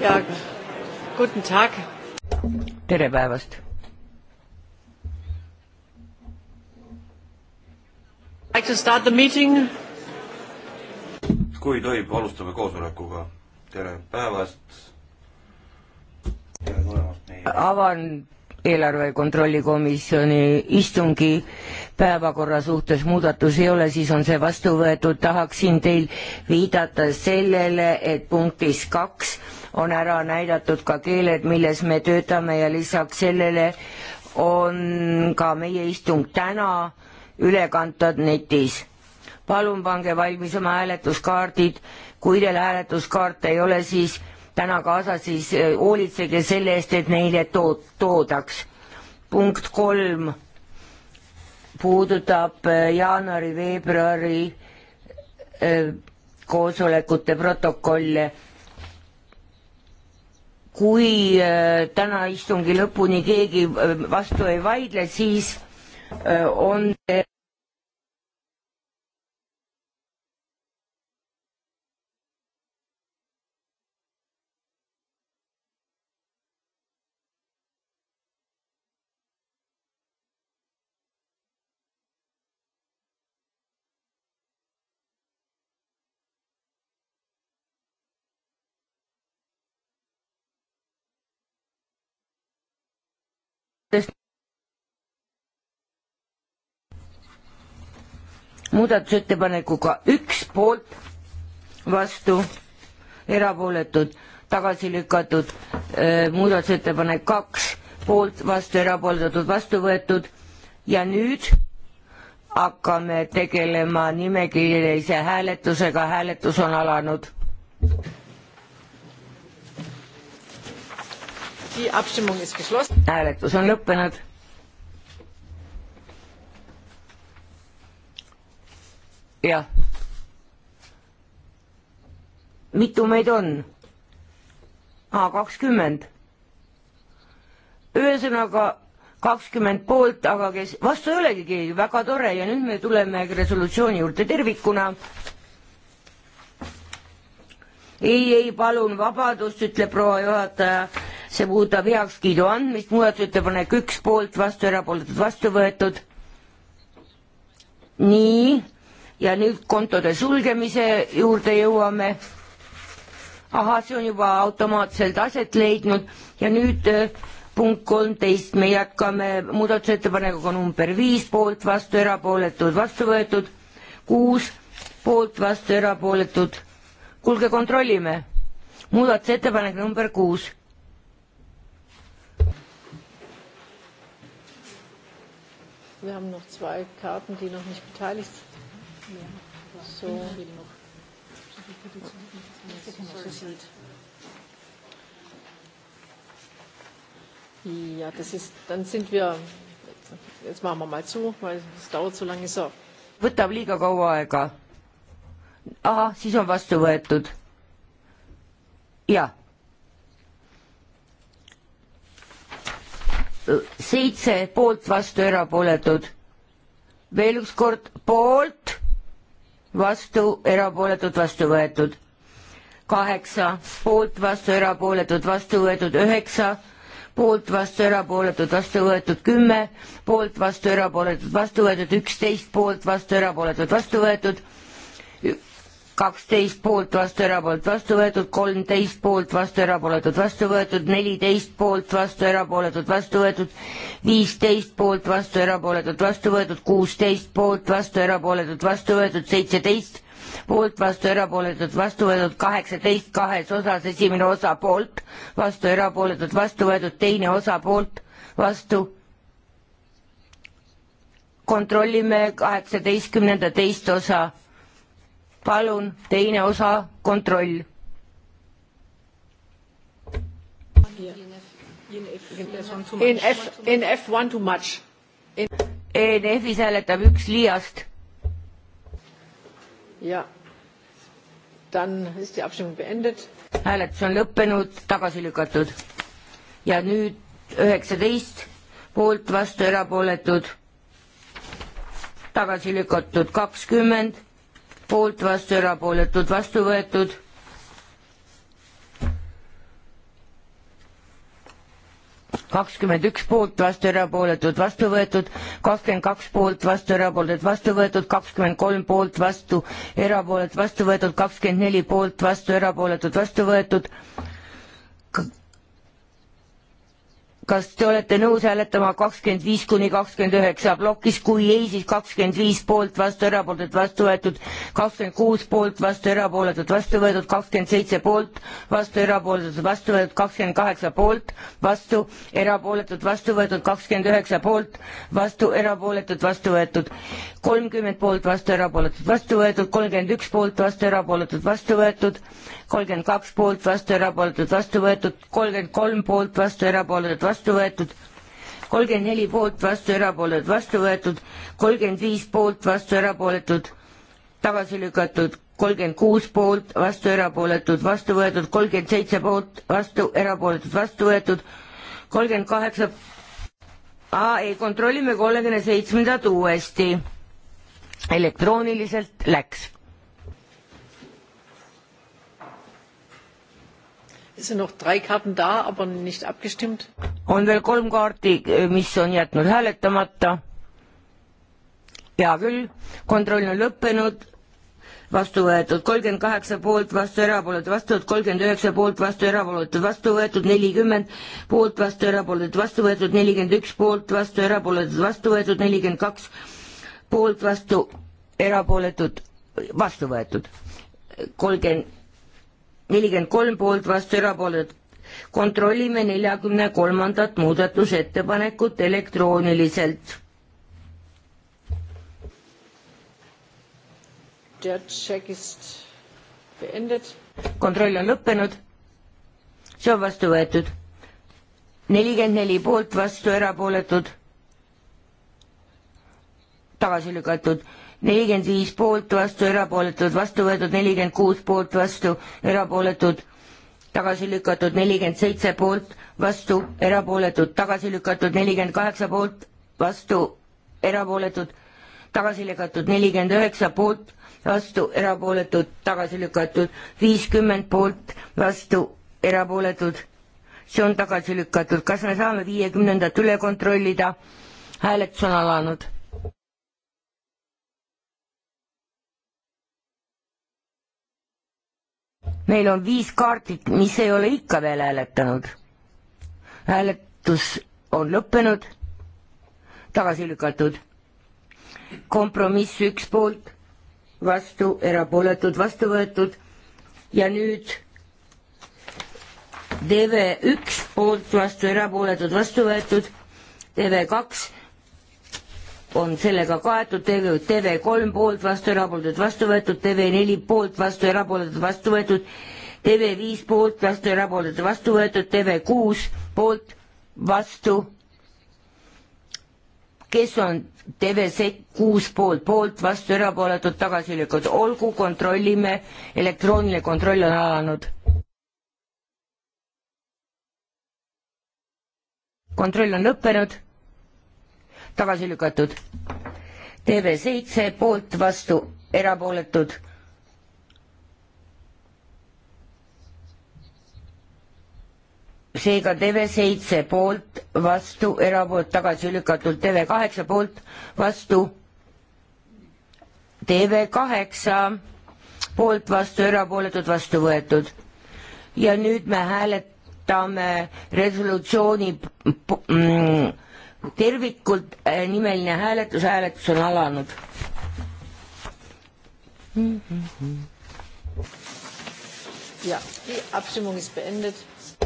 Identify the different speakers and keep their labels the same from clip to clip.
Speaker 1: ja guten Tag. tere päevast. Like to start the meeting.
Speaker 2: kui tohib, alustame koosolekuga. tere päevast.
Speaker 1: tere tulemast meie. avan eelarve kontrolli komisjoni istungi päevakorra suhtes muudatusi ei ole, siis on see vastu võetud, tahaksin teil viidata sellele, et punktis kaks on ära näidatud ka keeled, milles me töötame ja lisaks sellele on ka meie istung täna ülekantud netis. palun pange valmis oma hääletuskaardid, kui teil hääletuskaarte ei ole, siis täna kaasa, siis äh, hoolitsege selle eest, et neile tood-, toodaks. punkt kolm puudutab äh, jaanuari-veebruari äh, koosolekute protokolle. kui täna istungi lõpuni keegi vastu ei vaidle, siis on see muudatusettepanekuga üks poolt, vastu, erapooletud, tagasi lükatud, äh, muudatusettepanek kaks poolt, vastu, erapooletud, vastu võetud ja nüüd hakkame tegelema nimekirjalise hääletusega, hääletus on alanud. hääletus on lõppenud. jah. mitu meid on? kakskümmend. ühesõnaga kakskümmend poolt, aga kes, vastu ei olegi keegi, väga tore ja nüüd me tuleme resolutsiooni juurde tervikuna. ei, ei, palun vabadust, ütleb proua juhataja see puudutab heakskiidu andmist, muudatusettepanek üks poolt, vastu, erapooletud, vastu võetud. nii, ja nüüd kontode sulgemise juurde jõuame. ahah, see on juba automaatselt aset leidnud ja nüüd äh, punkt kolmteist, me jätkame muudatusettepanekuga number viis, poolt, vastu, erapooletud, vastu võetud, kuus, poolt, vastu, erapooletud. kuulge, kontrollime. muudatusettepanek number kuus
Speaker 3: Wir haben noch zwei Karten, die noch nicht beteiligt sind. So. Ja,
Speaker 1: das ist, dann sind wir, jetzt machen wir mal zu, weil es dauert so lange. So. Võtab liiga kaua aega. Aha, siis on vastu võetud. Jaa. seitse poolt, vastu, erapooletud. veel üks kord poolt, vastu, erapooletud, vastu võetud. kaheksa poolt, vastu, erapooletud, vastu võetud, üheksa poolt, vastu, erapooletud, vastu võetud kümme, poolt, vastu, erapooletud, vastu võetud üksteist, poolt, vastu, erapooletud, vastu võetud kaksteist poolt vastu, erapoolt vastu võetud, kolmteist poolt vastu, erapooletud vastu võetud, neliteist poolt vastu, erapooletud vastu võetud, viisteist poolt vastu, erapooletud vastu võetud, kuusteist poolt vastu, erapooletud vastu võetud, seitseteist poolt vastu, erapooletud vastu võetud, kaheksateist kahes osas, esimene osa poolt vastu, erapooletud vastu võetud, teine osa poolt vastu. kontrollime kaheksateistkümnenda teist osa palun, teine osa, kontroll. In F, in F one too much in.... ENF-is hääletab üks liiast. ja, dann ist die Abstimmung beendet. hääletus on lõppenud, tagasi lükatud. ja nüüd üheksateist poolt, vastu, erapooletud, tagasi lükatud kakskümmend poolt, vastu, erapooletud, vastu võetud. kakskümmend üks poolt, vastu, erapooletud, vastu võetud, kakskümmend kaks poolt, vastu, erapooletud, vastu võetud, kakskümmend kolm poolt, vastu, erapooletud, vastu võetud, kakskümmend neli poolt, vastu, erapooletud, vastu võetud, kas te olete nõus hääletama kakskümmend viis kuni kakskümmend üheksa plokis, kui ei, siis kakskümmend viis poolt vastu, erapooletud vastu võetud, kakskümmend kuus poolt vastu, erapooletud vastu võetud, kakskümmend seitse poolt vastu, erapooletud vastu võetud, kakskümmend kaheksa poolt vastu, erapooletud vastu võetud, kakskümmend üheksa poolt vastu, erapooletud vastu võetud, kolmkümmend poolt vastu, erapooletud vastu võetud, kolmkümmend üks poolt vastu, erapooletud vastu võetud, kolmkümmend kaks poolt, vastu erapooletud, vastu võetud, kolmkümmend kolm poolt, vastu erapooletud, vastu võetud, kolmkümmend neli poolt, vastu erapooletud, vastu võetud, kolmkümmend viis poolt, vastu erapooletud, tagasi lükatud, kolmkümmend kuus poolt, vastu erapooletud, vastu võetud, kolmkümmend seitse poolt, vastu erapooletud, vastu võetud, kolmkümmend kaheksa Aa, ei, kontrollime kolmekümne seitsmendat uuesti. elektrooniliselt läks on veel kolm kaarti, mis on jätnud hääletamata. hea küll, kontroll on lõppenud, vastu võetud kolmkümmend kaheksa poolt, vastu erapooletud, vastu võetud kolmkümmend üheksa poolt, vastu erapooletud, vastu võetud nelikümmend poolt, vastu erapooletud, vastu võetud nelikümmend üks poolt, vastu erapooletud, vastu võetud nelikümmend kaks poolt, vastu erapooletud, vastu võetud kolmkümmend nelikümmend kolm poolt, vastu erapooletud. kontrollime neljakümne kolmandat muudatusettepanekut elektrooniliselt. kontroll on lõppenud. see on vastu võetud. nelikümmend neli poolt, vastu erapooletud. tagasi lükatud nelikümmend viis poolt vastu, erapooletud vastu võetud, nelikümmend kuus poolt vastu, erapooletud tagasi lükatud, nelikümmend seitse poolt vastu, erapooletud tagasi lükatud, nelikümmend kaheksa poolt vastu, erapooletud tagasi lükatud, nelikümmend üheksa poolt vastu, erapooletud tagasi lükatud, viiskümmend poolt vastu, erapooletud see on tagasi lükatud, kas me saame viiekümnendat üle kontrollida? hääletus on alanud meil on viis kaardit, mis ei ole ikka veel hääletanud. hääletus on lõppenud, tagasi lükatud. kompromiss üks poolt, vastu, erapooletud, vastu võetud ja nüüd TV üks poolt, vastu, erapooletud, vastu võetud, TV kaks on sellega kaetud, TV3 poolt vastu, erapooletud vastu võetud, TV4 poolt vastu, erapooletud vastu võetud, TV5 poolt vastu, erapooletud vastu võetud, TV6 poolt vastu. kes on TV6 poolt, poolt vastu, erapooletud, tagasi lükatud, olgu, kontrollime, elektrooniline kontroll on alanud. kontroll on lõppenud tagasi lükatud. TV7 poolt vastu, erapooletud. seega TV7 poolt vastu, erapoolt tagasi lükatud, TV8 poolt vastu. TV8 poolt vastu, erapooletud vastu võetud. ja nüüd me hääletame resolutsiooni mm, tervikult äh, nimeline hääletus, hääletus on alanud mm. -hmm. ja,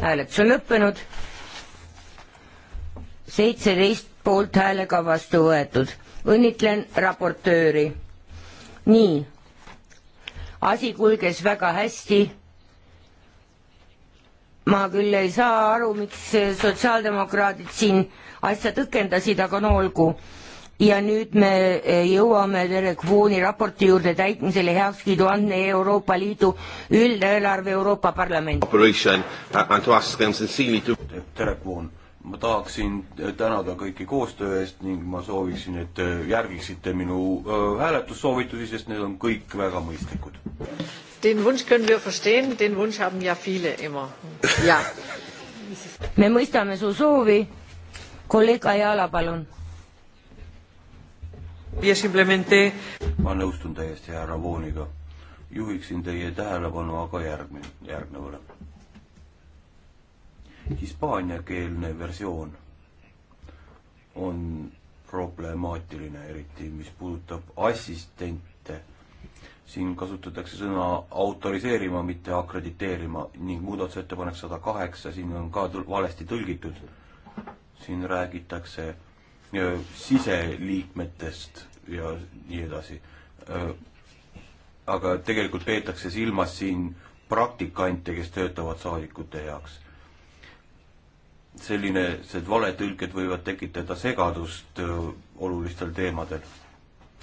Speaker 1: hääletus on lõppenud. seitseteist poolthäälega vastu võetud. õnnitlen raportööri. nii, asi kulges väga hästi ma küll ei saa aru, miks sotsiaaldemokraadid siin asja tõkendasid, aga no olgu. ja nüüd me eh, jõuame Derek Vooni raporti juurde täitmisele heakskiidu andme Euroopa Liidu üldeelarve Euroopa Parlamendi.
Speaker 2: Derek Voon ma tahaksin tänada kõiki koostöö eest ning ma sooviksin, et järgiksite minu hääletussoovitusi, sest need on kõik väga mõistlikud.
Speaker 1: Den Wunsch können wir verstehen, den Wunsch haben ja viele immer. Ja. me mõistame su soovi. kolleeg Ajala, palun.
Speaker 2: Ja simplemente. ma nõustun täiesti härra Vooniga. juhiksin teie tähelepanu aga järgmine, järgnevale hispaaniakeelne versioon on problemaatiline, eriti mis puudutab assistente. siin kasutatakse sõna autoriseerima, mitte akrediteerima ning muudatusettepanek sada kaheksa, siin on ka tõl valesti tõlgitud. siin räägitakse siseliikmetest ja nii edasi. aga tegelikult peetakse silmas siin praktikante, kes töötavad saadikute heaks sellised valetõlked võivad tekitada segadust äh, olulistel teemadel,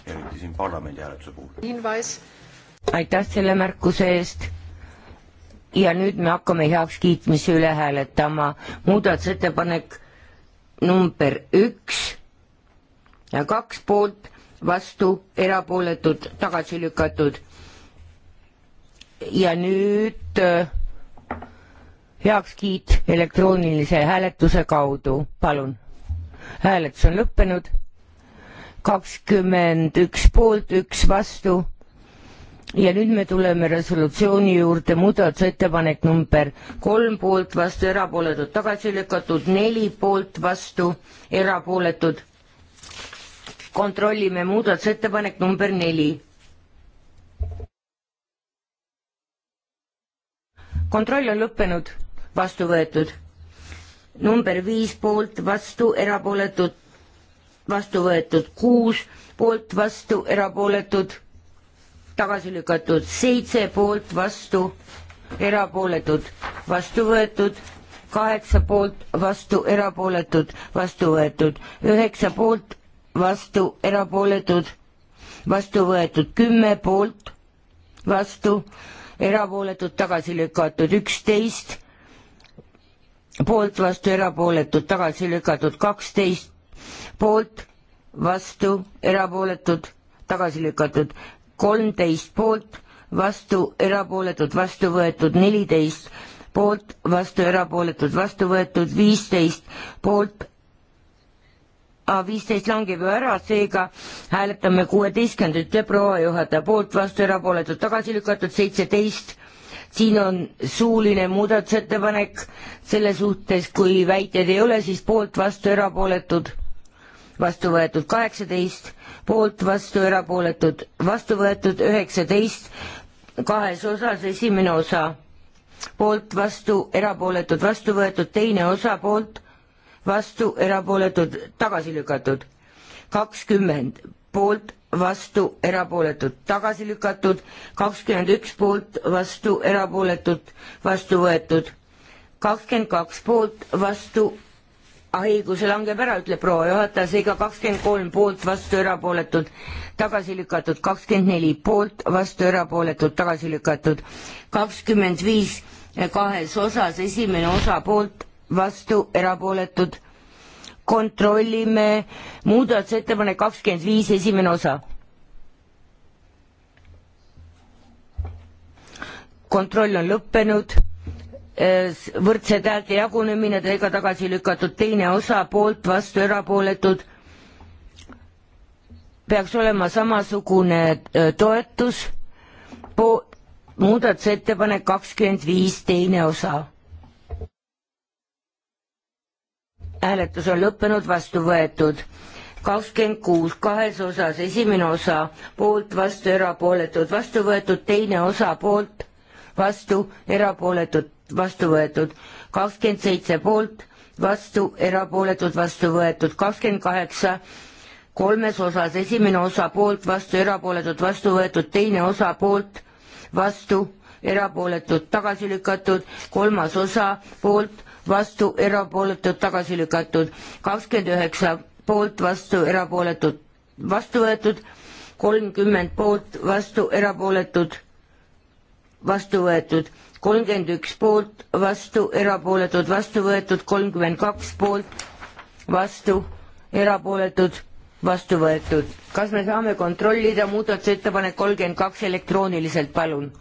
Speaker 2: eriti siin parlamendi hääletuse
Speaker 1: puhul. aitäh selle märkuse eest ja nüüd me hakkame heakskiitmise üle hääletama. muudatusettepanek number üks ja kaks poolt, vastu, erapooletud, tagasi lükatud. ja nüüd äh, heakskiit elektroonilise hääletuse kaudu, palun. hääletus on lõppenud, kakskümmend üks poolt, üks vastu ja nüüd me tuleme resolutsiooni juurde, muudatusettepanek number kolm poolt vastu, erapooletud tagasi lükatud, neli poolt vastu, erapooletud. kontrollime muudatusettepanek number neli. kontroll on lõppenud vastu võetud. number viis poolt vastu, erapooletud, vastu võetud kuus poolt vastu, erapooletud, tagasi lükatud seitse poolt vastu, erapooletud, vastu võetud kaheksa poolt vastu, erapooletud, vastu võetud üheksa poolt vastu, erapooletud, vastu võetud kümme poolt vastu, erapooletud tagasi lükatud üksteist poolt, vastu, erapooletud, tagasi lükatud, kaksteist poolt, vastu, erapooletud, tagasi lükatud, kolmteist poolt, vastu, erapooletud, vastu võetud, neliteist poolt, vastu, erapooletud, vastu võetud, viisteist poolt, viisteist langeb ju ära, seega hääletame kuueteistkümnendat ja proua juhataja poolt, vastu, erapooletud, tagasi lükatud, seitseteist siin on suuline muudatusettepanek selle suhtes, kui väiteid ei ole, siis poolt, vastu, erapooletud, vastu võetud kaheksateist, poolt, vastu, erapooletud, vastu võetud üheksateist, kahes osas esimene osa, poolt, vastu, erapooletud, vastu võetud teine osa, poolt, vastu, erapooletud, tagasi lükatud, kakskümmend, poolt, vastu erapooletud, tagasi lükatud, kakskümmend üks poolt vastu erapooletud, vastu võetud, kakskümmend kaks poolt vastu, ai, ah, kui see langeb ära, ütleb proua juhataja, seega kakskümmend kolm poolt vastu erapooletud, tagasi lükatud, kakskümmend neli poolt vastu erapooletud, tagasi lükatud, kakskümmend viis kahes osas, esimene osa poolt vastu erapooletud kontrollime muudatusettepanek kakskümmend viis, esimene osa. kontroll on lõppenud, võrdsed häälte jagunemine, teiega tagasi lükatud teine osa, poolt, vastu, erapooletud, peaks olema samasugune äh, toetus, muudatusettepanek kakskümmend viis, teine osa hääletus on lõppenud, vastu võetud. kakskümmend kuus, kahes osas, esimene osa poolt, vastu, erapooletud, vastu võetud, teine osa poolt, vastu, erapooletud, vastu võetud. kakskümmend seitse poolt, vastu, erapooletud, vastu võetud, kakskümmend kaheksa kolmes osas, esimene osa poolt, vastu, erapooletud, vastu võetud, teine osa poolt, vastu, erapooletud, tagasi lükatud, kolmas osa poolt vastu, erapooletud, tagasi lükatud. kakskümmend üheksa poolt, vastu, erapooletud, vastu võetud. kolmkümmend poolt, vastu, erapooletud, vastu võetud kolmkümmend üks poolt, vastu, erapooletud, vastu võetud, kolmkümmend kaks poolt, vastu, erapooletud, vastu võetud. kas me saame kontrollida muudatusettepanek kolmkümmend kaks elektrooniliselt, palun?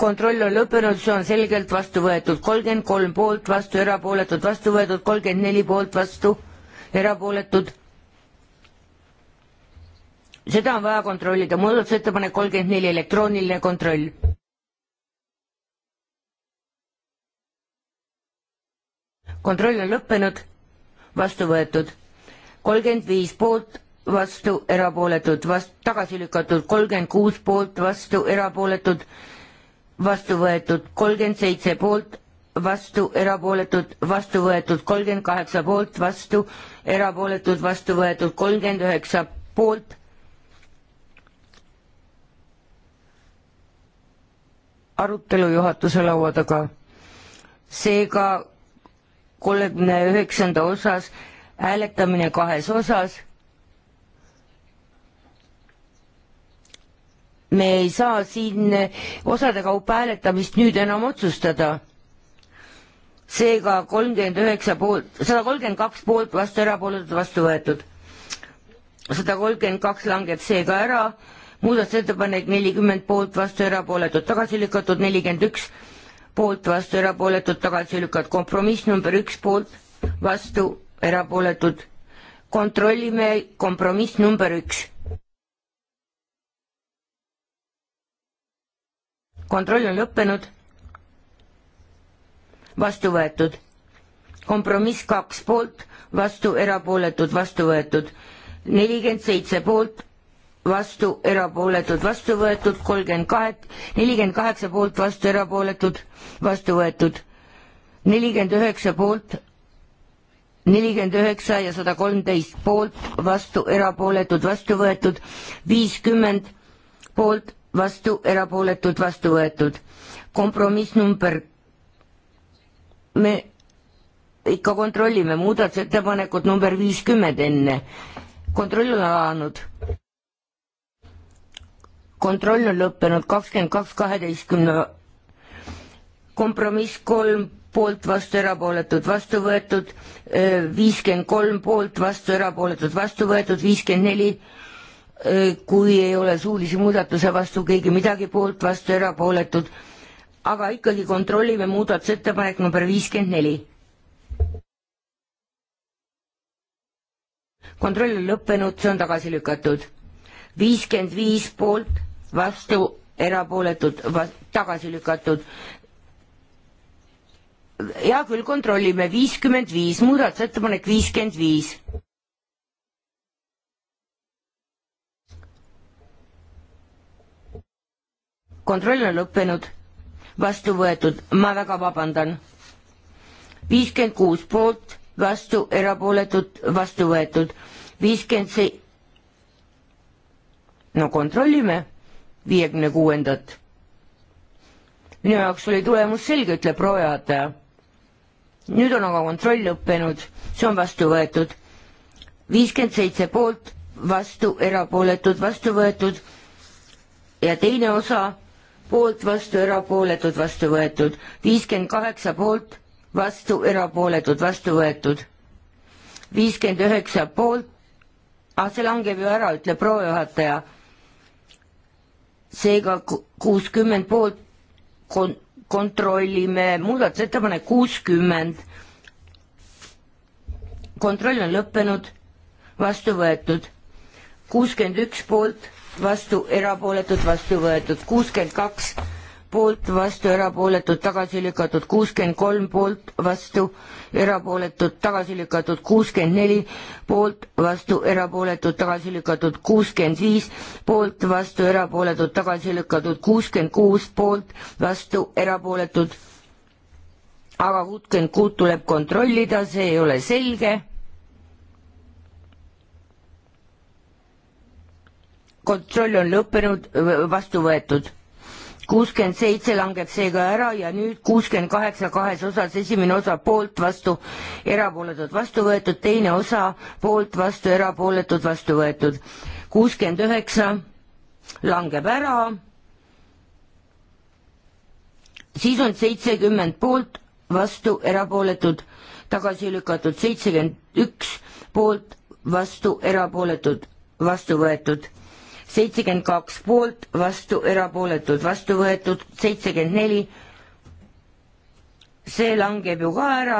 Speaker 1: kontroll on lõppenud, see on selgelt vastu võetud, kolmkümmend kolm poolt vastu, erapooletud vastu võetud, kolmkümmend neli poolt vastu, erapooletud. seda on vaja kontrollida, muudatusettepanek kolmkümmend neli, elektrooniline kontroll. kontroll on lõppenud, vastu võetud, kolmkümmend viis poolt vastu, erapooletud, vast-, tagasi lükatud, kolmkümmend kuus poolt vastu, erapooletud vastu võetud kolmkümmend seitse poolt, vastu erapooletud, vastu võetud kolmkümmend kaheksa poolt, vastu erapooletud, vastu võetud kolmkümmend üheksa poolt. arutelu juhatuse laua taga. seega kolmekümne üheksanda osas hääletamine kahes osas me ei saa siin osade kaupa hääletamist nüüd enam otsustada. seega kolmkümmend üheksa poolt, sada kolmkümmend kaks poolt vastu, erapooletud vastu võetud. sada kolmkümmend kaks langeb seega ära, muudatusettepanek nelikümmend poolt vastu, erapooletud tagasi lükatud, nelikümmend üks poolt vastu, erapooletud tagasi lükatud, kompromiss number üks poolt vastu, erapooletud kontrollime kompromiss number üks kontroll on lõppenud, vastu võetud. kompromiss kaks poolt, vastu erapooletud, vastu võetud. nelikümmend seitse poolt, vastu erapooletud, vastu võetud, kolmkümmend kahet-, nelikümmend kaheksa poolt, vastu erapooletud, vastu võetud. nelikümmend üheksa poolt, nelikümmend üheksa ja sada kolmteist poolt, vastu erapooletud, vastu võetud, viiskümmend poolt vastu, erapooletud, vastu võetud. kompromiss number, me ikka kontrollime muudatusettepanekut number viiskümmend enne. kontroll on alanud. kontroll on lõppenud kakskümmend kaks kaheteistkümne. kompromiss kolm poolt, vastu, erapooletud, vastu võetud, viiskümmend kolm poolt, vastu, erapooletud, vastu võetud, viiskümmend neli Äh, kui ei ole suulise muudatuse vastu keegi midagi poolt, vastu erapooletud, aga ikkagi kontrollime muudatusettepanek number viiskümmend neli. kontroll on lõppenud, see on tagasi lükatud. viiskümmend viis poolt, vastu erapooletud, tagasi lükatud. hea küll, kontrollime, viiskümmend viis, muudatusettepanek viiskümmend viis. kontroll on lõppenud, vastu võetud, ma väga vabandan. viiskümmend kuus poolt, vastu, erapooletud, vastu võetud, viiskümmend se-, no kontrollime viiekümne kuuendat. minu jaoks oli tulemus selge, ütleb proua juhataja. nüüd on aga kontroll lõppenud, see on vastu võetud. viiskümmend seitse poolt, vastu, erapooletud, vastu võetud ja teine osa poolt, vastu, erapooletud, vastu võetud, viiskümmend kaheksa poolt, vastu, erapooletud, vastu võetud, viiskümmend üheksa poolt, ah see langeb ju ära, ütleb proua juhataja, seega kuuskümmend poolt kon-, kontrollime muudatusettepanek kuuskümmend, kontroll on lõppenud, vastu võetud, kuuskümmend üks poolt vastu, erapooletud, vastu võetud kuuskümmend kaks, poolt, vastu, erapooletud, tagasi lükatud kuuskümmend kolm, poolt, vastu, erapooletud, tagasi lükatud kuuskümmend neli, poolt, vastu, erapooletud, tagasi lükatud kuuskümmend viis, poolt, vastu, erapooletud, tagasi lükatud kuuskümmend kuus, poolt, vastu, erapooletud, aga kuutkümmend kuut tuleb kontrollida, see ei ole selge kontroll on lõppenud, vastu võetud. kuuskümmend seitse langeb seega ära ja nüüd kuuskümmend kaheksa kahes osas, esimene osa poolt, vastu, erapooletud, vastu võetud, teine osa poolt, vastu, erapooletud, vastu võetud. kuuskümmend üheksa langeb ära, siis on seitsekümmend poolt, vastu, erapooletud, tagasi lükatud, seitsekümmend üks poolt, vastu, erapooletud, vastu võetud seitsekümmend kaks poolt, vastu erapooletud, vastu võetud seitsekümmend neli, see langeb ju ka ära,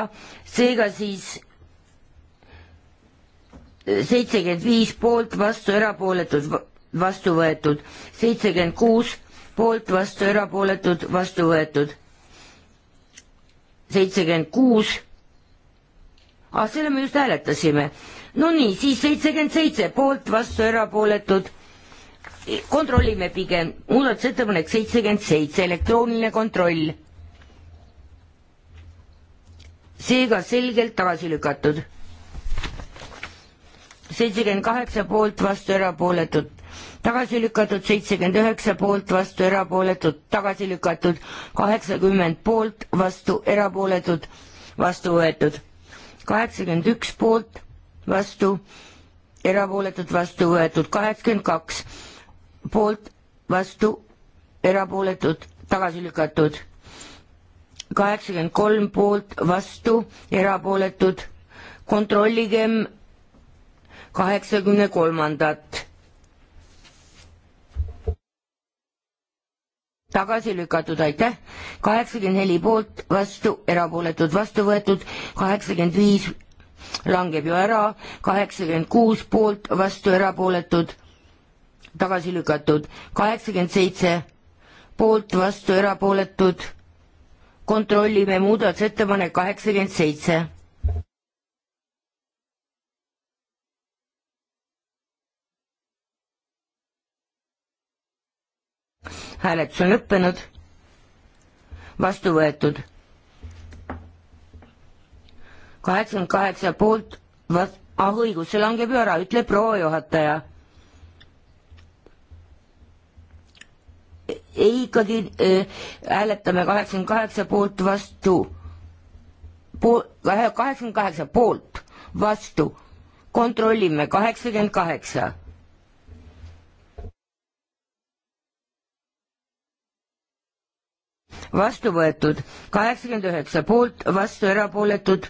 Speaker 1: seega siis seitsekümmend viis poolt, vastu erapooletud, vastu võetud, seitsekümmend kuus poolt, vastu erapooletud, vastu võetud, seitsekümmend kuus, ah, selle me just hääletasime, no nii, siis seitsekümmend seitse poolt, vastu erapooletud kontrollime pigem muudatusettepanek seitsekümmend seitse, elektrooniline kontroll. seega selgelt tagasi lükatud. seitsekümmend kaheksa poolt, vastu erapooletud, tagasi lükatud, seitsekümmend üheksa poolt, vastu erapooletud, tagasi lükatud, kaheksakümmend poolt, vastu erapooletud, vastu võetud, kaheksakümmend üks poolt, vastu erapooletud, vastu võetud, kaheksakümmend kaks poolt, vastu, erapooletud, tagasi lükatud. kaheksakümmend kolm poolt, vastu, erapooletud, kontrolligem kaheksakümne kolmandat. tagasi lükatud, aitäh. kaheksakümmend neli poolt, vastu, erapooletud, vastu võetud, kaheksakümmend viis langeb ju ära, kaheksakümmend kuus poolt, vastu, erapooletud tagasi lükatud, kaheksakümmend seitse poolt, vastu, erapooletud. kontrollime muudatusettepanek kaheksakümmend seitse. hääletus on lõppenud, vastu võetud. kaheksakümmend kaheksa poolt, vas-, ah õigus, see langeb ju ära, ütleb proua juhataja ikkagi äh, hääletame kaheksakümmend kaheksa poolt vastu, kaheksakümmend kaheksa poolt vastu, kontrollime kaheksakümmend kaheksa. vastu võetud kaheksakümmend üheksa poolt, vastu erapooletud,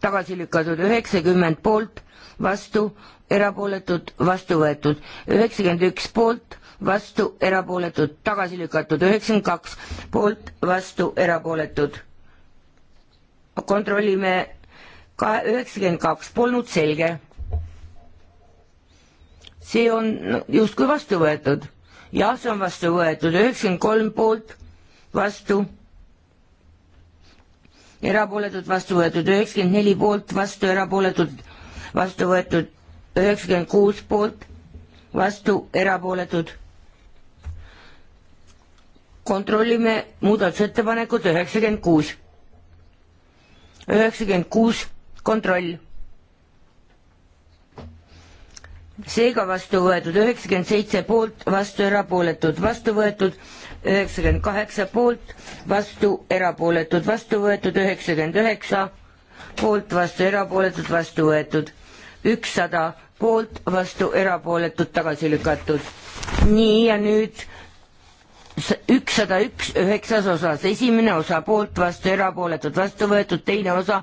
Speaker 1: tagasi lükatud üheksakümmend poolt, vastu erapooletud, vastu võetud, üheksakümmend üks poolt, vastu, erapooletud, tagasi lükatud, üheksakümmend kaks poolt, vastu, erapooletud. kontrollime ka üheksakümmend kaks, polnud selge. see on justkui vastu võetud. jah, see on vastu võetud, üheksakümmend kolm poolt, vastu erapooletud, vastu võetud üheksakümmend neli poolt, vastu erapooletud, vastu võetud üheksakümmend kuus poolt, vastu erapooletud. kontrollime muudatusettepanekut üheksakümmend kuus. üheksakümmend kuus, kontroll. seega vastu võetud üheksakümmend seitse poolt, vastu erapooletud, vastu võetud üheksakümmend kaheksa poolt, vastu erapooletud, vastu võetud üheksakümmend üheksa, poolt vastu erapooletud, vastu võetud ükssada poolt, vastu, erapooletud, tagasi lükatud. nii, ja nüüd ükssada üks üheksas osas, esimene osa poolt, vastu, erapooletud, vastu võetud, teine osa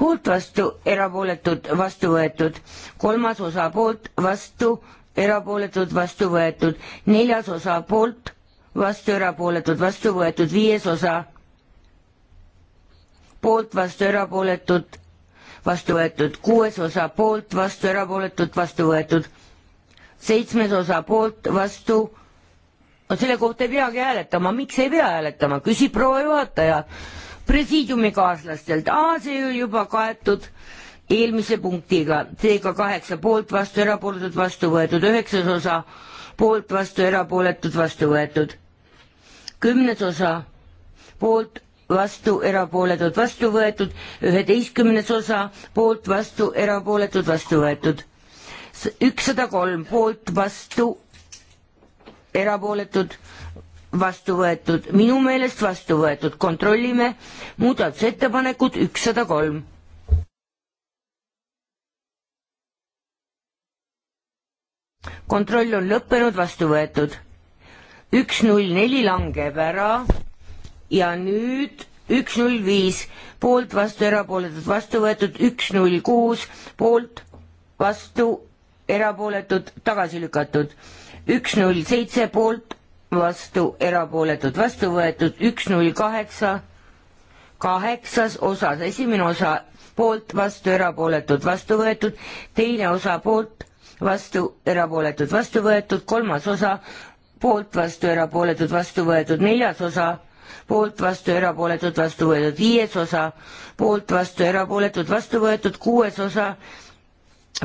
Speaker 1: poolt, vastu, erapooletud, vastu võetud, kolmas osa poolt, vastu, erapooletud, vastu võetud, neljas osa poolt, vastu, erapooletud, vastu võetud, viies osa poolt, vastu, erapooletud, vastu võetud, kuues osa poolt, vastu erapooletult, vastu võetud, seitsmes osa poolt, vastu, no selle kohta ei peagi hääletama, miks ei pea hääletama, küsib proua juhataja presiidiumikaaslastelt, aa, see oli juba kaetud eelmise punktiga, seega kaheksa poolt, vastu erapooletult, vastu võetud, üheksas osa poolt, vastu erapooletult, vastu võetud, kümnes osa poolt vastu, erapooletud, vastu võetud, üheteistkümnes osa poolt, vastu, erapooletud, vastu võetud. ükssada kolm poolt, vastu, erapooletud, vastu võetud, minu meelest vastu võetud, kontrollime muudatusettepanekut ükssada kolm. kontroll on lõppenud, vastu võetud. üks null neli langeb ära ja nüüd üks null viis, poolt, vastu, erapooletud, vastu võetud, üks null kuus, poolt, vastu, erapooletud, tagasi lükatud, üks null seitse, poolt, vastu, erapooletud, vastu võetud, üks null kaheksa, kaheksas osas, esimene osa poolt, vastu, erapooletud, vastu võetud, teine osa poolt, vastu, erapooletud, vastu võetud, kolmas osa poolt, vastu, erapooletud, vastu võetud, neljas osa poolt vastu, erapooletud, vastu võetud, viies osa, poolt vastu, erapooletud, vastu võetud, kuues osa,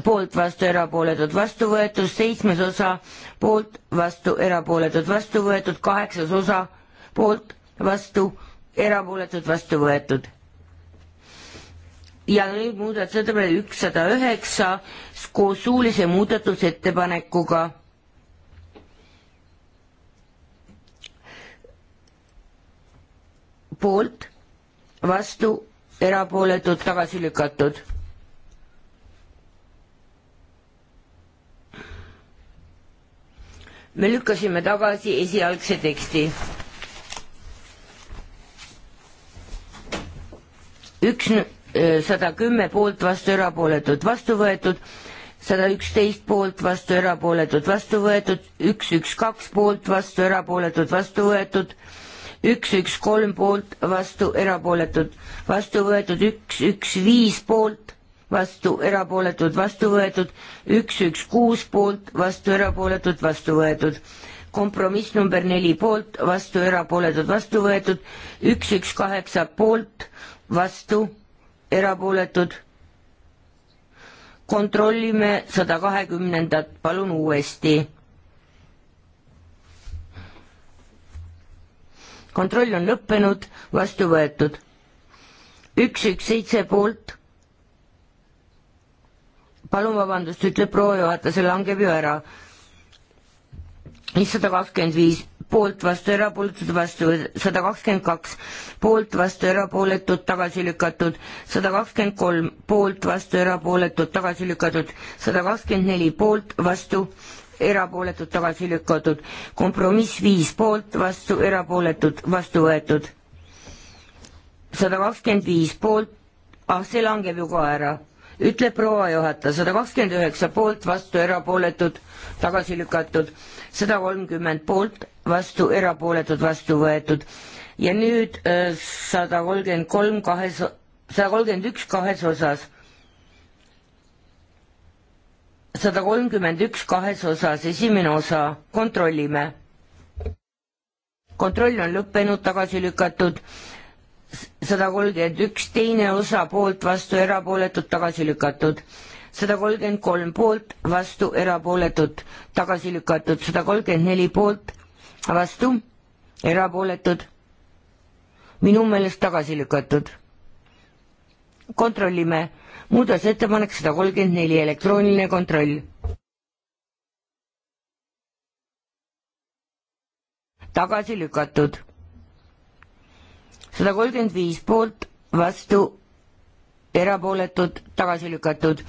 Speaker 1: poolt vastu, erapooletud, vastu võetud, seitsmes osa, poolt vastu, erapooletud, vastu võetud, kaheksas osa, poolt vastu, erapooletud, vastu võetud. ja nüüd muudatusettepanek ükssada üheksa koos suulise muudatusettepanekuga poolt, vastu, erapooletud, tagasi lükatud. me lükkasime tagasi esialgse teksti. üks äh, sada kümme poolt, vastu, erapooletud, vastu võetud sada üksteist poolt, vastu erapooletud, vastu võetud, üks, üks, kaks poolt, vastu erapooletud, vastu võetud, üks, üks, kolm poolt, vastu, erapooletud, vastu võetud üks, üks, viis poolt, vastu, erapooletud, vastu võetud üks, üks, kuus poolt, vastu, erapooletud, vastu võetud kompromiss number neli poolt, vastu, erapooletud, vastu võetud üks, üks, kaheksa poolt, vastu, erapooletud kontrollime sada kahekümnendat, palun uuesti. kontroll on lõppenud, vastu võetud. üks, üks, seitse poolt. palun vabandust, ütleb proua juhataja, see langeb ju ära. sada kakskümmend viis poolt, vastu, erapooletud, vastu sada kakskümmend kaks, poolt, vastu, erapooletud, tagasi lükatud, sada kakskümmend kolm, poolt, vastu, erapooletud, tagasi lükatud, sada kakskümmend neli, poolt, vastu, erapooletud, tagasi lükatud. kompromiss viis poolt, vastu, erapooletud, vastu võetud. sada kakskümmend viis poolt, ah see langeb ju ka ära, ütleb proua juhataja, sada kakskümmend üheksa poolt, vastu, erapooletud, tagasi lükatud, sada kolmkümmend poolt, vastu, erapooletud, vastu võetud ja nüüd äh, sada kolmkümmend kolm kahes, sada kolmkümmend üks kahes osas sada kolmkümmend üks kahes osas, esimene osa, kontrollime. kontroll on lõppenud, tagasi lükatud, sada kolmkümmend üks, teine osa poolt, vastu, erapooletud, tagasi lükatud, sada kolmkümmend kolm poolt, vastu, erapooletud, tagasi lükatud, sada kolmkümmend neli poolt, vastu, erapooletud, minu meelest tagasi lükatud. kontrollime muudatusettepanek sada kolmkümmend neli, elektrooniline kontroll. tagasi lükatud. sada kolmkümmend viis poolt, vastu, erapooletud, tagasi lükatud.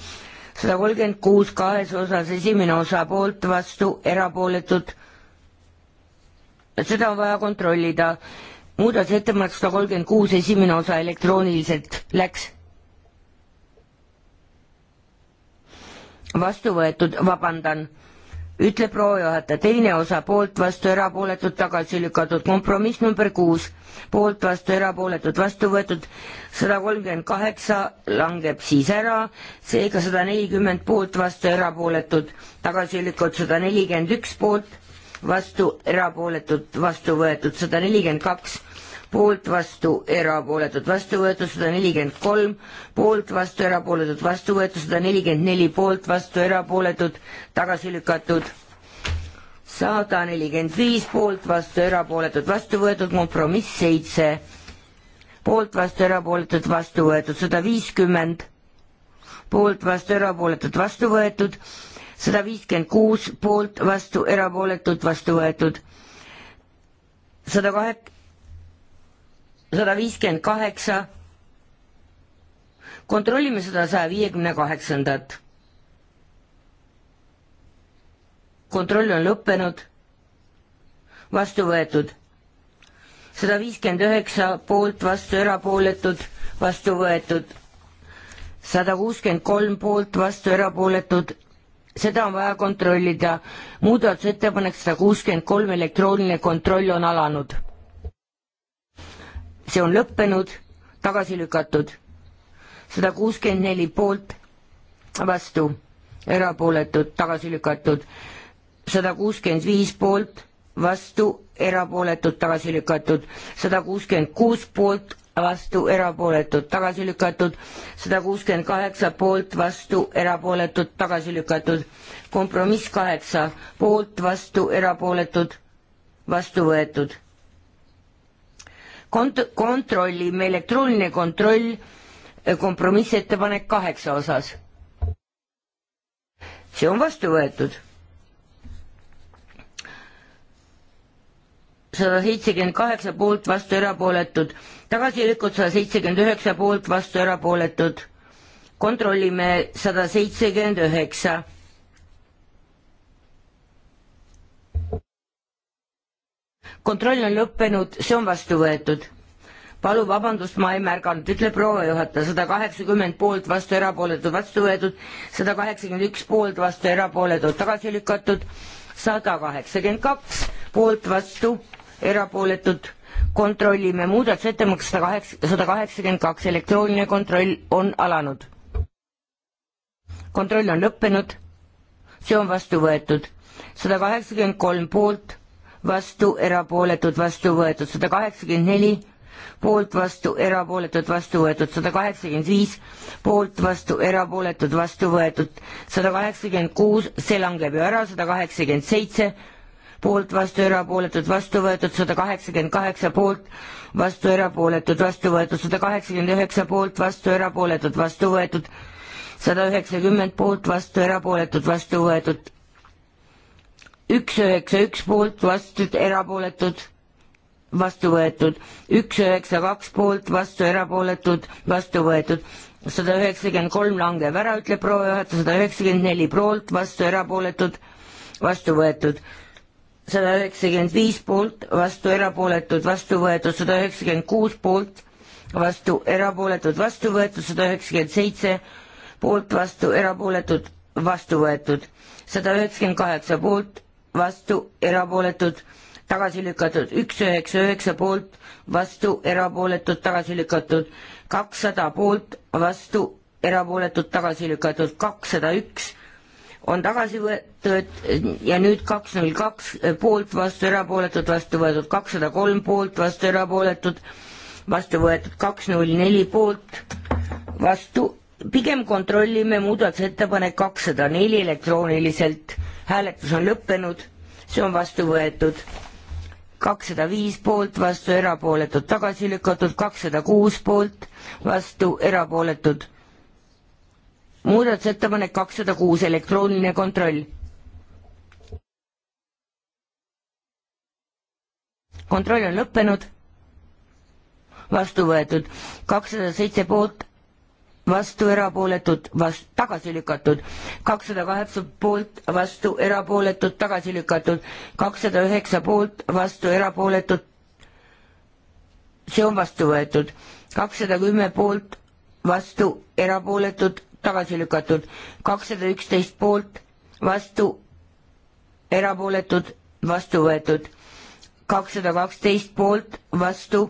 Speaker 1: sada kolmkümmend kuus kahes osas, esimene osa poolt, vastu, erapooletud. seda on vaja kontrollida. muudatusettepanek sada kolmkümmend kuus, esimene osa elektrooniliselt läks vastu võetud, vabandan, ütleb proua juhataja, teine osa poolt, vastu, erapooletud, tagasi lükatud, kompromiss number kuus, poolt, vastu, erapooletud, vastu võetud, sada kolmkümmend kaheksa langeb siis ära, seega sada nelikümmend poolt, vastu, erapooletud, tagasi lükatud, sada nelikümmend üks poolt, vastu, erapooletud, vastu võetud, sada nelikümmend kaks poolt, vastu, erapooletud, vastu võetud sada nelikümmend kolm, poolt, vastu, erapooletud, vastu võetud sada nelikümmend neli, poolt, vastu, erapooletud, tagasi lükatud sada nelikümmend viis, poolt, vastu, erapooletud, vastu võetud, kompromiss seitse, poolt, vastu, erapooletud, vastu võetud, sada viiskümmend, poolt, vastu, erapooletud, vastu võetud, sada viiskümmend kuus, poolt, vastu, erapooletud, vastu võetud, sada kaheksa, sada viiskümmend kaheksa, kontrollime seda saja viiekümne kaheksandat. kontroll on lõppenud, vastu võetud, sada viiskümmend üheksa poolt, vastu erapooletud, vastu võetud, sada kuuskümmend kolm poolt, vastu erapooletud, seda on vaja kontrollida, muudatusettepanek sada kuuskümmend kolm, elektrooniline kontroll on alanud see on lõppenud, tagasi lükatud. sada kuuskümmend neli poolt, vastu, erapooletud, tagasi lükatud. sada kuuskümmend viis poolt, vastu, erapooletud, tagasi lükatud. sada kuuskümmend kuus poolt, vastu, erapooletud, tagasi lükatud, sada kuuskümmend kaheksa poolt, vastu, erapooletud, tagasi lükatud, kompromiss kaheksa, poolt, vastu, erapooletud, vastu võetud kont-, kontrollime, elektrooniline kontroll eh, kompromissettepanek kaheksa osas. see on vastu võetud. sada seitsekümmend kaheksa poolt, vastu erapooletud, tagasi lükkub sada seitsekümmend üheksa poolt, vastu erapooletud. kontrollime sada seitsekümmend üheksa kontroll on lõppenud, see on vastu võetud. palun vabandust, ma ei märganud, ütleb proua juhataja, sada kaheksakümmend poolt vastu, erapooletud, vastu võetud, sada kaheksakümmend üks poolt vastu, erapooletud, tagasi lükatud, sada kaheksakümmend kaks poolt vastu, erapooletud, kontrollime muudatusettepanek sada kaheksa, sada kaheksakümmend kaks, elektrooniline kontroll on alanud. kontroll on lõppenud, see on vastu võetud, sada kaheksakümmend kolm poolt vastu, erapooletud, vastu võetud sada kaheksakümmend neli, poolt, vastu, erapooletud, vastu võetud sada kaheksakümmend viis, poolt, vastu, erapooletud, vastu võetud sada kaheksakümmend kuus, see langeb ju ära, sada kaheksakümmend seitse, poolt, vastu, erapooletud, vastu võetud sada kaheksakümmend kaheksa, poolt, vastu, erapooletud, vastu võetud sada kaheksakümmend üheksa, poolt, vastu, erapooletud, vastu võetud sada üheksakümmend, poolt, vastu, erapooletud, vastu võetud üks üheksa üks poolt, vastu erapooletud, vastu võetud, üks üheksa kaks poolt, vastu erapooletud, vastu võetud, sada üheksakümmend kolm langeb ära, ütleb proua juhataja, sada üheksakümmend neli poolt, vastu erapooletud, vastu võetud, sada üheksakümmend viis poolt, vastu erapooletud, vastu võetud, sada üheksakümmend kuus poolt, vastu erapooletud, vastu võetud, sada üheksakümmend seitse poolt, vastu erapooletud, vastu võetud, sada üheksakümmend kaheksa poolt, vastu, erapooletud, tagasi lükatud, üks üheksa üheksa poolt, vastu, erapooletud, tagasi lükatud, kakssada poolt, vastu, erapooletud, tagasi lükatud, kakssada üks on tagasi võetud ja nüüd kaks null kaks poolt vastu erapooletud, vastu võetud kakssada kolm poolt vastu erapooletud, vastu võetud kaks null neli poolt vastu, pigem kontrollime muudatusettepanek kakssada neli elektrooniliselt hääletus on lõppenud, see on vastu võetud. kakssada viis poolt, vastu erapooletud, tagasi lükatud, kakssada kuus poolt, vastu erapooletud. muudatusettepanek kakssada kuus, elektrooniline kontroll. kontroll on lõppenud, vastu võetud, kakssada seitse poolt, vastu erapooletud, vast-, tagasi lükatud, kakssada kaheksa poolt, vastu erapooletud, tagasi lükatud, kakssada üheksa poolt, vastu erapooletud, see on vastu võetud, kakssada kümme poolt, vastu erapooletud, tagasi lükatud, kakssada üksteist poolt, vastu erapooletud, vastu võetud, kakssada kaksteist poolt, vastu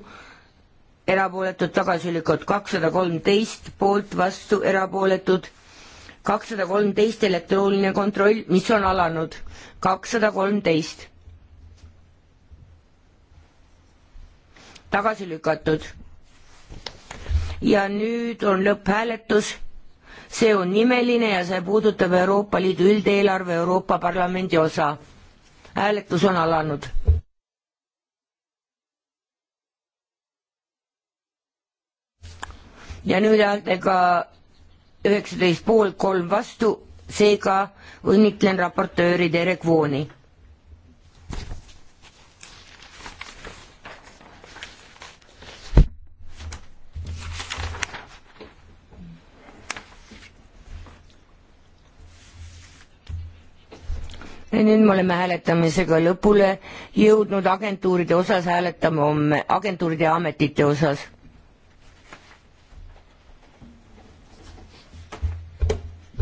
Speaker 1: erapooletud, tagasi lükatud kakssada kolmteist, poolt, vastu, erapooletud, kakssada kolmteist elektrooniline kontroll, mis on alanud, kakssada kolmteist. tagasi lükatud. ja nüüd on lõpphääletus, see on nimeline ja see puudutab Euroopa Liidu üldeelarve Euroopa Parlamendi osa. hääletus on alanud. ja nüüd häältega üheksateist poolt, kolm vastu, seega õnnitlen raportööri Derek Vooni. ja nüüd me oleme hääletamisega lõpule jõudnud, agentuuride osas hääletame homme, agentuuride ja ametite osas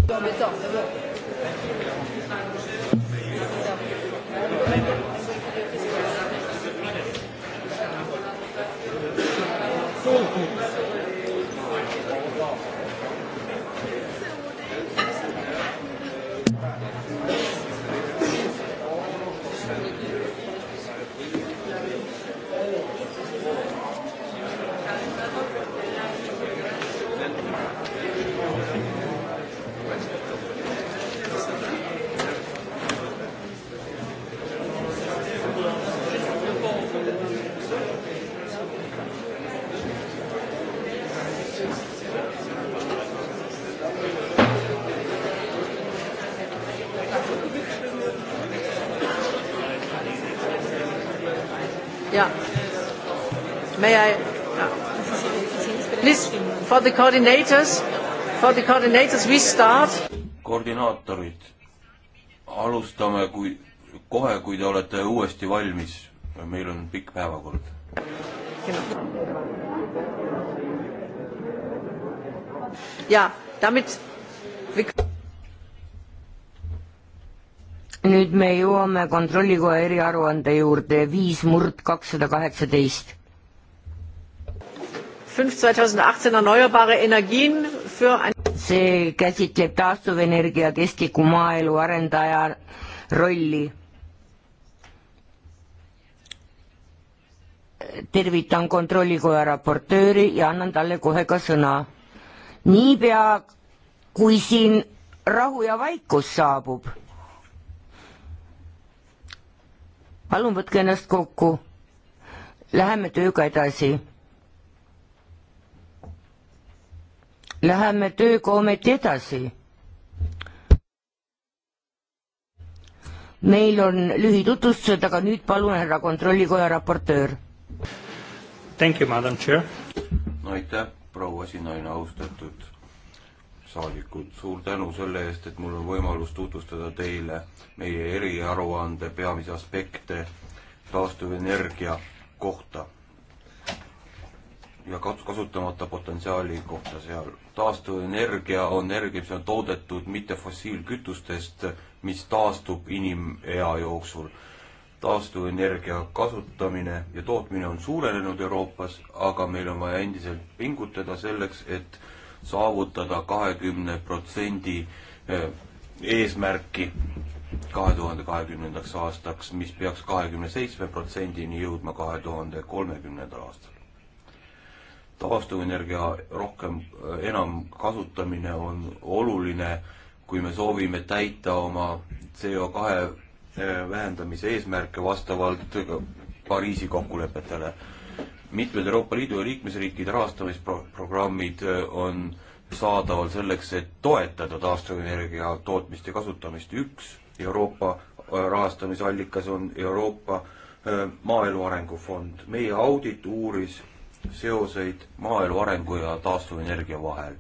Speaker 2: No, mais attends, d'abord.
Speaker 3: May I? Please, for the coordinators, for the coordinators, we start.
Speaker 2: koordinaatorid, alustame, kui kohe, kui te olete uuesti valmis, meil on pikk päevakord.
Speaker 3: ja, damit
Speaker 1: nüüd me jõuame kontrollikoja eriaruande juurde viis murd kakssada kaheksateist fünf 2018 erneuerbare Energien für ein see käsitleb taastuvenergia kestliku maaelu arendaja rolli. tervitan kontrollikoja raportööri ja annan talle kohe ka sõna. niipea, kui siin rahu ja vaikus saabub. palun võtke ennast kokku. Läheme tööga edasi läheme tööga ometi edasi. meil on lühitutvustused, aga nüüd palun härra kontrollikoja raportöör. Thank you, madam chair.
Speaker 2: no aitäh, proua Sinaine, austatud saadikud, suur tänu selle eest, et mul on võimalus tutvustada teile meie eriaruande peamisi aspekte taastuvenergia kohta ja kasutamata potentsiaali kohta seal taastuvenergia on energia, mis on toodetud mitte fossiilkütustest, mis taastub inimea jooksul. taastuvenergia kasutamine ja tootmine on suurenenud Euroopas, aga meil on vaja endiselt pingutada selleks, et saavutada kahekümne protsendi eh, eesmärki kahe tuhande kahekümnendaks aastaks, mis peaks kahekümne seitsme protsendini jõudma kahe tuhande kolmekümnendal aastal taastuvenergia rohkem, äh, enam kasutamine on oluline, kui me soovime täita oma CO kahe äh, vähendamise eesmärke vastavalt Pariisi kokkulepetele. mitmed Euroopa Liidu liikmesriikide rahastamisprogrammid äh, on saadaval selleks, et toetada taastuvenergia tootmist ja kasutamist. üks Euroopa rahastamisallikas on Euroopa Maaelu Arengufond. meie audit uuris seoseid maaelu arengu ja taastuvenergia vahel.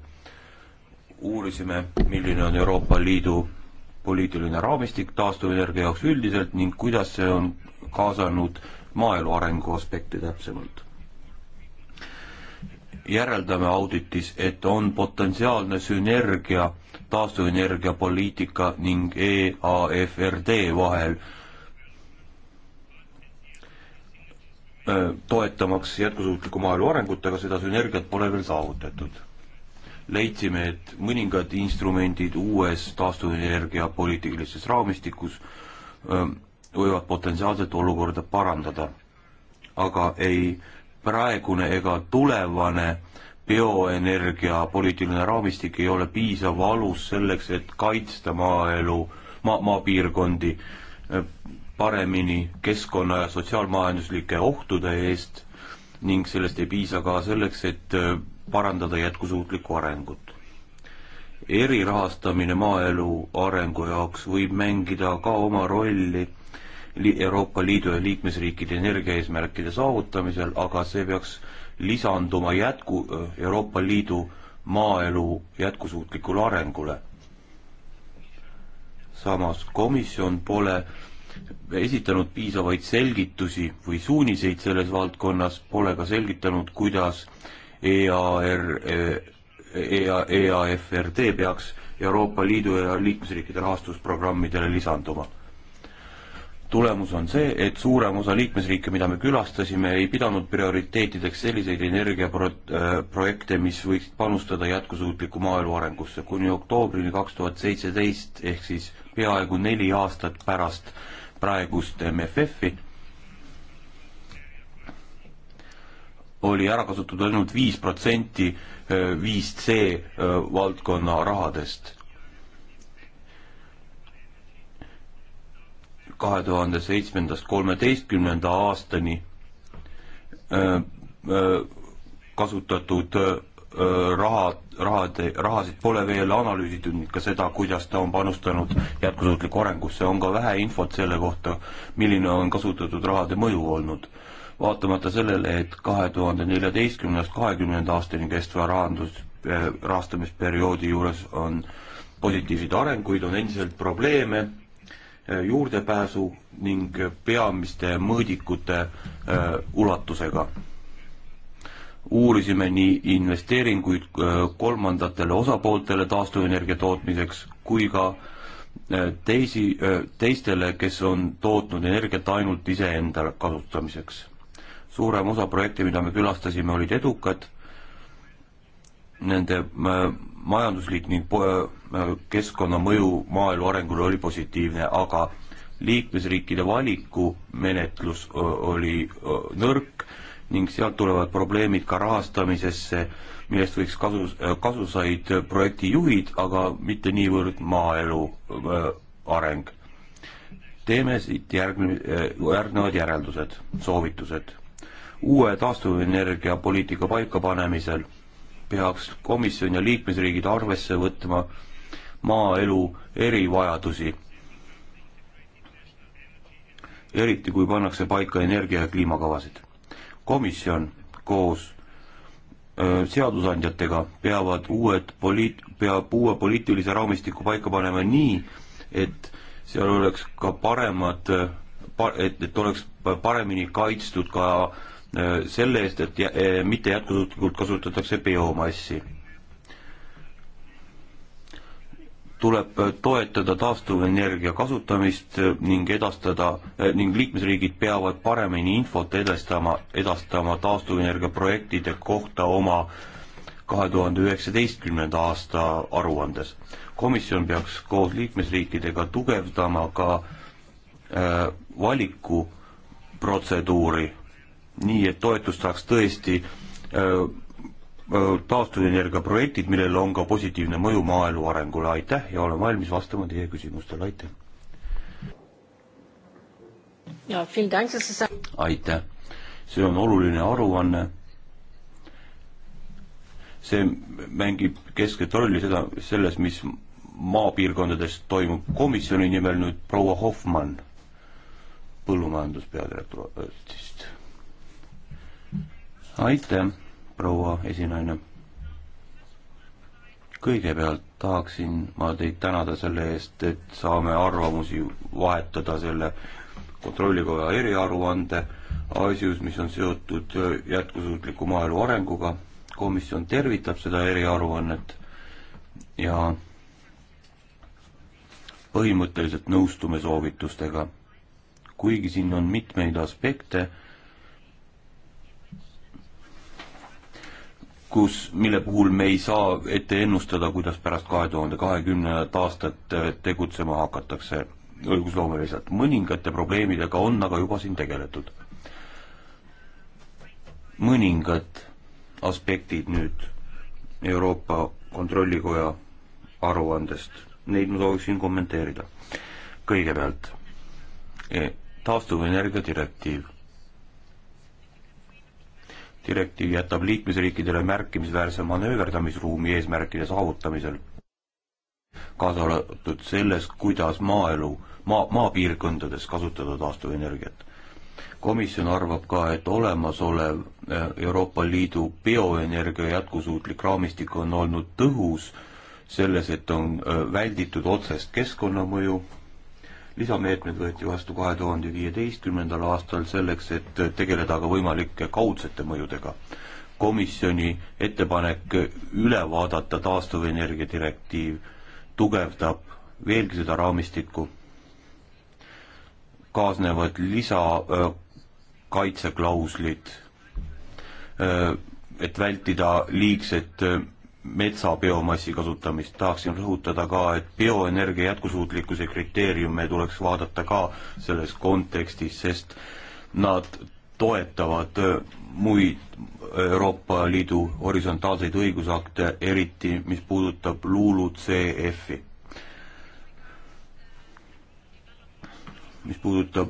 Speaker 2: uurisime, milline on Euroopa Liidu poliitiline raamistik taastuvenergia jaoks üldiselt ning kuidas see on kaasanud maaelu arengu aspekte täpsemalt. järeldame auditis, et on potentsiaalne sünergia taastuvenergia poliitika ning EAFRD vahel Äh, toetamaks jätkusuutliku maaelu arengut, aga seda sünergiat pole veel saavutatud. leidsime, et mõningad instrumendid uues taastuvenergia poliitilises raamistikus ähm, võivad potentsiaalselt olukorda parandada, aga ei praegune ega tulevane bioenergia poliitiline raamistik ei ole piisav alus selleks, et kaitsta maaelu, maa, maapiirkondi paremini keskkonna ja sotsiaalmajanduslike ohtude eest ning sellest ei piisa ka selleks, et äh, parandada jätkusuutlikku arengut. erirahastamine maaelu arengu jaoks võib mängida ka oma rolli Euroopa Liidu ja liikmesriikide energiaeesmärkide saavutamisel, aga see peaks lisanduma jätku, Euroopa Liidu maaelu jätkusuutlikule arengule. samas komisjon pole äh, esitanud piisavaid selgitusi või suuniseid selles valdkonnas, pole ka selgitanud, kuidas EAR, EA, EAFRD peaks Euroopa Liidu ja liikmesriikide rahastusprogrammidele lisanduma. tulemus on see, et suurem osa liikmesriike, mida me külastasime, ei pidanud prioriteetideks selliseid energiaprojekte, äh, mis võiksid panustada jätkusuutliku maaelu arengusse. kuni oktoobrini kaks tuhat seitseteist ehk siis peaaegu neli aastat pärast äh, praegust MFF-i, oli ära kasutatud ainult viis protsenti 5C äh, äh, valdkonna rahadest. kahe tuhande seitsmendast kolmeteistkümnenda aastani äh, kasutatud raha, rahade, rahasid pole veel analüüsitud ning ka seda, kuidas ta on panustanud jätkusuutlikku arengusse, on ka vähe infot selle kohta, milline on kasutatud rahade mõju olnud. vaatamata sellele, et kahe tuhande neljateistkümnendast kahekümnenda aastani kestva rahandus, rahastamisperioodi juures on positiivseid arenguid, on endiselt probleeme juurdepääsu ning peamiste mõõdikute ulatusega uurisime nii investeeringuid äh, kolmandatele osapooltele taastuvenergia tootmiseks kui ka äh, teisi, äh, teistele, kes on tootnud energiat ainult iseenda kasutamiseks. suurem osa projekte, mida me külastasime, olid edukad, nende majanduslik ning keskkonnamõju maaelu arengule oli positiivne, aga liikmesriikide valikumenetlus oli nõrk ning sealt tulevad probleemid ka rahastamisesse, millest võiks kasu, kasu said projektijuhid, aga mitte niivõrd maaelu äh, areng. teeme siit järgne, äh, järgnevad järeldused, soovitused. uue taastuvenergia poliitika paikapanemisel peaks komisjon ja liikmesriigid arvesse võtma maaelu erivajadusi eriti kui pannakse paika energia- ja kliimakavasid komisjon koos seadusandjatega peavad uued poliit-, peab uue poliitilise raamistiku paika panema nii, et seal oleks ka paremad, et, et oleks paremini kaitstud ka selle eest, et mitte jätkusuutlikult kasutatakse biomassi tuleb toetada taastuvenergia kasutamist ning edastada ning liikmesriigid peavad paremini infot edastama, edastama taastuvenergia projektide kohta oma kahe tuhande üheksateistkümnenda aasta aruandes. komisjon peaks koos liikmesriikidega tugevdama ka äh, valikuprotseduuri, nii et toetus saaks tõesti äh, taastuvenergia projektid, millel on ka positiivne mõju maaelu arengule, aitäh ja olen valmis vastama teie küsimustele, aitäh! aitäh, see on oluline aruanne, see mängib keskset rolli seda, selles, mis maapiirkondades toimub komisjoni nimel nüüd proua Hoffmann põllumajanduspeadirektorist. Äh, aitäh! proua esinaine. kõigepealt tahaksin ma teid tänada selle eest, et saame arvamusi vahetada selle kontrollikoja eriaruande asjus, mis on seotud jätkusuutliku maaelu arenguga. komisjon tervitab seda eriaruannet ja põhimõtteliselt nõustume soovitustega. kuigi siin on mitmeid aspekte kus, mille puhul me ei saa ette ennustada, kuidas pärast kahe tuhande kahekümnendat aastat eh, tegutsema hakatakse õigusloomeliselt. mõningate probleemidega on aga juba siin tegeletud. mõningad aspektid nüüd Euroopa Kontrollikoja aruandest, neid ma sooviksin kommenteerida. kõigepealt eh, taastuvenergia direktiiv direktiiv jätab liikmesriikidele märkimisväärse manööverdamisruumi eesmärkide saavutamisel, kaasa arvatud selles, kuidas maaelu, maa, maapiirkondades kasutada taastuvenergiat. komisjon arvab ka, et olemasolev äh, Euroopa Liidu bioenergia jätkusuutlik raamistik on olnud tõhus selles, et on äh, välditud otsest keskkonnamõju, lisameetmed võeti vastu kahe tuhande viieteistkümnendal aastal selleks, et tegeleda ka võimalike kaudsete mõjudega. komisjoni ettepanek üle vaadata taastuvenergia direktiiv tugevdab veelgi seda raamistikku. kaasnevad lisakaitseklauslid, et vältida liigset metsabiomassi kasutamist, tahaksin rõhutada ka, et bioenergia jätkusuutlikkuse kriteeriume tuleks vaadata ka selles kontekstis, sest nad toetavad muid Euroopa Liidu horisontaalseid õigusakte, eriti mis puudutab LULUCF-i. mis puudutab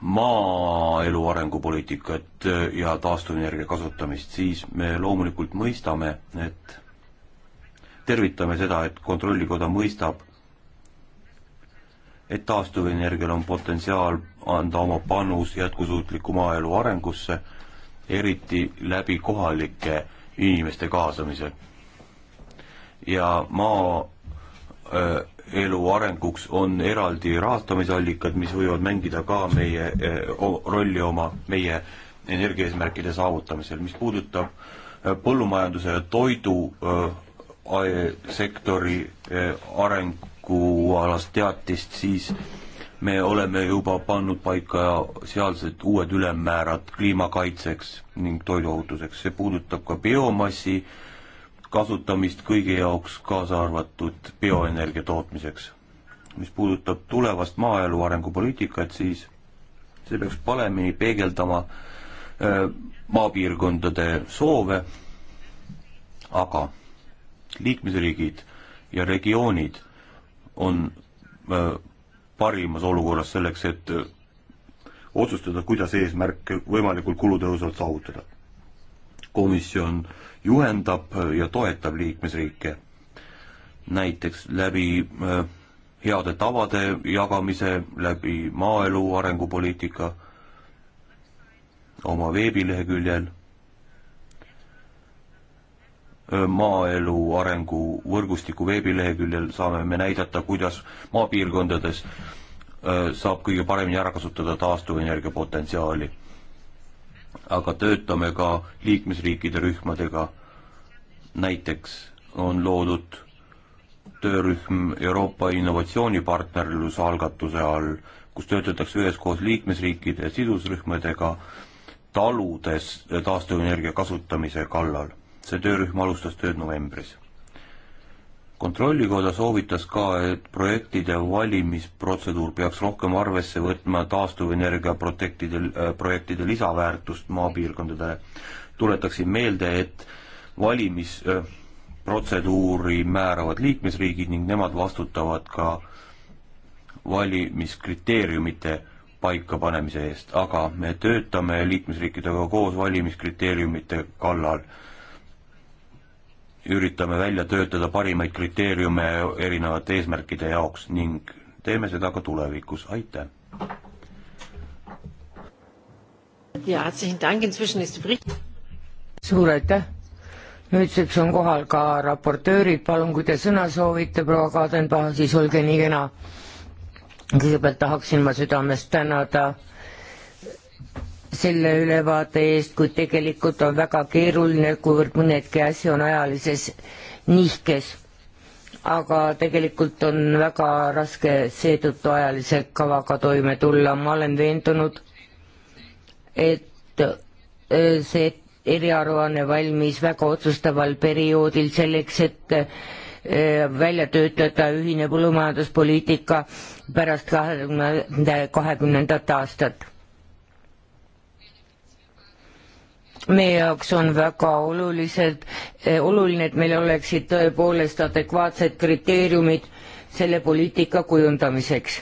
Speaker 2: maaelu arengupoliitikat ja taastuvenergia kasutamist, siis me loomulikult mõistame, et tervitame seda, et Kontrollikoda mõistab, et taastuvenergial on potentsiaal anda oma panus jätkusuutliku maaelu arengusse, eriti läbi kohalike inimeste kaasamise. ja maaelu äh, arenguks on eraldi rahastamisallikad, mis võivad mängida ka meie äh, rolli oma, meie energiaeesmärkide saavutamisel, mis puudutab äh, põllumajanduse ja toidu öö, sektori eh, arengualast teatist, siis me oleme juba pannud paika sealsed uued ülemmäärad kliimakaitseks ning toiduohutuseks. see puudutab ka biomassi kasutamist kõigi jaoks, kaasa arvatud bioenergia tootmiseks. mis puudutab tulevast maaelu arengupoliitikat, siis see peaks paremini peegeldama eh, maapiirkondade soove, aga liikmesriigid ja regioonid on äh, parimas olukorras selleks, et äh, otsustada, kuidas eesmärke võimalikult kulutõhusalt saavutada. komisjon juhendab äh, ja toetab liikmesriike näiteks läbi heade tavade jagamise, läbi maaelu arengupoliitika oma veebileheküljel maaelu arengu võrgustiku veebileheküljel saame me näidata, kuidas maapiirkondades äh, saab kõige paremini ära kasutada taastuvenergia potentsiaali. aga töötame ka liikmesriikide rühmadega. näiteks on loodud töörühm Euroopa innovatsioonipartnerluse algatuse all, kus töötatakse üheskoos liikmesriikide sidusrühmadega taludes taastuvenergia kasutamise kallal see töörühm alustas tööd novembris. kontrollikoda soovitas ka, et projektide valimisprotseduur peaks rohkem arvesse võtma taastuvenergia projektide, projektide lisaväärtust maapiirkondadele. tuletaksin meelde, et valimisprotseduuri määravad liikmesriigid ning nemad vastutavad ka valimiskriteeriumite paikapanemise eest, aga me töötame liikmesriikidega koos valimiskriteeriumite kallal üritame välja töötada parimaid kriteeriume erinevate eesmärkide jaoks ning teeme seda ka tulevikus, aitäh!
Speaker 1: suur aitäh! nüüdseks on kohal ka raportöörid, palun, kui te sõna soovite, proua Kadenbaha, siis olge nii kena. kõigepealt tahaksin ma südamest tänada selle ülevaate eest, kuid tegelikult on väga keeruline, kuivõrd mõnedki asi on ajalises nihkes. aga tegelikult on väga raske seetõttu ajalise kavaga toime tulla, ma olen veendunud, et e, see eriaruanne valmis väga otsustaval perioodil selleks, et e, välja töötada ühine põllumajanduspoliitika pärast kahekümne, kahekümnendat aastat meie jaoks on väga olulised, eh, oluline, et meil oleksid tõepoolest adekvaatsed kriteeriumid selle poliitika kujundamiseks.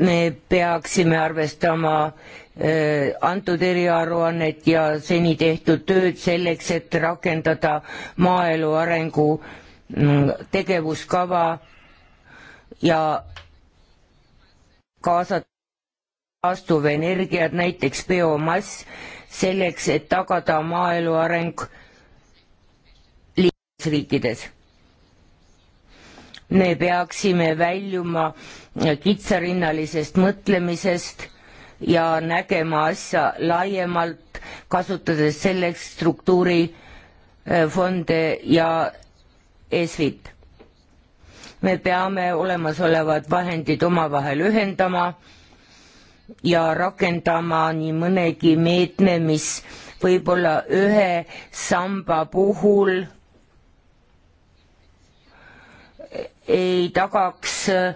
Speaker 1: me peaksime arvestama eh, antud eriaruannet ja seni tehtud tööd selleks, et rakendada maaelu arengu äh, tegevuskava ja kaasata taastuvenergiat, näiteks biomass, selleks, et tagada maaelu areng liikmesriikides. me peaksime väljuma kitsarinnalisest mõtlemisest ja nägema asja laiemalt, kasutades selleks struktuurifonde ja ESFit. me peame olemasolevad vahendid omavahel ühendama ja rakendama nii mõnegi meetme, mis võib-olla ühe samba puhul ei tagaks äh,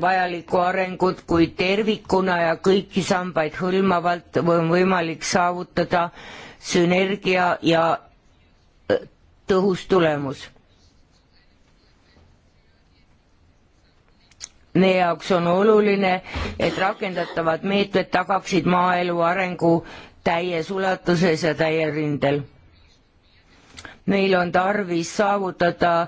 Speaker 1: vajalikku arengut, kuid tervikuna ja kõiki sambaid hõlmavalt on võimalik saavutada sünergia ja äh, tõhus tulemus meie jaoks on oluline, et rakendatavad meetmed tagaksid maaelu arengu täies ulatuses ja täiel rindel. meil on tarvis saavutada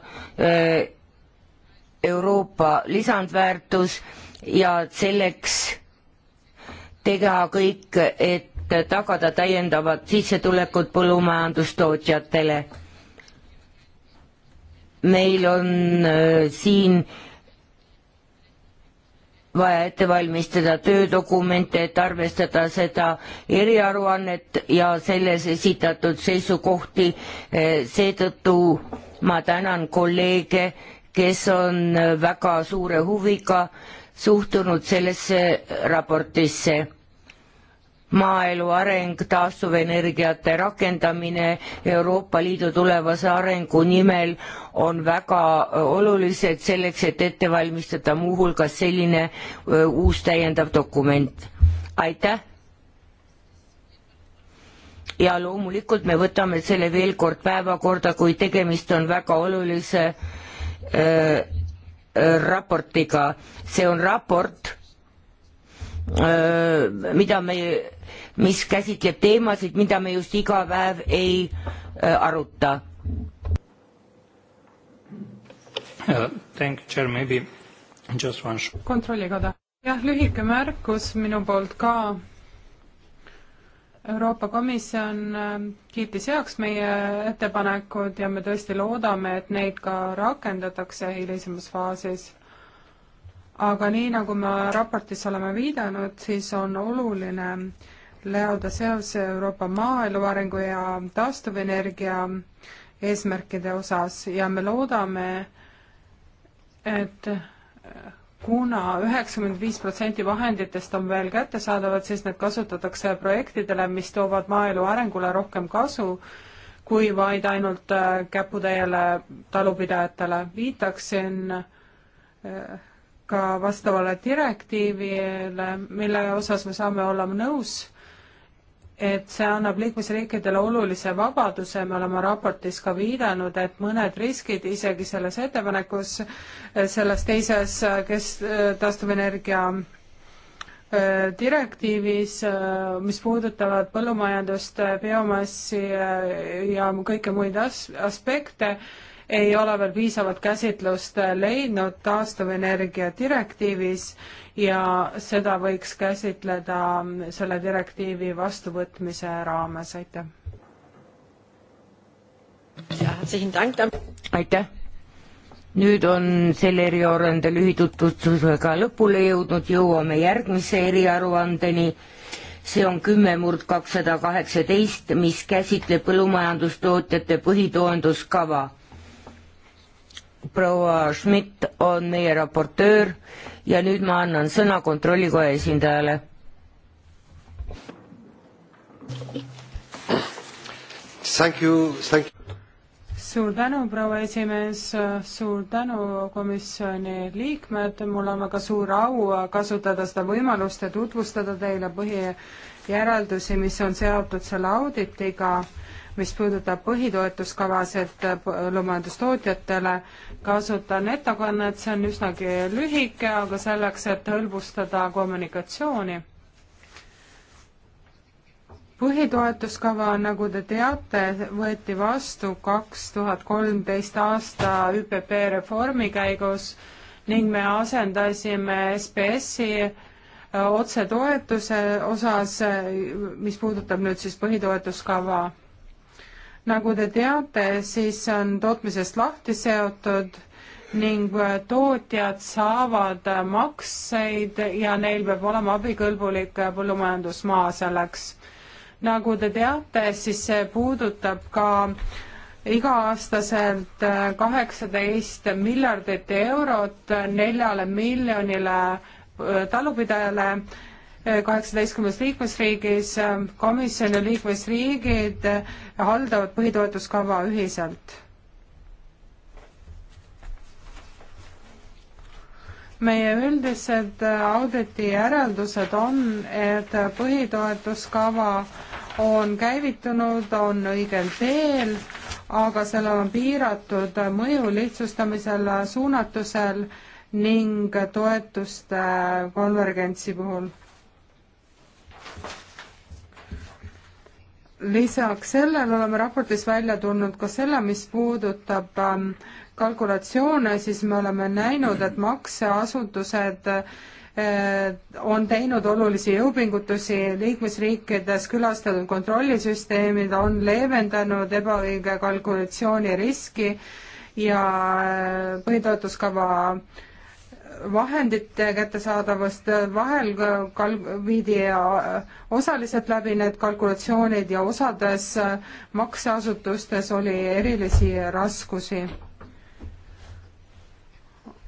Speaker 1: Euroopa lisandväärtus ja selleks teha kõik, et tagada täiendavad sissetulekud põllumajandustootjatele. meil on siin äh, vaja ette valmistada töödokumente, et arvestada seda eriaruannet ja selles esitatud seisukohti. Eh, seetõttu ma tänan kolleege, kes on väga suure huviga suhtunud sellesse raportisse maaelu areng, taastuvenergiate rakendamine Euroopa Liidu tulevase arengu nimel on väga olulised selleks, et ette valmistada muuhulgas selline uus täiendav dokument. aitäh! ja loomulikult me võtame selle veel kord päevakorda, kui tegemist on väga olulise öö, raportiga, see on raport, mida me mis käsitleb teemasid, mida me just iga päev ei äh, aruta.
Speaker 2: Uh,
Speaker 3: kontrollikoda, jah, lühike märkus minu poolt ka. Euroopa Komisjon ähm, kiitis heaks meie ettepanekud ja me tõesti loodame, et neid ka rakendatakse hilisemas faasis aga nii, nagu me raportis oleme viidanud, siis on oluline leoda seos Euroopa maaelu arengu ja taastuvenergia eesmärkide osas ja me loodame, et kuna üheksakümmend viis protsenti vahenditest on veel kättesaadavad, siis need kasutatakse projektidele, mis toovad maaelu arengule rohkem kasu kui vaid ainult äh, käputäiele talupidajatele. viitaksin äh, ka vastavale direktiivile, mille osas me saame olla nõus et see annab liikmesriikidele olulise vabaduse, me oleme raportis ka viidanud, et mõned riskid isegi selles ettepanekus, selles teises, kes taastuvenergia äh, direktiivis, äh, mis puudutavad põllumajandust, äh, biomassi ja kõiki muid as-, aspekte, ei ole veel piisavat käsitlust leidnud taastuvenergia direktiivis ja seda võiks käsitleda selle direktiivi vastuvõtmise raames, aitäh.
Speaker 1: aitäh nüüd on selle eriaruande lühitutvustusega lõpule jõudnud, jõuame järgmise eriaruandeni. see on kümme murd kakssada kaheksateist, mis käsitleb põllumajandustootjate põhitoenduskava proua Schmidt on meie raportöör ja nüüd ma annan sõna kontrollikoja esindajale. suur
Speaker 3: tänu, proua esimees, suur tänu, komisjoni liikmed, mul on väga suur au kasutada seda võimalust ja tutvustada teile põhijäreldusi, mis on seotud selle auditiga mis puudutab põhitoetuskavasid põllumajandustootjatele, kasutan ettekannet, see on üsnagi lühike, aga selleks, et hõlbustada kommunikatsiooni. põhitoetuskava, nagu te teate, võeti vastu kaks tuhat kolmteist aasta ÜPP reformi käigus ning me asendasime SBS-i eh, otsetoetuse osas, eh, mis puudutab nüüd siis põhitoetuskava nagu te teate, siis on tootmisest lahti seotud ning tootjad saavad makseid ja neil peab olema abikõlbulik põllumajandusmaa selleks. nagu te teate, siis see puudutab ka iga-aastaselt kaheksateist miljardit eurot neljale miljonile talupidajale kaheksateistkümnes liikmesriigis, ähm, komisjoni liikmesriigid äh, haldavad põhitoetuskava ühiselt. meie üldised äh, auditi järeldused on, et äh, põhitoetuskava on käivitunud, on õigel teel, aga sellel on piiratud mõju lihtsustamisele, suunatusel ning toetuste konvergentsi puhul lisaks sellele oleme raportis välja tulnud ka selle, mis puudutab ähm, kalkulatsioone, siis me oleme näinud, et makseasutused äh, on teinud olulisi jõupingutusi liikmesriikides külastatud kontrollisüsteemid, on leevendanud ebaõige kalkulatsiooni riski ja äh, põhitoetuskava vahendite kättesaadavust, vahel kal-, viidi osaliselt läbi need kalkulatsioonid ja osades makseasutustes oli erilisi raskusi.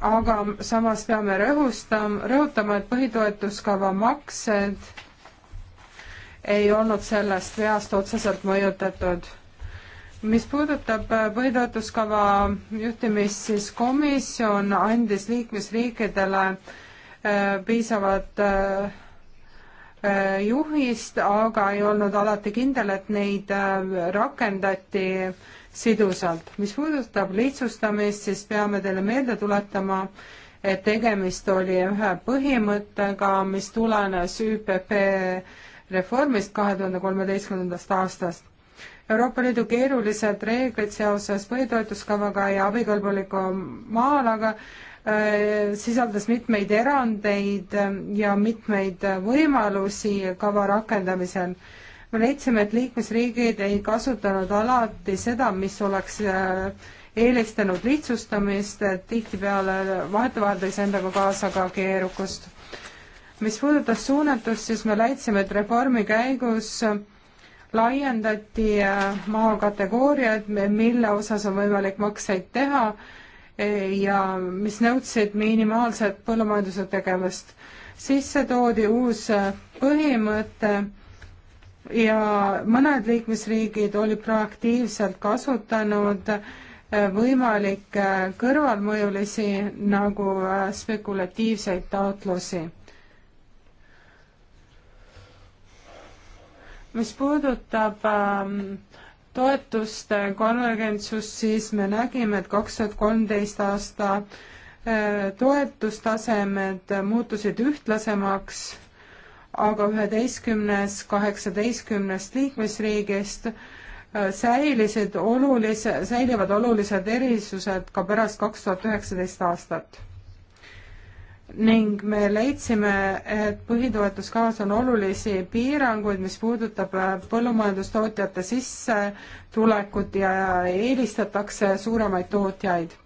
Speaker 3: aga samas peame rõhustam-, rõhutama, et põhitoetuskava maksed ei olnud sellest veast otseselt mõjutatud mis puudutab äh, põhitoetuskava juhtimist, siis komisjon andis liikmesriikidele äh, piisavat äh, juhist, aga ei olnud alati kindel, et neid rakendati sidusalt. mis puudutab lihtsustamist, siis peame teile meelde tuletama, et tegemist oli ühe põhimõttega, mis tulenes ÜPP reformist kahe tuhande kolmeteistkümnendast aastast Euroopa Liidu keerulised reeglid seoses põhitoetuskavaga ja abikõlbuliku maalaga äh, sisaldas mitmeid erandeid äh, ja mitmeid võimalusi kava rakendamisel. me leidsime, et liikmesriigid ei kasutanud alati seda, mis oleks äh, eelistanud lihtsustamist, et tihtipeale vahetevahel tõi see endaga kaasa ka keerukust. mis puudutas suunatust, siis me leidsime, et reformi käigus äh, laiendati äh, maa kategooriaid, mille osas on võimalik makseid teha e, ja mis nõudsid minimaalset põllumajanduse tegevust. sisse toodi uus äh, põhimõte ja mõned liikmesriigid olid proaktiivselt kasutanud äh, võimalikke kõrvalmõjulisi nagu spekulatiivseid taotlusi mis puudutab ähm, toetuste konvergentsust, siis me nägime, et kaks tuhat kolmteist aasta äh, toetustasemed muutusid ühtlasemaks, aga üheteistkümnes, kaheksateistkümnest liikmesriigist äh, säilisid olulise, säilivad olulised erisused ka pärast kaks tuhat üheksateist aastat ning me leidsime, et põhitoetuskavas on olulisi piiranguid, mis puudutab äh, põllumajandustootjate sissetulekut ja eelistatakse suuremaid tootjaid.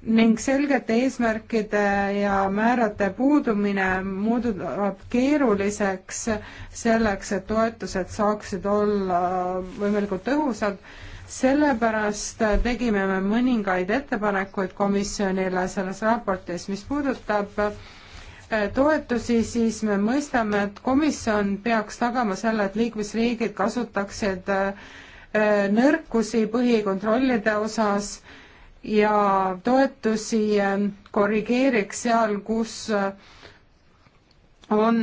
Speaker 3: ning selgete eesmärkide ja määrade puudumine muudab keeruliseks selleks, et toetused saaksid olla võimalikult tõhusad sellepärast tegime me mõningaid ettepanekuid komisjonile selles raportis, mis puudutab äh, toetusi, siis me mõistame, et komisjon peaks tagama selle, et liikmesriigid kasutaksid äh, nõrkusi põhikontrollide osas ja toetusi äh, korrigeeriks seal, kus on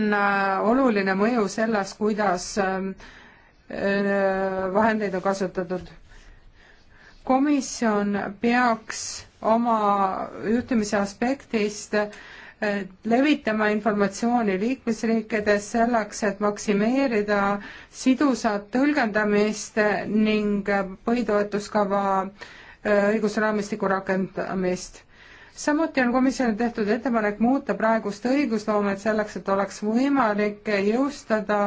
Speaker 3: oluline mõju selles, kuidas vahendeid on kasutatud komisjon peaks oma juhtimise aspektist eh, levitama informatsiooni liikmesriikides selleks, et maksimeerida sidusat tõlgendamist ning põhitoetuskava eh, õigusraamistiku rakendamist. samuti on komisjonil tehtud ettepanek muuta praegust õigusloomet selleks, et oleks võimalik jõustada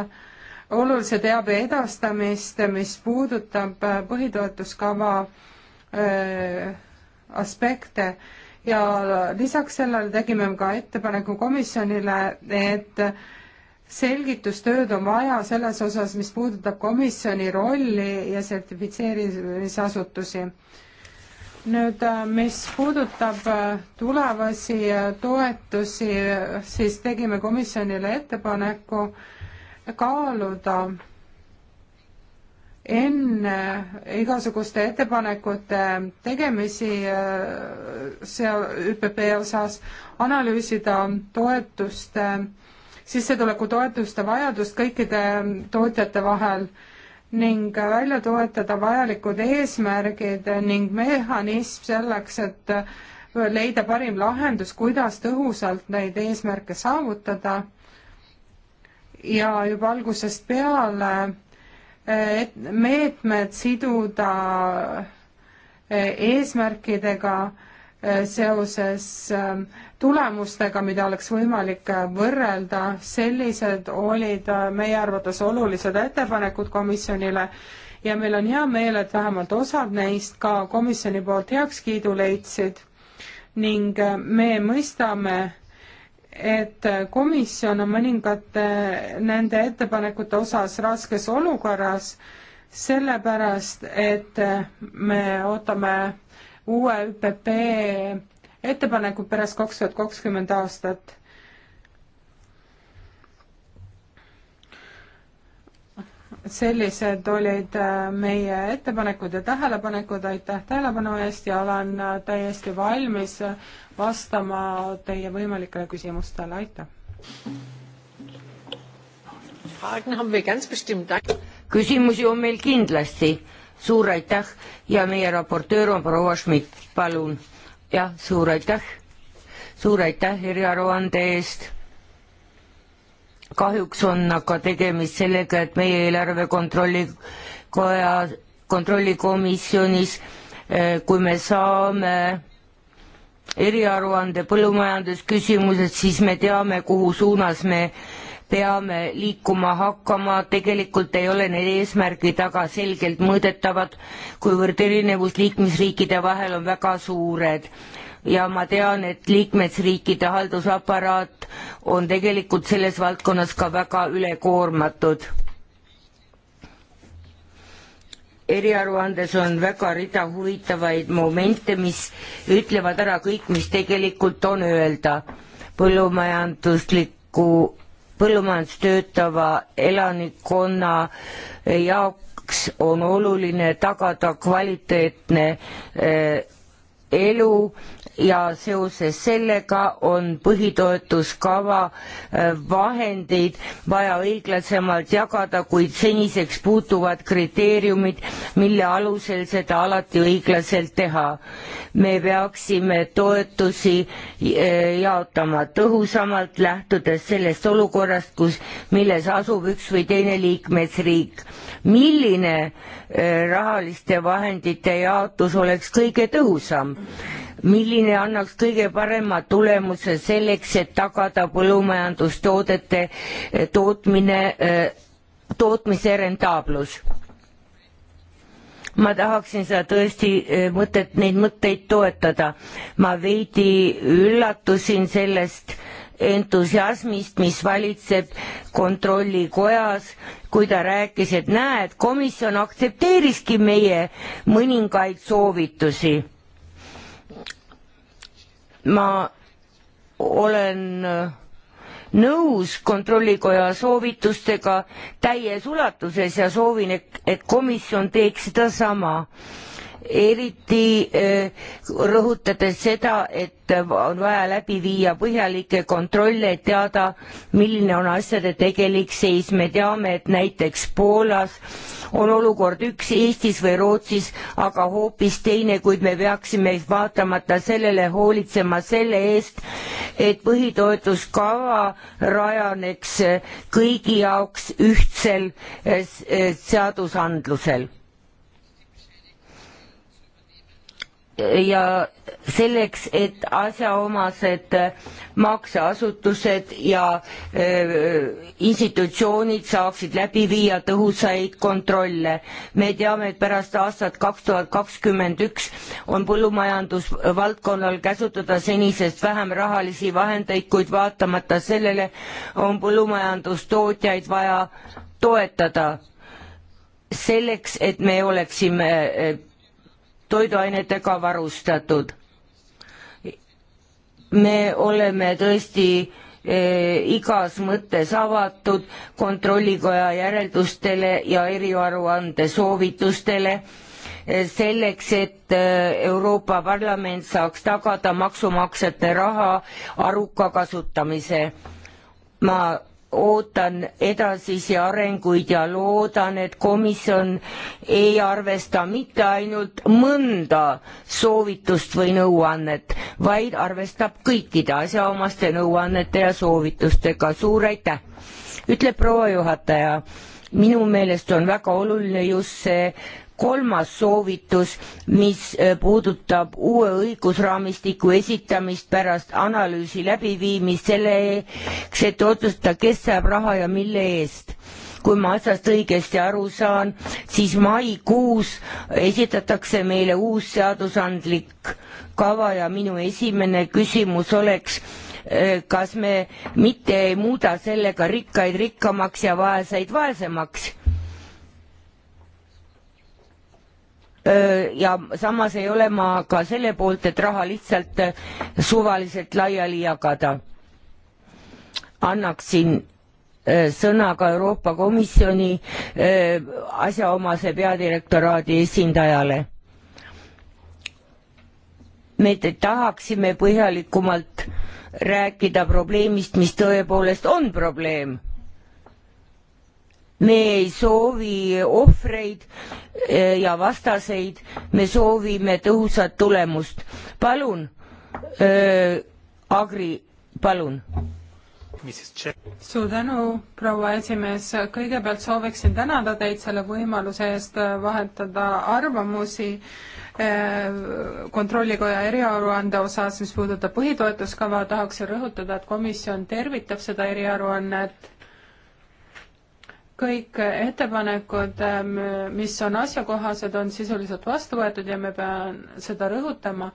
Speaker 3: olulise teabe edastamist, mis puudutab eh, põhitoetuskava Äh, aspekte ja lisaks sellele tegime ka ettepaneku komisjonile, et selgitustööd on vaja selles osas, mis puudutab komisjoni rolli ja sertifitseerimisasutusi. nüüd, äh, mis puudutab äh, tulevasi toetusi, siis tegime komisjonile ettepaneku kaaluda enne äh, igasuguste ettepanekute äh, tegemisi äh, seal ÜPP osas analüüsida toetuste, sissetulekutoetuste vajadust kõikide tootjate vahel ning välja toetada vajalikud eesmärgid ning mehhanism selleks, et leida parim lahendus, kuidas tõhusalt neid eesmärke saavutada. ja juba algusest peale meetmed siduda eh, eesmärkidega eh, seoses eh, tulemustega, mida oleks võimalik võrrelda, sellised olid meie arvates olulised ettepanekud komisjonile ja meil on hea meel, et vähemalt osad neist ka komisjoni poolt heakskiidu leidsid ning me mõistame, et komisjon on mõningate nende ettepanekute osas raskes olukorras, sellepärast et me ootame uue ÜPP ettepanekud pärast kaks tuhat kakskümmend aastat. sellised olid äh, meie ettepanekud ja tähelepanekud, aitäh tähelepanu eest ja olen äh, täiesti valmis äh, vastama teie võimalikele
Speaker 1: küsimustele, aitäh. küsimusi on meil kindlasti, suur aitäh ja meie raportöör on proua Schmidt, palun. jah, suur aitäh, suur aitäh eriaruande eest kahjuks on aga tegemist sellega, et meie eelarve kontrollikoja, kontrollikomisjonis, eh, kui me saame eriaruande põllumajandusküsimused, siis me teame, kuhu suunas me peame liikuma hakkama, tegelikult ei ole need eesmärgid aga selgelt mõõdetavad, kuivõrd erinevus liikmesriikide vahel on väga suured ja ma tean, et liikmesriikide haldusaparaat on tegelikult selles valdkonnas ka väga ülekoormatud. eriaruandes on väga rida huvitavaid momente, mis ütlevad ära kõik, mis tegelikult on öelda. põllumajandusliku, põllumajandust töötava elanikkonna jaoks on oluline tagada kvaliteetne eh, elu ja seoses sellega on põhitoetuskava äh, vahendeid vaja õiglasemalt jagada, kuid seniseks puutuvad kriteeriumid, mille alusel seda alati õiglaselt teha. me peaksime toetusi äh, jaotama tõhusamalt, lähtudes sellest olukorrast, kus, milles asub üks või teine liikmesriik. milline äh, rahaliste vahendite jaotus oleks kõige tõhusam? milline mille annaks kõige parema tulemuse selleks, et tagada põllumajandustoodete eh, tootmine, eh, tootmise rentaablus. ma tahaksin seda tõesti eh, mõtet, neid mõtteid toetada. ma veidi üllatusin sellest entusiasmist, mis valitseb kontrollikojas, kui ta rääkis, et näed, komisjon aktsepteeriski meie mõningaid soovitusi ma olen äh, nõus Kontrollikoja soovitustega täies ulatuses ja soovin, et, et komisjon teeks sedasama eriti eh, rõhutades seda, et on vaja läbi viia põhjalikke kontrolle, et teada, milline on asjade tegelik seis. me teame, et näiteks Poolas on olukord üks Eestis või Rootsis, aga hoopis teine, kuid me peaksime vaatamata sellele hoolitsema selle eest, et põhitoetuskava rajaneks kõigi jaoks ühtsel eh, eh, seadusandlusel ja selleks, et asjaomased makseasutused ja institutsioonid saaksid läbi viia tõhusaid kontrolle. me teame, et pärast aastat kaks tuhat kakskümmend üks on põllumajandusvaldkonnal käsutada senisest vähem rahalisi vahendeid, kuid vaatamata sellele on põllumajandustootjaid vaja toetada selleks, et me oleksime toiduainetega varustatud. me oleme tõesti e, igas mõttes avatud kontrollikoja järeldustele ja eriaruande soovitustele e, selleks, et e, Euroopa Parlament saaks tagada maksumaksjate raha aruka kasutamise. ma ootan edasisi arenguid ja loodan, et komisjon ei arvesta mitte ainult mõnda soovitust või nõuannet, vaid arvestab kõikide asjaomaste nõuannete ja soovitustega. suur aitäh, ütleb proua juhataja. minu meelest on väga oluline just see kolmas soovitus, mis äh, puudutab uue õigusraamistiku esitamist pärast analüüsi läbiviimist selleks, et otsustada, kes saab raha ja mille eest kui ma asjast õigesti aru saan, siis maikuus esitatakse meile uus seadusandlik kava ja minu esimene küsimus oleks, äh, kas me mitte ei muuda sellega rikkaid rikkamaks ja vaeseid vaesemaks? ja samas ei ole ma ka selle poolt, et raha lihtsalt suvaliselt laiali jagada. annaksin sõna ka Euroopa Komisjoni asjaomase peadirektoraadi esindajale. me tahaksime põhjalikumalt rääkida probleemist, mis tõepoolest on probleem me ei soovi ohvreid eh, ja vastaseid, me soovime tõhusat tulemust. palun, eh, Agri, palun.
Speaker 3: suur tänu, proua esimees, kõigepealt sooviksin tänada teid selle võimaluse eest vahetada arvamusi eh, kontrollikoja eriaruande osas, mis puudutab põhitoetuskava, tahaksin rõhutada, et komisjon tervitab seda eriaruannet kõik ettepanekud, ähm, mis on asjakohased, on sisuliselt vastu võetud ja me pean seda rõhutama,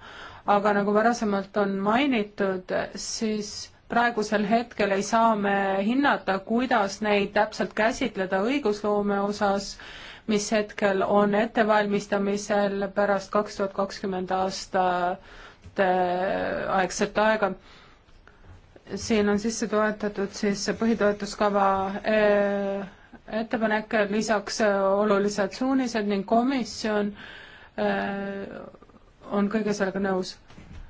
Speaker 3: aga nagu varasemalt on mainitud, siis praegusel hetkel ei saa me hinnata, kuidas neid täpselt käsitleda õigusloome osas, mis hetkel on ettevalmistamisel pärast kaks tuhat kakskümmend aastat äh, aegset aega siin on sisse toetatud siis põhitoetuskava äh, ettepanek, lisaks äh, olulised suunised ning komisjon äh, on kõige sellega nõus.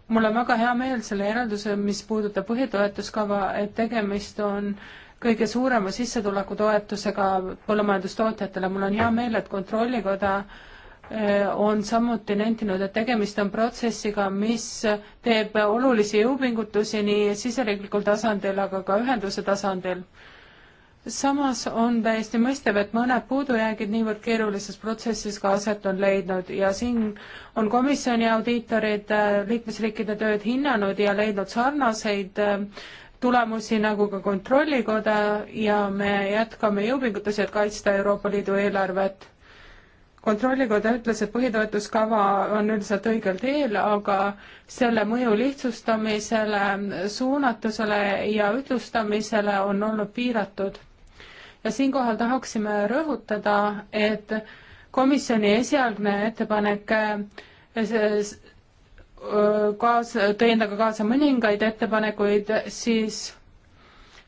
Speaker 3: mul on väga hea meel selle järelduse, mis puudutab põhitoetuskava, et tegemist on kõige suurema sissetulekutoetusega põllumajandustootjatele. mul on hea meel, et Kontrollikoda äh, on samuti nentinud, et tegemist on protsessiga, mis teeb olulisi jõupingutusi nii siseriiklikul tasandil, aga ka ühenduse tasandil samas on täiesti mõistev, et mõned puudujäägid niivõrd keerulises protsessis ka aset on leidnud ja siin on komisjoni audiitorid äh, liikmesriikide tööd hinnanud ja leidnud sarnaseid äh, tulemusi nagu ka Kontrollikoda ja me jätkame jõupingutusi, et kaitsta Euroopa Liidu eelarvet. kontrollikoda ütles, et põhitoetuskava on üldiselt õigel teel, aga selle mõju lihtsustamisele, suunatusele ja ühtlustamisele on olnud piiratud ja siinkohal tahaksime rõhutada, et komisjoni esialgne ettepanek äh, äh, kaas, tõi endaga kaasa mõningaid ettepanekuid, siis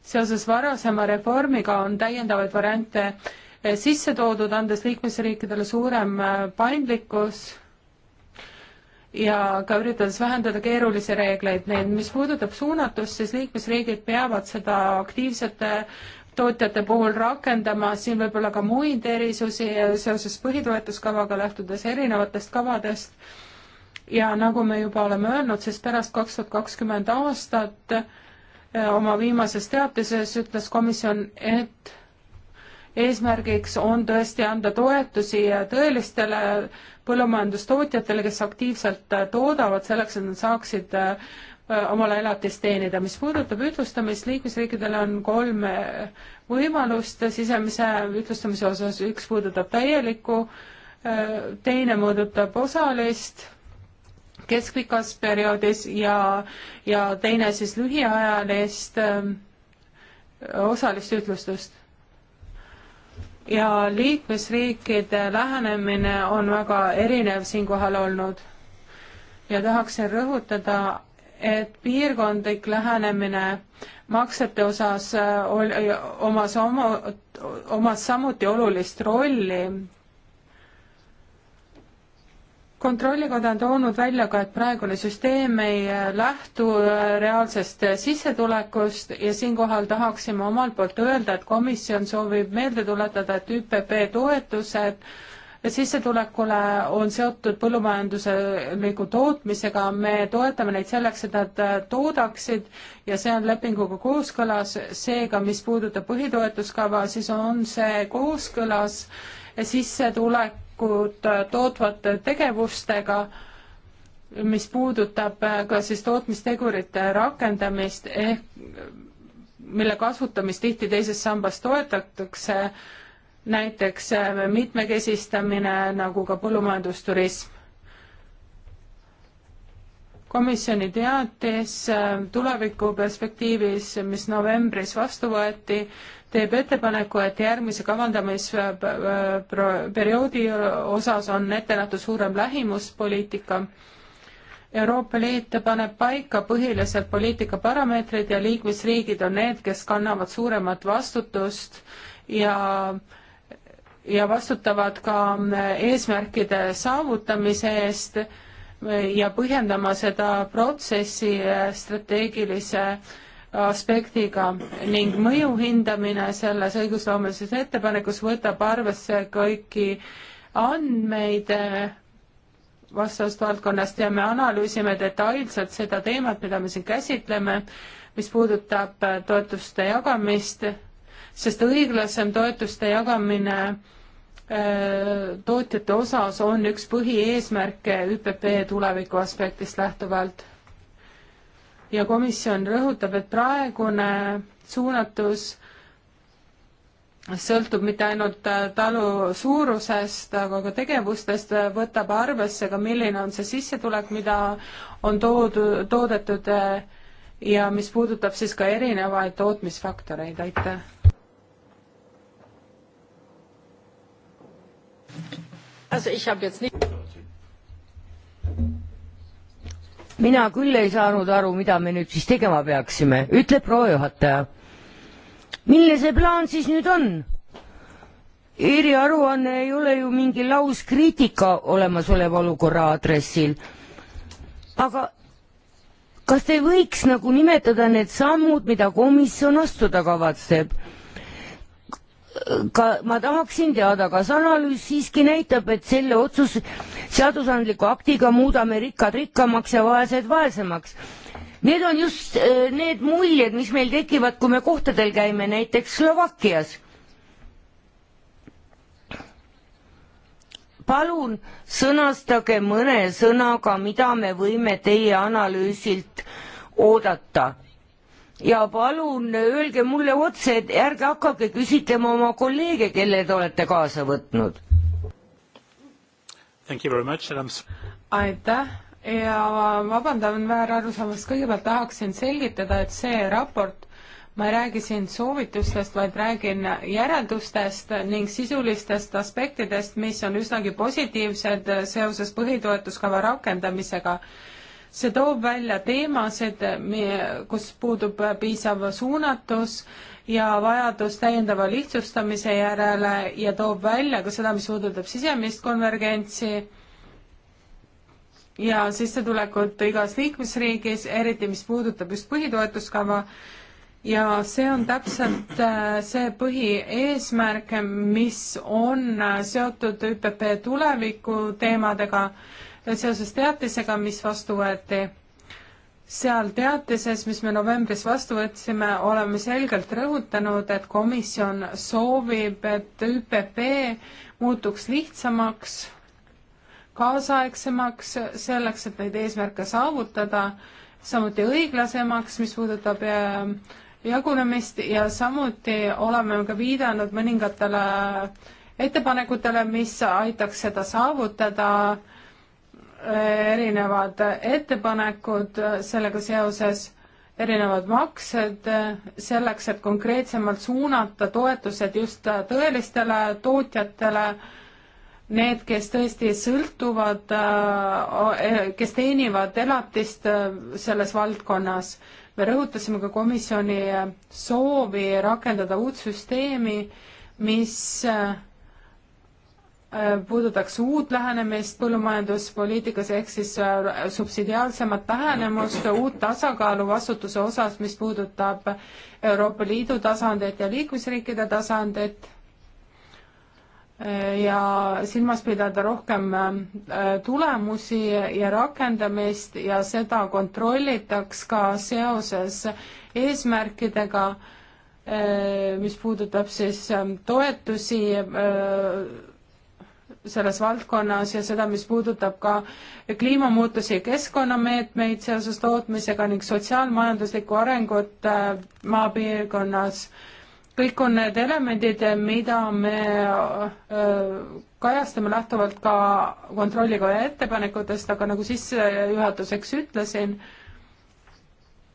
Speaker 3: seoses varasema reformiga on täiendavaid variante äh, sisse toodud, andes liikmesriikidele suurem paindlikkus ja ka üritades vähendada keerulisi reegleid, need, mis puudutab suunatust, siis liikmesriigid peavad seda aktiivsete tootjate puhul rakendama siin võib-olla ka muid erisusi seoses põhitoetuskavaga, lähtudes erinevatest kavadest. ja nagu me juba oleme öelnud, siis pärast kaks tuhat kakskümmend aastat eh, oma viimases teatises ütles komisjon, et eesmärgiks on tõesti anda toetusi tõelistele põllumajandustootjatele, kes aktiivselt toodavad, selleks et nad saaksid eh, Äh, omale elatist teenida. mis puudutab ütlustamist, liikmesriikidel on kolm äh, võimalust sisemise ütlustamise osas, üks puudutab täielikku, äh, teine puudutab osalist keskpikas perioodis ja, ja teine siis lühiajalist osalist ütlustust. ja liikmesriikide lähenemine on väga erinev siinkohal olnud ja tahaksin rõhutada et piirkondlik lähenemine maksete osas äh, oli, äh, omas oma, omas samuti olulist rolli kontrollikoda on toonud välja ka, et praegune süsteem ei äh, lähtu reaalsest sissetulekust ja siinkohal tahaksime omalt poolt öelda, et komisjon soovib meelde tuletada, et ÜPP toetused sissetulekule on seotud põllumajandusliku tootmisega, me toetame neid selleks, et nad äh, toodaksid ja see on lepinguga kooskõlas, seega mis puudutab põhitoetuskava, siis on see kooskõlas sissetulekud äh, tootvate tegevustega mis puudutab äh, ka siis tootmistegurite rakendamist ehk mille kasutamist tihti teises sambas toetatakse näiteks äh, mitmekesistamine nagu ka põllumajandusturism. komisjoni teatis äh, tulevikuperspektiivis, mis novembris vastu võeti, teeb ettepaneku, et järgmise kavandamisperioodi äh, osas on ette nähtud suurem lähimuspoliitika Euroopa Liit paneb paika põhilised poliitikaparameetrid ja liikmesriigid on need, kes kannavad suuremat vastutust ja ja vastutavad ka äh, eesmärkide saavutamise eest ja põhjendama seda protsessi äh, strateegilise aspektiga ning mõju hindamine selles õigusloomelises ettepanekus võtab arvesse kõiki andmeid äh, vastavast valdkonnast ja me analüüsime detailselt seda teemat, mida me siin käsitleme, mis puudutab toetuste jagamist, sest õiglasem toetuste jagamine äh, tootjate osas on üks põhieesmärke ÜPP tuleviku aspektist lähtuvalt. ja komisjon rõhutab, et praegune suunatus sõltub mitte ainult äh, talu suurusest, aga ka tegevustest, äh, võtab arvesse ka, milline on see sissetulek, mida on toodu, toodetud äh, ja mis puudutab siis ka erinevaid tootmisfaktoreid, aitäh
Speaker 1: mina küll ei saanud aru, mida me nüüd siis tegema peaksime, ütleb proua juhataja. milline see plaan siis nüüd on? eriaruanne ei ole ju mingi lauskriitika olemasoleva olukorra aadressil, aga kas te võiks nagu nimetada need sammud, mida komisjon astuda kavatseb? ka ma tahaksin teada, kas analüüs siiski näitab, et selle otsus, seadusandliku aktiga muudame rikkad rikkamaks ja vaesed vaesemaks? Need on just äh, need muljed, mis meil tekivad, kui me kohtadel käime, näiteks Slovakkias. palun sõnastage mõne sõnaga, mida me võime teie analüüsilt oodata ja palun öelge mulle otse, et ärge hakake küsitlema oma kolleege, kelle te olete kaasa võtnud. aitäh
Speaker 3: ja vabandan väärarusaamast, kõigepealt tahaksin selgitada, et see raport, ma ei räägi siin soovitustest, vaid räägin järeldustest ning sisulistest aspektidest, mis on üsnagi positiivsed seoses põhitoetuskava rakendamisega see toob välja teemasid, kus puudub piisav suunatus ja vajadus täiendava lihtsustamise järele ja toob välja ka seda, mis puudutab sisemist konvergentsi ja sissetulekut igas liikmesriigis, eriti mis puudutab just põhitoetuskava, ja see on täpselt äh, see põhieesmärk, mis on äh, seotud ÜPP tuleviku teemadega seoses teatisega, mis vastu võeti. seal teatises, mis me novembris vastu võtsime, oleme selgelt rõhutanud, et komisjon soovib, et ÜPP muutuks lihtsamaks, kaasaegsemaks, selleks, et neid eesmärke saavutada, samuti õiglasemaks, mis puudutab äh, jagunemist ja samuti oleme ka viidanud mõningatele ettepanekutele, mis aitaks seda saavutada erinevad ettepanekud sellega seoses, erinevad maksed selleks, et konkreetsemalt suunata toetused just tõelistele tootjatele, need, kes tõesti sõltuvad, kes teenivad elatist selles valdkonnas. me rõhutasime ka komisjoni soovi rakendada uut süsteemi, mis Äh, puudutaks uut lähenemist põllumajanduspoliitikas, ehk siis äh, subsidiaarsemat lähenemust, uut tasakaalu vastutuse osas, mis puudutab Euroopa Liidu tasandit ja liikmesriikide tasandit äh, ja silmas pidada rohkem tulemusi ja rakendamist ja seda kontrollitaks ka seoses eesmärkidega, mis puudutab siis toetusi selles valdkonnas ja seda, mis puudutab ka kliimamuutusi ja keskkonnameetmeid seoses tootmisega ning sotsiaalmajanduslikku arengut äh, maapiirkonnas. kõik on need elemendid, mida me äh, kajastame lähtuvalt ka kontrollikoja ettepanekutest, aga nagu sissejuhatuseks ütlesin,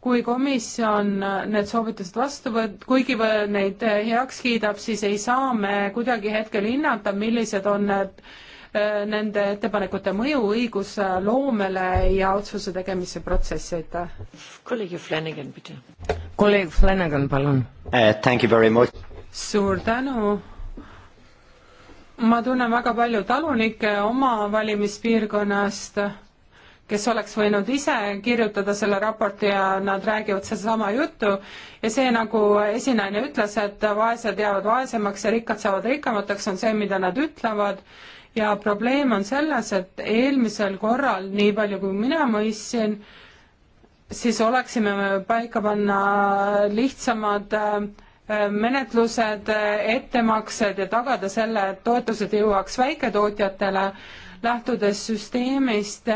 Speaker 3: kui komisjon need soovitused vastu võt-, kuigi neid heaks kiidab, siis ei saa me kuidagi hetkel hinnata, millised on need, äh, nende ettepanekute mõju õigusloomele ja otsuse tegemise protsessi, aitäh. kolleeg Flanagan, pidi. kolleeg Flanagan, palun uh,. Thank you very much. suur tänu ma tunnen väga palju talunikke oma valimispiirkonnast kes oleks võinud ise kirjutada selle raporti ja nad räägivad sedasama juttu ja see, nagu esinaine ütles, et vaesed jäävad vaesemaks ja rikkad saavad rikkamateks, on see, mida nad ütlevad ja probleem on selles, et eelmisel korral, nii palju kui mina mõistsin, siis oleksime me paika panna lihtsamad äh, menetlused, ettemaksed ja tagada selle, et toetused jõuaks väiketootjatele, lähtudes süsteemist,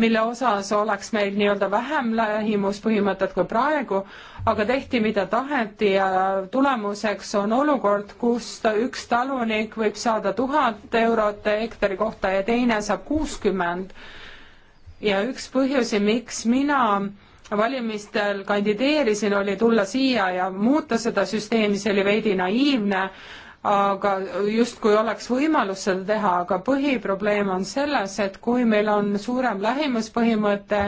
Speaker 3: mille osas oleks meil nii-öelda vähem lähimuspõhimõtet kui praegu, aga tehti, mida taheti ja tulemuseks on olukord, kus üks talunik võib saada tuhat eurot hektari kohta ja teine saab kuuskümmend. ja üks põhjusi, miks mina valimistel kandideerisin, oli tulla siia ja muuta seda süsteemi, see oli veidi naiivne, aga justkui oleks võimalus seda teha, aga põhiprobleem on selles, et kui meil on suurem lähimuspõhimõte,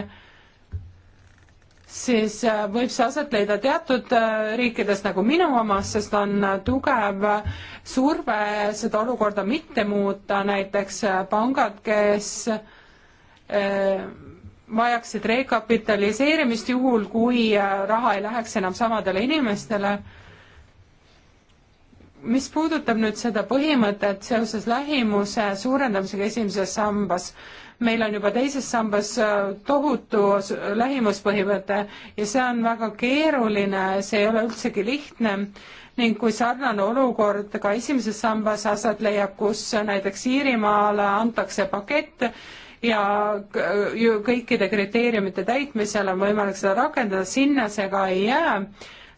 Speaker 3: siis äh, võib see aset leida teatud äh, riikides nagu minu omas, sest on äh, tugev surve seda olukorda mitte muuta, näiteks pangad, kes vajaksid rekapitaliseerimist juhul, kui raha ei läheks enam samadele inimestele mis puudutab nüüd seda põhimõtet seoses lähimuse suurendamisega esimeses sambas, meil on juba teises sambas äh, tohutu lähimuspõhimõte ja see on väga keeruline, see ei ole üldsegi lihtne ning kui sarnane olukord ka esimeses sambas aset leiab, kus näiteks Iirimaale antakse pakett ja ju kõikide kriteeriumite täitmisel on võimalik seda rakendada, sinna see ka ei jää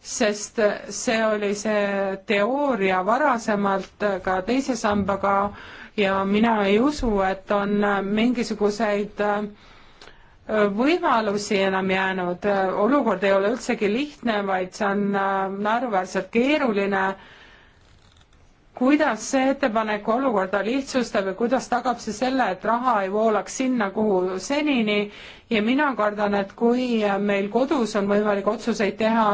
Speaker 3: sest see oli see teooria varasemalt ka teise sambaga ja mina ei usu, et on mingisuguseid äh, võimalusi enam jäänud, olukord ei ole üldsegi lihtne, vaid see on äh, naeruväärselt keeruline kuidas see ettepanek olukorda lihtsustab ja kuidas tagab see selle, et raha ei voolaks sinna, kuhu senini ja mina kardan, et kui meil kodus on võimalik otsuseid teha,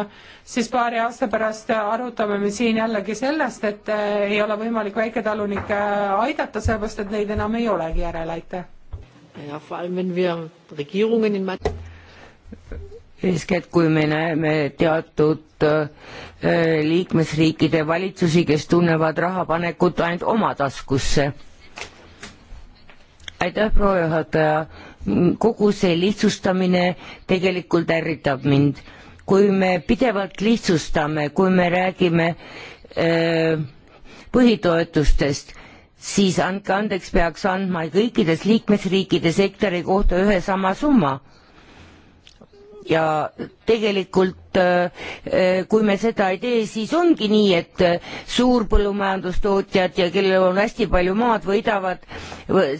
Speaker 3: siis paari aasta pärast arutame me siin jällegi sellest, et ei ole võimalik väiketalunikke aidata, sellepärast et neid enam ei olegi järele, aitäh
Speaker 1: eeskätt kui me näeme teatud äh, liikmesriikide valitsusi, kes tunnevad rahapanekut ainult oma taskusse. aitäh, proua juhataja, kogu see lihtsustamine tegelikult ärritab mind. kui me pidevalt lihtsustame, kui me räägime öö, äh, põhitoetustest, siis andke andeks, peaks andma kõikides liikmesriikide sektori kohta ühe sama summa ja tegelikult äh, äh, kui me seda ei tee, siis ongi nii, et äh, suurpõllumajandustootjad ja kellel on hästi palju maad, võidavad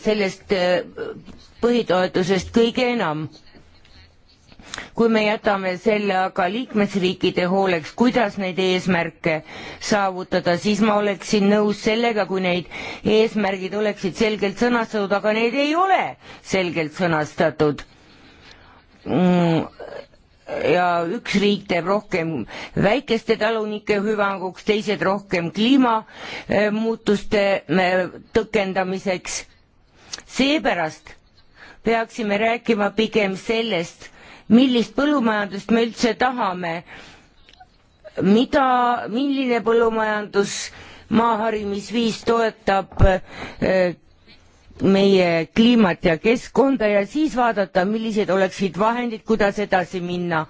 Speaker 1: sellest põhitoetusest kõige enam kui me jätame selle aga liikmesriikide hooleks, kuidas neid eesmärke saavutada, siis ma oleksin nõus sellega, kui neid eesmärgid oleksid selgelt sõnastatud, aga need ei ole selgelt sõnastatud Mm, ja üks riik teeb rohkem väikeste talunike hüvanguks, teised rohkem kliimamuutuste äh, tõkendamiseks. seepärast peaksime rääkima pigem sellest, millist põllumajandust me üldse tahame, mida, milline põllumajandus maaharimisviis toetab äh, meie kliimat ja keskkonda ja siis vaadata, millised oleksid vahendid, kuidas edasi minna.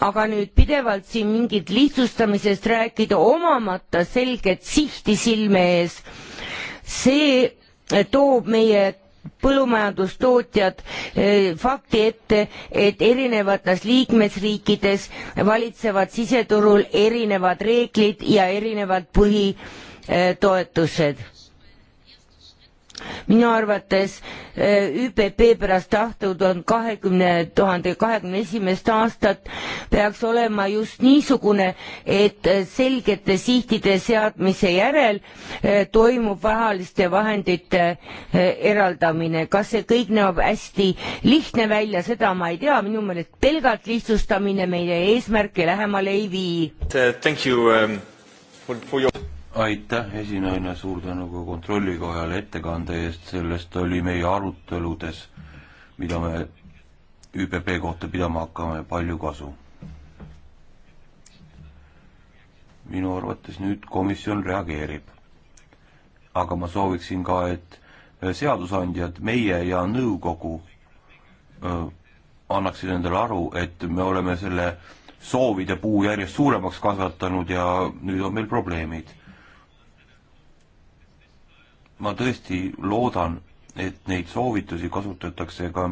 Speaker 1: aga nüüd pidevalt siin mingit lihtsustamisest rääkida, omamata selget sihti silme ees, see toob meie põllumajandustootjad eh, fakti ette, et erinevates liikmesriikides valitsevad siseturul erinevad reeglid ja erinevad põhitoetused minu arvates eh, ÜPP pärast tahtud on kahekümne tuhande kahekümne esimest aastat peaks olema just niisugune, et eh, selgete sihtide seadmise järel eh, toimub rahaliste vahendite eraldamine. kas see kõik näeb hästi lihtne välja, seda ma ei tea, minu meelest pelgalt lihtsustamine meie eesmärke lähemale ei vii
Speaker 2: aitäh, esinaine, suur tänu ka kontrollikojale ettekande eest, sellest oli meie aruteludes, mida me ÜPP kohta pidama hakkame, palju kasu. minu arvates nüüd komisjon reageerib. aga ma sooviksin ka, et äh, seadusandjad, meie ja nõukogu öö, äh, annaksid endale aru, et me oleme selle soovide puu järjest suuremaks kasvatanud ja nüüd on meil probleemid ma tõesti loodan, et neid soovitusi kasutatakse ka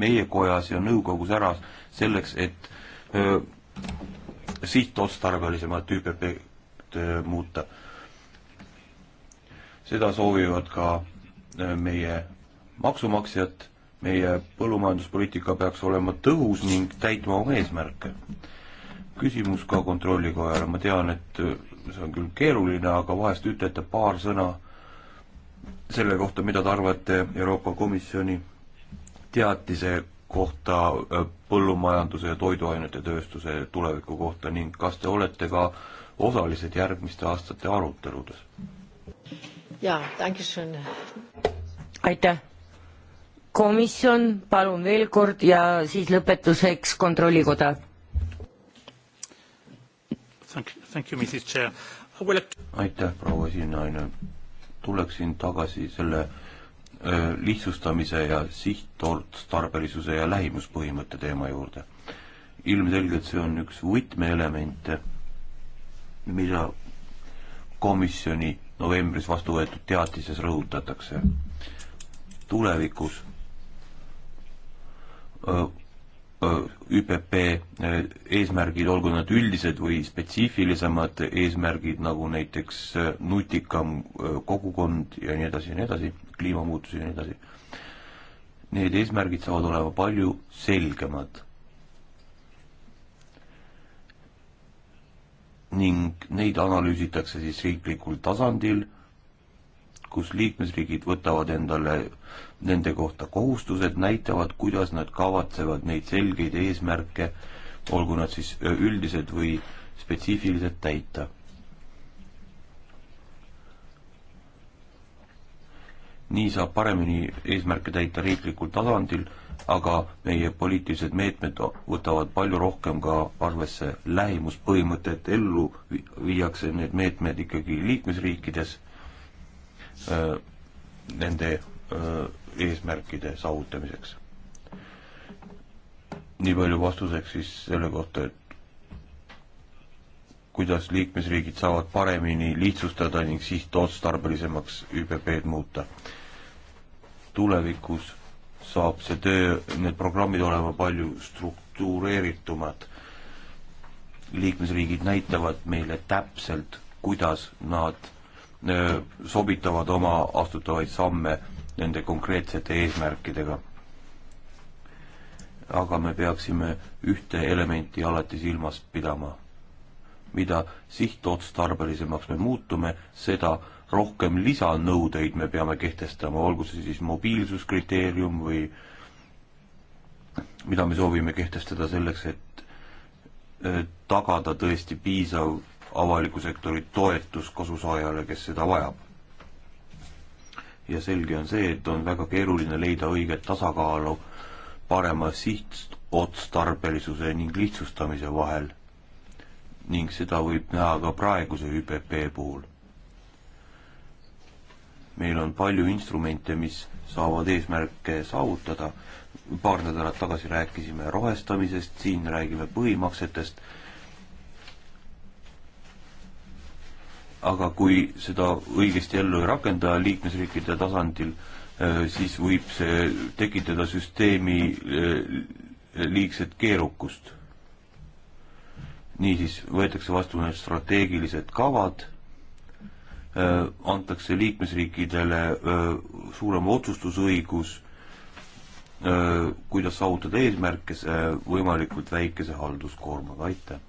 Speaker 2: meie kojas ja nõukogus ära selleks, et öö, sihtotstarbelisemat ÜPP-d muuta. seda soovivad ka öö, meie maksumaksjad, meie põllumajanduspoliitika peaks olema tõhus ning täitma oma eesmärke. küsimus ka kontrollikojale, ma tean, et see on küll keeruline, aga vahest ütlete paar sõna selle kohta, mida te arvate Euroopa Komisjoni teatise kohta äh, põllumajanduse ja toiduainete tööstuse tuleviku kohta ning kas te olete ka osalised järgmiste aastate aruteludes?
Speaker 1: jaa, aitäh. komisjon, palun veel kord ja siis lõpetuseks Kontrollikoda.
Speaker 2: aitäh, proua esinaine tuleksin tagasi selle öö, lihtsustamise ja sihttarbelisuse ja lähimuspõhimõtte teema juurde. ilmselgelt see on üks võtmeelemente, mida komisjoni novembris vastu võetud teatises rõhutatakse. tulevikus öö, Äh, ÜPP äh, eesmärgid, olgu nad üldised või spetsiifilisemad eesmärgid, nagu näiteks äh, nutikam kogukond ja nii edasi ja nii edasi, kliimamuutusi ja nii edasi. Need eesmärgid saavad olema palju selgemad. ning neid analüüsitakse siis riiklikul tasandil kus liikmesriigid võtavad endale nende kohta kohustused, näitavad, kuidas nad kavatsevad neid selgeid eesmärke, olgu nad siis üldised või spetsiifilised, täita. nii saab paremini eesmärke täita riiklikul tasandil, aga meie poliitilised meetmed võtavad palju rohkem ka arvesse lähimuspõhimõtet, ellu viiakse need meetmed ikkagi liikmesriikides Äh, nende äh, eesmärkide saavutamiseks. nii palju vastuseks siis selle kohta, et kuidas liikmesriigid saavad paremini lihtsustada ning sihtotstarbelisemaks ÜPP-d muuta. tulevikus saab see töö, need programmid olema palju struktureeritumad. liikmesriigid näitavad meile täpselt, kuidas nad Äh, sobitavad oma astutavaid samme nende konkreetsete eesmärkidega. aga me peaksime ühte elementi alati silmas pidama. mida sihtotstarbelisemaks me muutume, seda rohkem lisanõudeid me peame kehtestama, olgu see siis mobiilsuskriteerium või mida me soovime kehtestada selleks, et tagada tõesti piisav avaliku sektori toetus kasusaajale, kes seda vajab. ja selge on see, et on väga keeruline leida õiget tasakaalu parema sihtotstarbelisuse ning lihtsustamise vahel ning seda võib näha ka praeguse ÜPP puhul. meil on palju instrumente, mis saavad eesmärke saavutada, paar nädalat tagasi rääkisime rohestamisest, siin räägime põhimaksetest aga kui seda õigesti ellu ei rakenda liikmesriikide tasandil, äh, siis võib see tekitada süsteemi äh, liigset keerukust. niisiis võetakse vastu need strateegilised kavad, äh, antakse liikmesriikidele suurem otsustusõigus, kuidas saavutada eesmärke võimalikult väikese halduskoormaga, aitäh!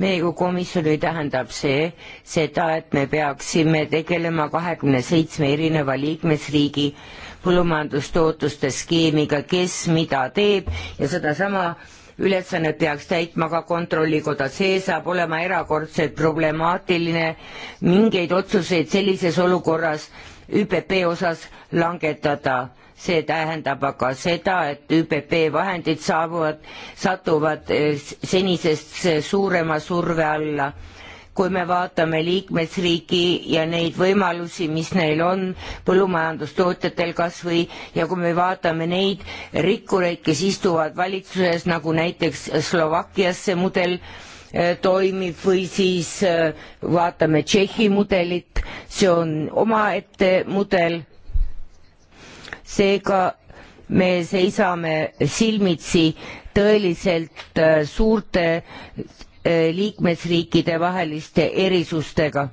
Speaker 1: meie kui komisjoni tähendab see seda, et me peaksime tegelema kahekümne seitsme erineva liikmesriigi põllumajandustootuste skeemiga, kes mida teeb ja sedasama ülesannet peaks täitma ka Kontrollikoda, see saab olema erakordselt problemaatiline, mingeid otsuseid sellises olukorras ÜPP osas langetada see tähendab aga seda, et ÜPP vahendid saabuvad, satuvad eh, senisest eh, suurema surve alla. kui me vaatame liikmesriigi ja neid võimalusi, mis neil on põllumajandustootjatel kas või, ja kui me vaatame neid rikkureid, kes istuvad valitsuses, nagu näiteks Slovakkias see mudel, eh, toimib või siis vaatame Tšehhi mudelit, see on omaette mudel seega me seisame silmitsi tõeliselt äh, suurte äh, liikmesriikide vaheliste erisustega.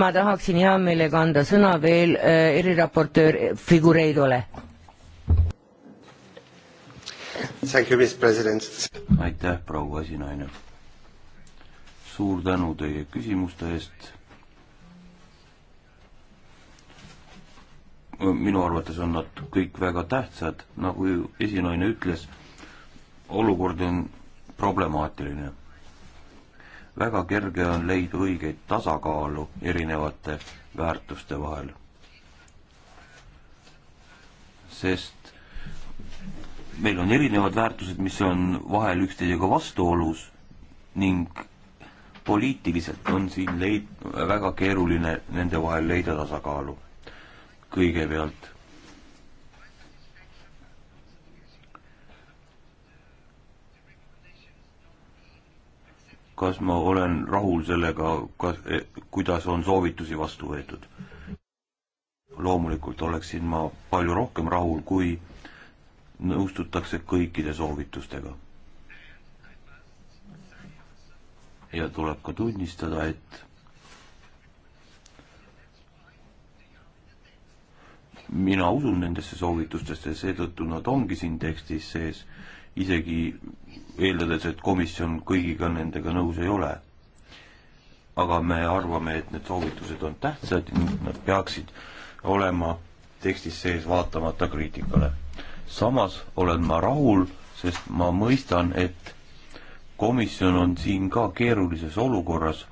Speaker 1: ma tahaksin hea meelega anda sõna veel äh, eriraportöör Figureidole.
Speaker 2: aitäh, proua esinaine. suur tänu teie küsimuste eest minu arvates on nad kõik väga tähtsad, nagu esinaine ütles, olukord on problemaatiline. väga kerge on leida õigeid tasakaalu erinevate väärtuste vahel. sest meil on erinevad väärtused, mis on vahel üksteisega vastuolus ning poliitiliselt on siin leid-, väga keeruline nende vahel leida tasakaalu kõigepealt kas ma olen rahul sellega, kas, eh, kuidas on soovitusi vastu võetud? loomulikult oleksin ma palju rohkem rahul, kui nõustutakse kõikide soovitustega. ja tuleb ka tunnistada, et mina usun nendesse soovitustesse, seetõttu nad ongi siin tekstis sees, isegi eeldades, et komisjon kõigiga nendega nõus ei ole. aga me arvame, et need soovitused on tähtsad ning nad peaksid olema tekstis sees, vaatamata kriitikale. samas olen ma rahul, sest ma mõistan, et komisjon on siin ka keerulises olukorras.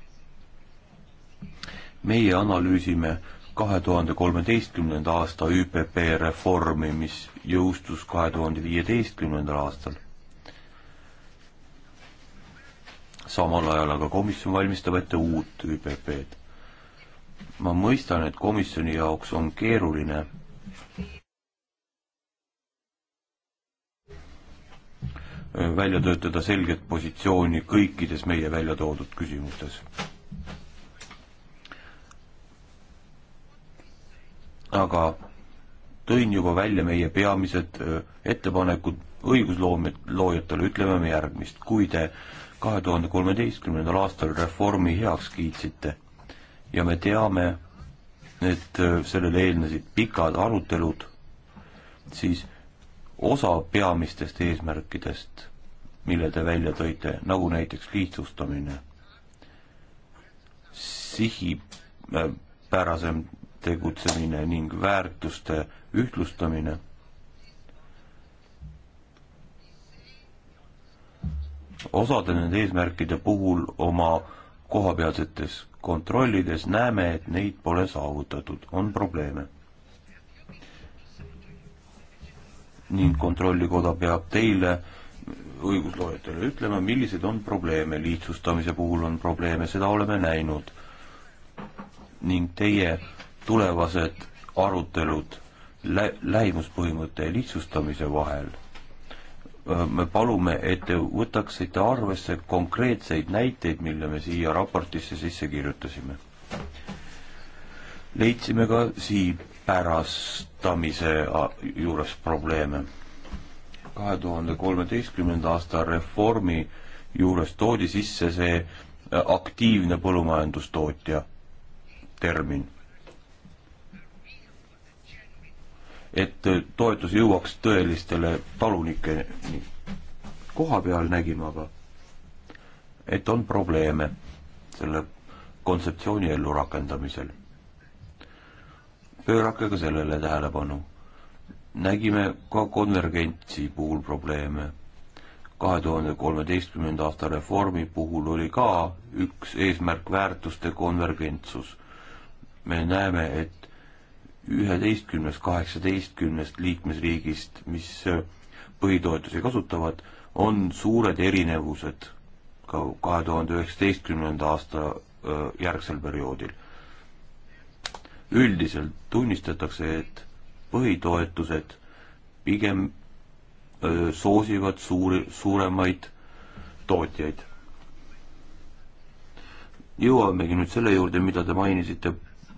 Speaker 2: meie analüüsime äh, kahe tuhande kolmeteistkümnenda aasta ÜPP reformi, mis jõustus kahe tuhande viieteistkümnendal aastal. samal ajal aga komisjon valmistab ette uut ÜPP-d. ma mõistan, et komisjoni jaoks on keeruline välja töötada selget positsiooni kõikides meie välja toodud küsimustes aga tõin juba välja meie peamised äh, ettepanekud õigusloojatele, ütleme me järgmist, kui te kahe tuhande kolmeteistkümnendal aastal reformi heaks kiitsite ja me teame, et äh, sellele eelnesid pikad arutelud, siis osa peamistest eesmärkidest, mille te välja tõite, nagu näiteks lihtsustamine, sihipärasem äh, tegutsemine ning väärtuste ühtlustamine. osade nende eesmärkide puhul oma kohapealsetes kontrollides näeme, et neid pole saavutatud, on probleeme. ning kontrollikoda peab teile, õigusloojatele, ütlema, millised on probleeme, lihtsustamise puhul on probleeme, seda oleme näinud. ning teie tulevased arutelud lä-, lähimuspõhimõtte lihtsustamise vahel, me palume, et te võtaksite arvesse konkreetseid näiteid, mille me siia raportisse sisse kirjutasime. leidsime ka siin pärastamise juures probleeme. kahe tuhande kolmeteistkümnenda aasta reformi juures toodi sisse see aktiivne põllumajandustootja termin et toetus jõuaks tõelistele talunikeni. koha peal nägime aga, et on probleeme selle kontseptsiooni ellurakendamisel. pöörake ka sellele tähelepanu. nägime ka konvergentsi puhul probleeme. kahe tuhande kolmeteistkümnenda aasta reformi puhul oli ka üks eesmärk väärtuste konvergentsus. me näeme, et üheteistkümnest, kaheksateistkümnest liikmesriigist, mis äh, põhitoetusi kasutavad, on suured erinevused ka kahe tuhande üheksateistkümnenda aasta äh, järgsel perioodil. üldiselt tunnistatakse, et põhitoetused pigem öö, äh, soosivad suuri, suuremaid tootjaid. jõuamegi nüüd selle juurde, mida te mainisite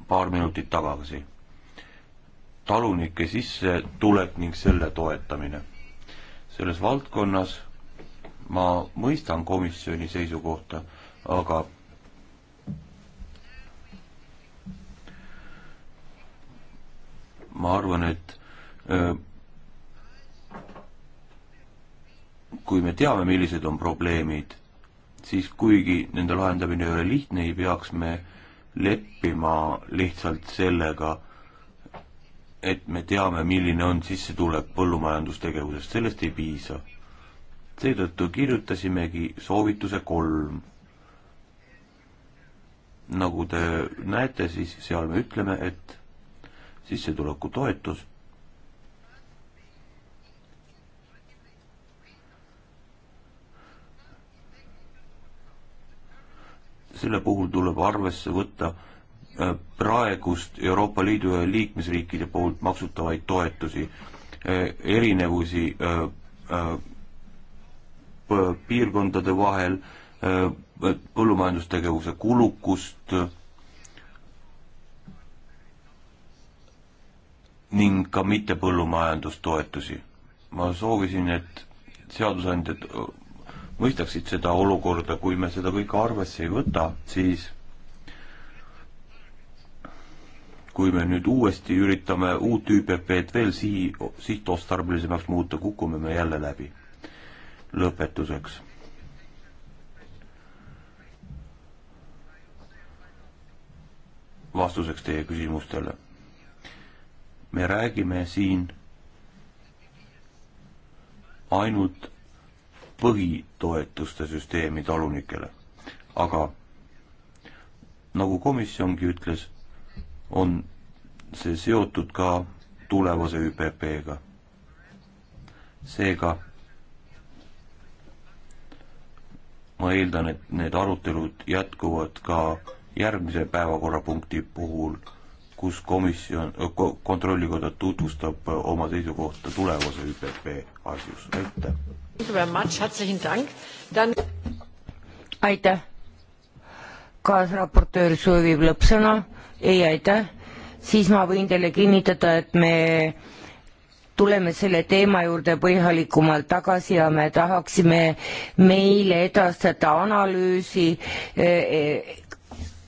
Speaker 2: paar minutit tagasi talunike sissetulek ning selle toetamine. selles valdkonnas ma mõistan komisjoni seisukohta, aga ma arvan, et öö, äh, kui me teame, millised on probleemid, siis kuigi nende lahendamine ei ole lihtne, ei peaks me leppima lihtsalt sellega, et me teame, milline on sissetulek põllumajandustegevusest, sellest ei piisa. seetõttu kirjutasimegi soovituse kolm. nagu te näete, siis seal me ütleme, et sissetulekutoetus selle puhul tuleb arvesse võtta Äh, praegust Euroopa Liidu ja liikmesriikide poolt maksutavaid toetusi, äh, erinevusi äh, piirkondade vahel, põllumajandustegevuse kulukust ning ka mittepõllumajandustoetusi. ma soovisin, et seadusandjad mõistaksid seda olukorda, kui me seda kõike arvesse ei võta, siis kui me nüüd uuesti üritame uut ÜPP-d e veel sii-, sihtotstarbelisemaks muuta, kukume me jälle läbi. lõpetuseks. vastuseks teie küsimustele. me räägime siin ainult põhitoetuste süsteemi talunikele, aga nagu komisjongi ütles on see seotud ka tulevase ÜPP-ga. seega ma eeldan, et need arutelud jätkuvad ka järgmise päevakorrapunkti puhul, kus komisjon, kontrollikoda tutvustab oma seisukohta tulevase ÜPP asjus, aitäh.
Speaker 1: aitäh. kaasraportöör soovib lõppsõna ei, aitäh, siis ma võin teile kinnitada, et me tuleme selle teema juurde põhjalikumalt tagasi ja me tahaksime meile edastada analüüsi eh,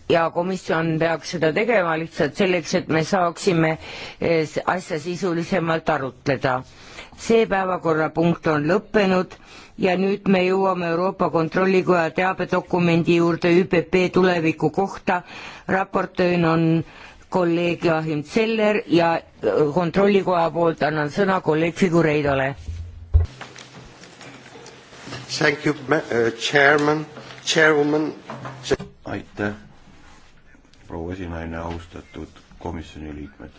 Speaker 1: ja komisjon peaks seda tegema lihtsalt selleks, et me saaksime eh, asja sisulisemalt arutleda. see päevakorrapunkt on lõppenud ja nüüd me jõuame Euroopa Kontrollikoja teabedokumendi juurde ÜPP tuleviku kohta. raportöör on kolleeg Joachim Zeller ja äh, Kontrollikoja poolt annan sõna kolleeg Figureidole.
Speaker 2: Thank you uh,, chairman, chairwoman. aitäh, proua esinaine, austatud komisjoni liikmed.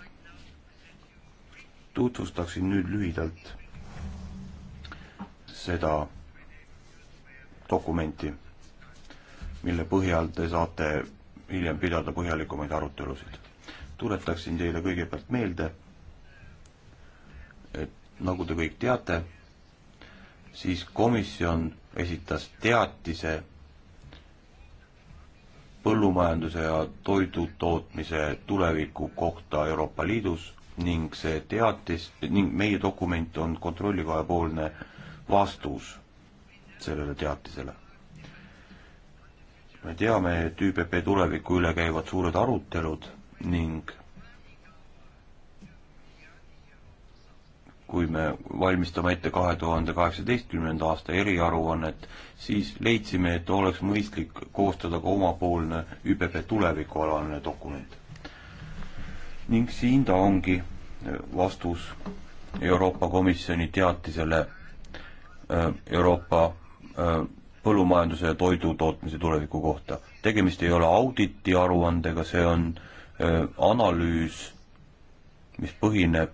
Speaker 2: tutvustaksin nüüd lühidalt seda dokumenti, mille põhjal te saate hiljem pidada põhjalikumaid arutelusid. tuletaksin teile kõigepealt meelde, et nagu te kõik teate, siis komisjon esitas teatise põllumajanduse ja toidutootmise tuleviku kohta Euroopa Liidus ning see teatis ning meie dokument on Kontrollikoja poolne vastus sellele teatisele. me teame, et ÜPP tuleviku üle käivad suured arutelud ning kui me valmistame ette kahe tuhande kaheksateistkümnenda aasta eriaruannet, siis leidsime, et oleks mõistlik koostada ka omapoolne ÜPP tulevikualane dokument. ning siin ta ongi vastus Euroopa Komisjoni teatisele Äh, Euroopa äh, põllumajanduse ja toidutootmise tuleviku kohta. tegemist ei ole auditi aruandega, see on äh, analüüs, mis põhineb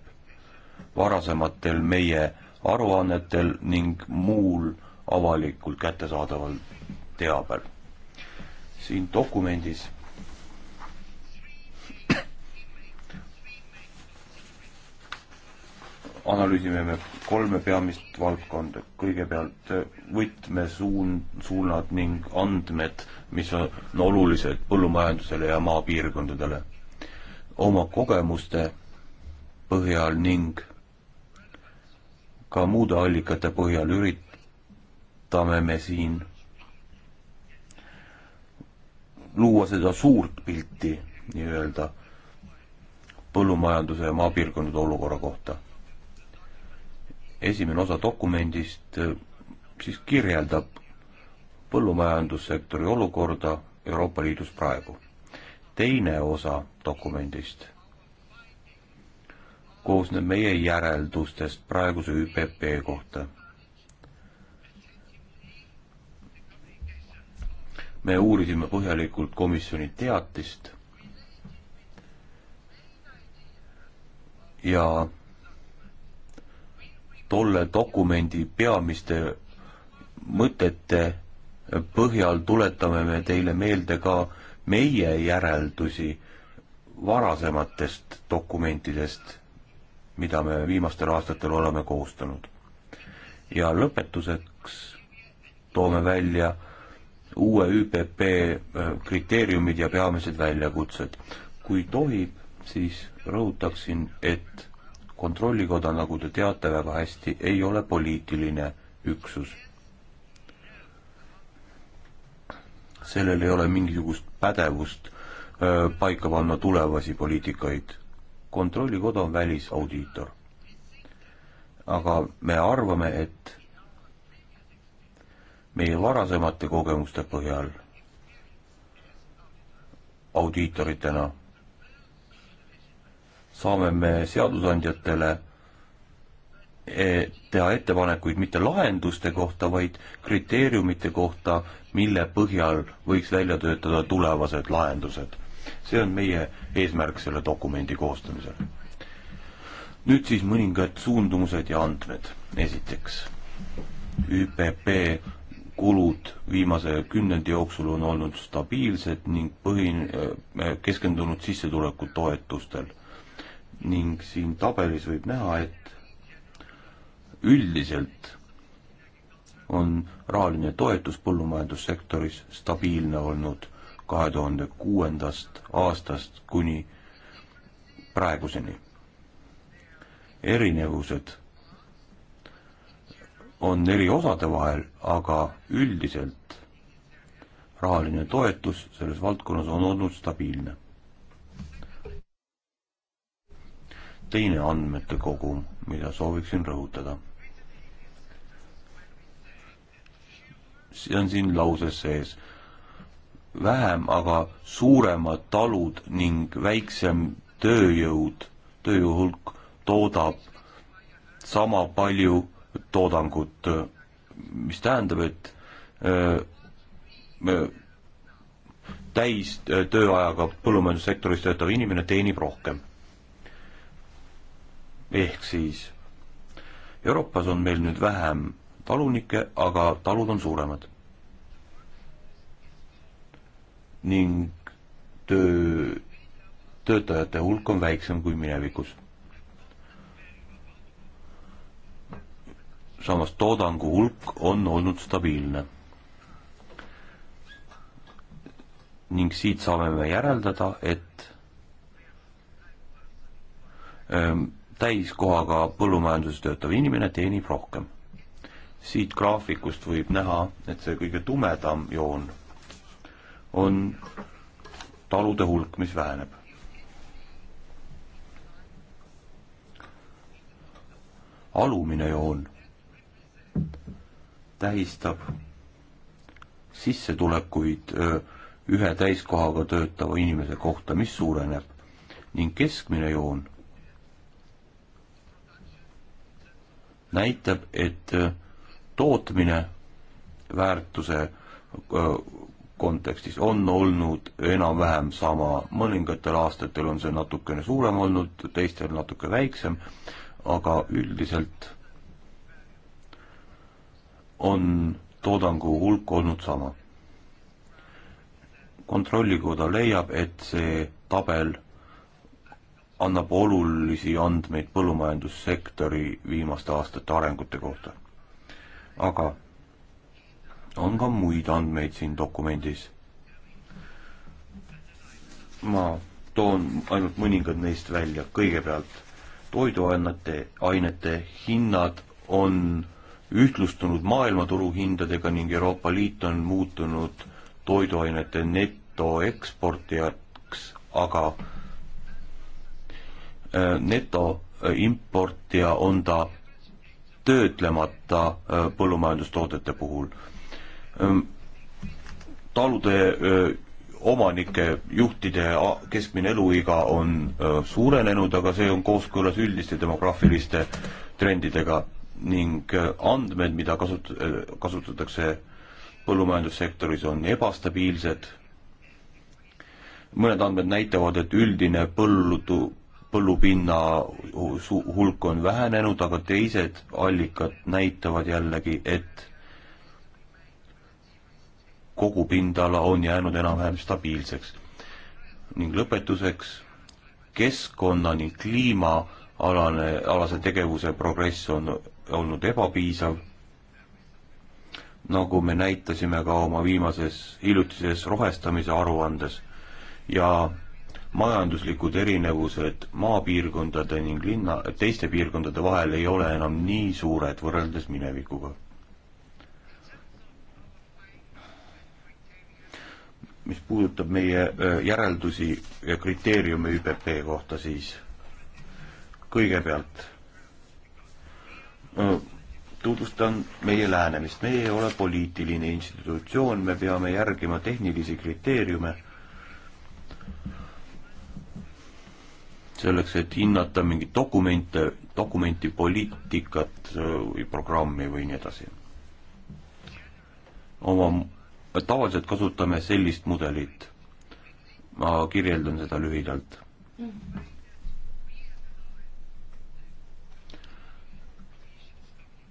Speaker 2: varasematel meie aruannetel ning muul avalikult kättesaadaval teabel. siin dokumendis analüüsime me kolme peamist valdkonda. kõigepealt võtmesuun-, suunad ning andmed, mis on olulised põllumajandusele ja maapiirkondadele. oma kogemuste põhjal ning ka muude allikate põhjal üritame me siin luua seda suurt pilti nii-öelda põllumajanduse ja maapiirkondade olukorra kohta esimene osa dokumendist eh, siis kirjeldab põllumajandussektori olukorda Euroopa Liidus praegu. teine osa dokumendist koosneb meie järeldustest praeguse ÜPP kohta. me uurisime põhjalikult komisjoni teatist ja tolle dokumendi peamiste mõtete põhjal tuletame me teile meelde ka meie järeldusi varasematest dokumentidest, mida me viimastel aastatel oleme koostanud. ja lõpetuseks toome välja uue ÜPP äh, kriteeriumid ja peamised väljakutsed. kui tohib, siis rõhutaksin, et kontrollikoda, nagu te teate väga hästi, ei ole poliitiline üksus. sellel ei ole mingisugust pädevust öö, paika panna tulevasi poliitikaid. kontrollikoda on välisaudiitor. aga me arvame, et meie varasemate kogemuste põhjal audiitoritena saame me seadusandjatele e, teha ettepanekuid mitte lahenduste kohta, vaid kriteeriumite kohta, mille põhjal võiks välja töötada tulevased lahendused. see on meie eesmärk selle dokumendi koostamisel. nüüd siis mõningad suundumused ja andmed. esiteks, ÜPP kulud viimase kümnendi jooksul on olnud stabiilsed ning põhi, keskendunud sissetulekutoetustel ning siin tabelis võib näha, et üldiselt on rahaline toetus põllumajandussektoris stabiilne olnud kahe tuhande kuuendast aastast kuni praeguseni. erinevused on eri osade vahel, aga üldiselt rahaline toetus selles valdkonnas on olnud stabiilne teine andmete kogum, mida sooviksin rõhutada. see on siin lauses sees. vähem, aga suuremad talud ning väiksem tööjõud, tööjõu hulk toodab sama palju toodangut, mis tähendab, et öö, äh, öö, täis äh, tööajaga põllumajandussektoris töötav inimene teenib rohkem ehk siis Euroopas on meil nüüd vähem talunikke, aga talud on suuremad. ning töö, töötajate hulk on väiksem kui minevikus. samas toodangu hulk on olnud stabiilne. ning siit saame me järeldada, et ähm, täiskohaga põllumajanduses töötav inimene teenib rohkem. siit graafikust võib näha, et see kõige tumedam joon on talude hulk, mis väheneb. alumine joon tähistab sissetulekuid ühe täiskohaga töötava inimese kohta, mis suureneb ning keskmine joon näitab, et äh, tootmine väärtuse äh, kontekstis on olnud enam-vähem sama, mõningatel aastatel on see natukene suurem olnud, teistel natuke väiksem, aga üldiselt on toodangu hulk olnud sama. kontrollikoda leiab, et see tabel annab olulisi andmeid põllumajandussektori viimaste aastate arengute kohta. aga on ka muid andmeid siin dokumendis. ma toon ainult mõningad neist välja, kõigepealt toiduainete, ainete hinnad on ühtlustunud maailmaturu hindadega ning Euroopa Liit on muutunud toiduainete netoeksportijaks, aga netoimportija, äh, on ta töötlemata äh, põllumajandustoodete puhul. Ähm, talude äh, omanike, juhtide keskmine eluiga on suurenenud, aga see on kooskõlas üldiste demograafiliste trendidega ning andmed, mida kasut-, kasutatakse põllumajandussektoris, on ebastabiilsed, mõned andmed näitavad, et üldine põllutu, põllupinna hulk on vähenenud, aga teised allikad näitavad jällegi, et kogu pindala on jäänud enam-vähem stabiilseks. ning lõpetuseks, keskkonna ning kliimaalane, alase tegevuse progress on olnud ebapiisav, nagu me näitasime ka oma viimases hiljutises rohestamise aruandes ja majanduslikud erinevused maapiirkondade ning linna, teiste piirkondade vahel ei ole enam nii suured võrreldes minevikuga. mis puudutab meie äh, järeldusi ja kriteeriume ÜPP kohta, siis kõigepealt äh, tutvustan meie lähenemist. meie ei ole poliitiline institutsioon, me peame järgima tehnilisi kriteeriume selleks, et hinnata mingeid dokumente, dokumenti, poliitikat äh, või programmi või nii edasi. oma, tavaliselt kasutame sellist mudelit. ma kirjeldan seda lühidalt.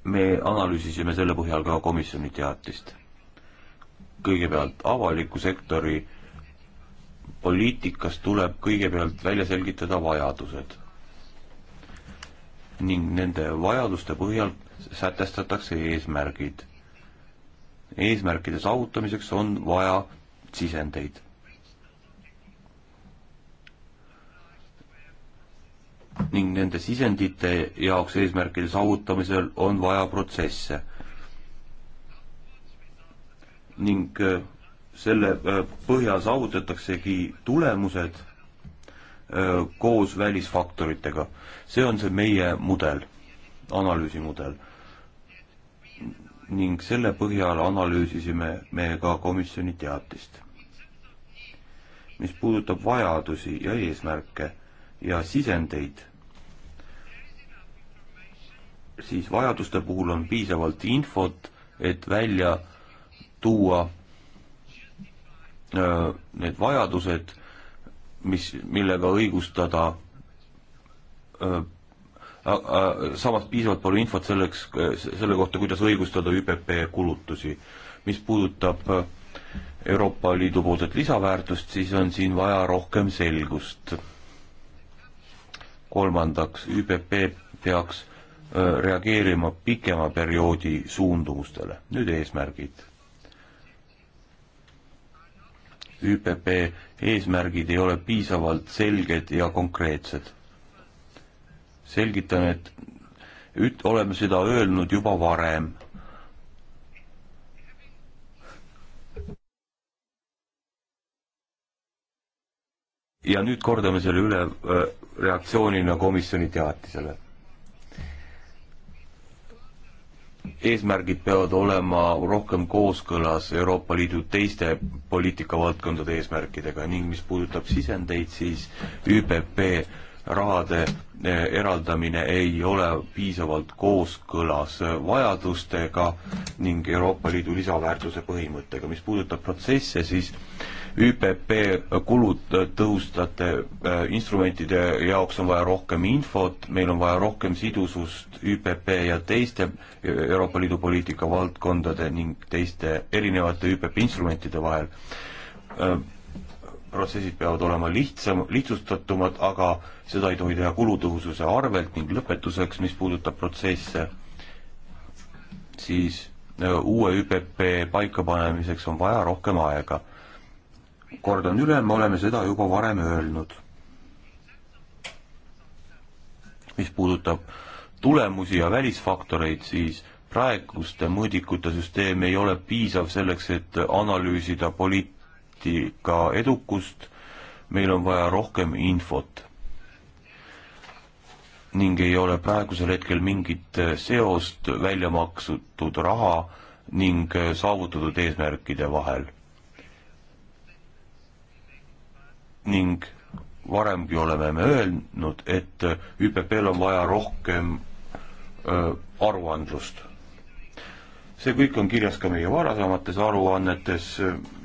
Speaker 2: me analüüsisime selle põhjal ka komisjoni teatist. kõigepealt avaliku sektori poliitikas tuleb kõigepealt välja selgitada vajadused ning nende vajaduste põhjal sätestatakse eesmärgid. eesmärkide saavutamiseks on vaja sisendeid. ning nende sisendite jaoks eesmärkide saavutamisel on vaja protsesse. ning selle äh, põhja saavutataksegi tulemused äh, koos välisfaktoritega. see on see meie mudel, analüüsimudel. ning selle põhjal analüüsisime me ka komisjoni teatist. mis puudutab vajadusi ja eesmärke ja sisendeid, siis vajaduste puhul on piisavalt infot, et välja tuua Äh, need vajadused, mis, millega õigustada äh, äh, samas piisavalt palju infot selleks, selle kohta, kuidas õigustada ÜPP kulutusi. mis puudutab Euroopa Liidu poolset lisaväärtust, siis on siin vaja rohkem selgust. kolmandaks, ÜPP peaks reageerima pikema perioodi suundumustele. nüüd eesmärgid ÜPP eesmärgid ei ole piisavalt selged ja konkreetsed. selgitan, et üt-, oleme seda öelnud juba varem. ja nüüd kordame selle üle äh, reaktsioonina komisjoni teatisele eesmärgid peavad olema rohkem kooskõlas Euroopa Liidu teiste poliitikavaldkondade eesmärkidega ning mis puudutab sisendeid, siis ÜPP rahade eh, eraldamine ei ole piisavalt kooskõlas vajadustega ning Euroopa Liidu lisaväärtuse põhimõttega. mis puudutab protsesse, siis ÜPP kulud tõhustate äh, instrumentide jaoks on vaja rohkem infot, meil on vaja rohkem sidusust ÜPP ja teiste Euroopa Liidu poliitika valdkondade ning teiste erinevate ÜPP instrumentide vahel. Äh, protsessid peavad olema lihtsam, lihtsustatumad, aga seda ei tohi teha kulutõhususe arvelt ning lõpetuseks, mis puudutab protsesse, siis äh, uue ÜPP paikapanemiseks on vaja rohkem aega kordan üle, me oleme seda juba varem öelnud. mis puudutab tulemusi ja välisfaktoreid, siis praeguste mõõdikute süsteem ei ole piisav selleks, et analüüsida poliitika edukust, meil on vaja rohkem infot. ning ei ole praegusel hetkel mingit seost välja maksutud raha ning saavutatud eesmärkide vahel ning varemgi oleme me öelnud, et ÜPP-l on vaja rohkem öö, aruandlust. see kõik on kirjas ka meie varasemates aruannetes,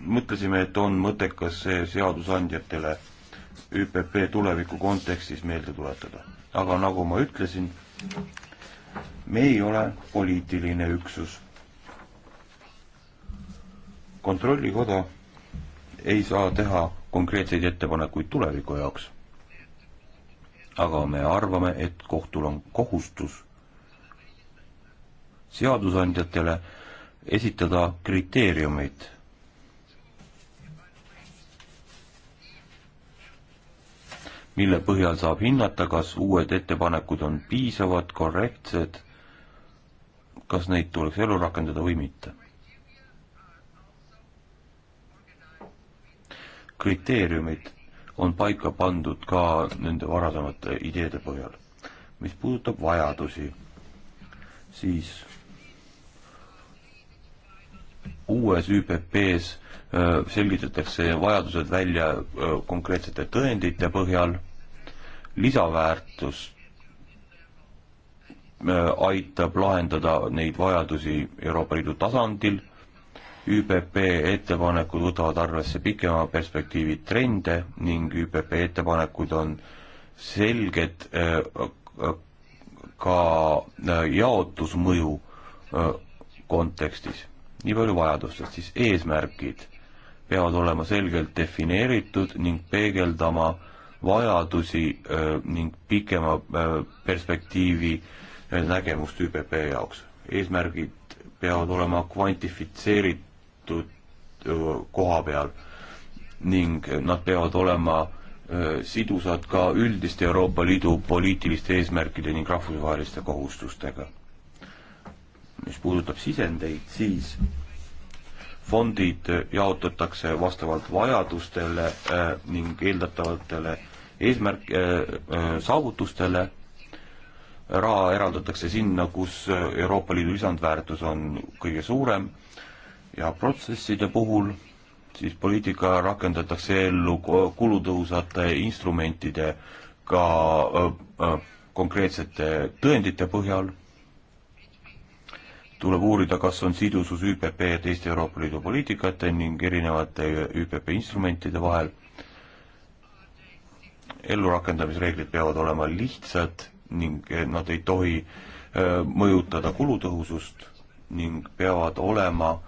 Speaker 2: mõtlesime, et on mõttekas see seadusandjatele ÜPP tuleviku kontekstis meelde tuletada. aga nagu ma ütlesin, me ei ole poliitiline üksus. kontrollikoda ei saa teha konkreetseid ettepanekuid tuleviku jaoks. aga me arvame, et kohtul on kohustus seadusandjatele esitada kriteeriumid mille põhjal saab hinnata, kas uued ettepanekud on piisavad, korrektsed, kas neid tuleks ellu rakendada või mitte. kriteeriumid on paika pandud ka nende varasemate ideede põhjal. mis puudutab vajadusi, siis uues ÜPP-s selgitatakse vajadused välja konkreetsete tõendite põhjal, lisaväärtus aitab lahendada neid vajadusi Euroopa Liidu tasandil ÜPP ettepanekud võtavad arvesse pikema perspektiivi trende ning ÜPP ettepanekud on selged äh, ka äh, jaotusmõju äh, kontekstis. nii palju vajadustest, siis eesmärgid peavad olema selgelt defineeritud ning peegeldama vajadusi ning pikema perspektiivi nägemust ÜPP jaoks. eesmärgid peavad olema kvantifitseeritud teatud koha peal ning nad peavad olema sidusad ka üldiste Euroopa Liidu poliitiliste eesmärkide ning rahvusvaheliste kohustustega. mis puudutab sisendeid, siis fondid jaotatakse vastavalt vajadustele ning eeldatavatele eesmärk, saavutustele, raha eraldatakse sinna, kus Euroopa Liidu lisandväärtus on kõige suurem ja protsesside puhul siis poliitika rakendatakse ellu kulutõhusate instrumentidega konkreetsete tõendite põhjal. tuleb uurida, kas on sidusus ÜPP ja teiste Euroopa Liidu poliitikate ning erinevate ÜPP instrumentide vahel. ellurakendamisreeglid peavad olema lihtsad ning nad ei tohi mõjutada kulutõhusust ning peavad olema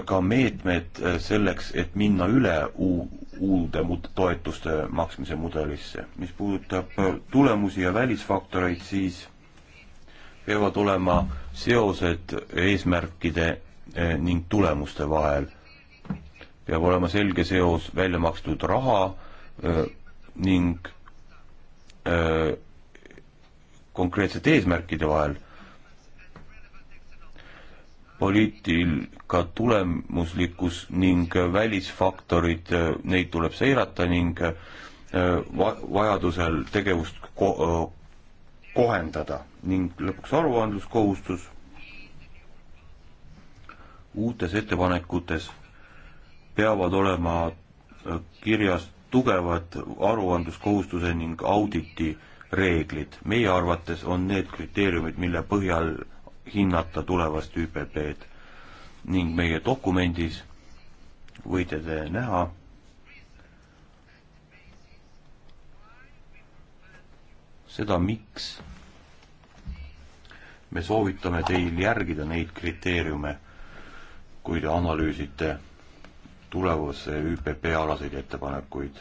Speaker 2: ka meetmed äh, selleks, et minna üle uude toetuste maksmise mudelisse. mis puudutab äh, tulemusi ja välisfaktoreid, siis peavad olema seosed eesmärkide äh, ning tulemuste vahel. peab olema selge seos välja makstud raha ning konkreetsete eesmärkide vahel poliitika tulemuslikkus ning välisfaktorid, neid tuleb seirata ning äh, va-, vajadusel tegevust ko-, äh, kohendada ning lõpuks aruandluskohustus uutes ettepanekutes peavad olema äh, kirjas tugevad aruandluskohustuse ning auditi reeglid. meie arvates on need kriteeriumid, mille põhjal hinnata tulevast ÜPP-d ning meie dokumendis võite te näha, seda, miks me soovitame teil järgida neid kriteeriume, kui te analüüsite tulevase ÜPP alaseid ettepanekuid.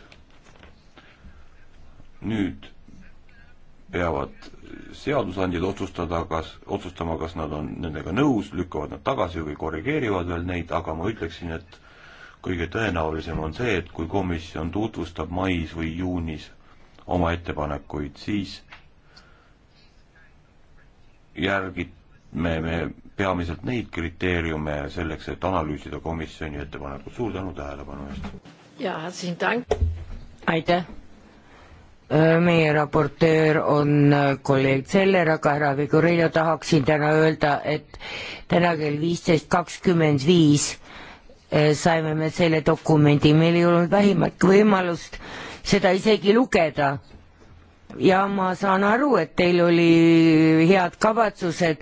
Speaker 2: nüüd peavad seadusandjad otsustada, kas, otsustama, kas nad on nendega nõus, lükkavad nad tagasi või korrigeerivad veel neid, aga ma ütleksin, et kõige tõenäolisem on see, et kui komisjon tutvustab mais või juunis oma ettepanekuid, siis järgime me peamiselt neid kriteeriume selleks, et analüüsida komisjoni ettepanekut. suur tänu tähelepanu
Speaker 1: eest! aitäh! Äh, meie raportöör on äh, kolleeg Zeller, aga härra Vigorello tahaksin täna öelda, et täna kell viisteist kakskümmend viis äh, saime me selle dokumendi, meil ei olnud vähimatki võimalust seda isegi lugeda. ja ma saan aru, et teil oli head kavatsused,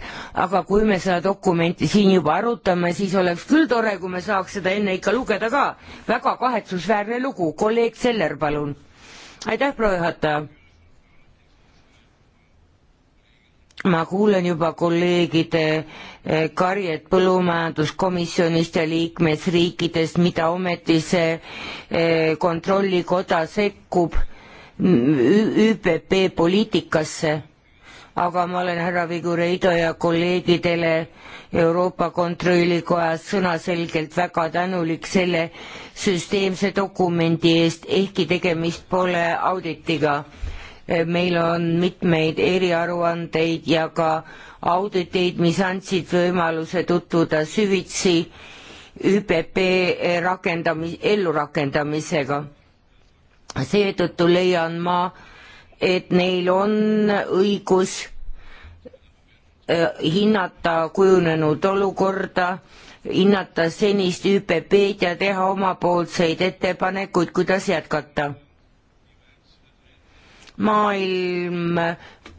Speaker 1: aga kui me seda dokumenti siin juba arutame, siis oleks küll tore, kui me saaks seda enne ikka lugeda ka. väga kahetsusväärne lugu, kolleeg Zeller, palun aitäh, proua juhataja. ma kuulen juba kolleegide eh, karjed põllumajanduskomisjonist ja liikmesriikidest, mida ometi see eh, kontrollikoda sekkub mm, ÜPP poliitikasse aga ma olen härra Vigureido ja kolleegidele Euroopa Kontrollikojas sõnaselgelt väga tänulik selle süsteemse dokumendi eest, ehkki tegemist pole auditiga. meil on mitmeid eriaruandeid ja ka auditeid, mis andsid võimaluse tutvuda süvitsi ÜPP rakendamis, ellurakendamisega. seetõttu leian ma, et neil on õigus äh, hinnata kujunenud olukorda, hinnata senist ÜPP-d ja teha omapoolseid ettepanekuid, kuidas jätkata. maailm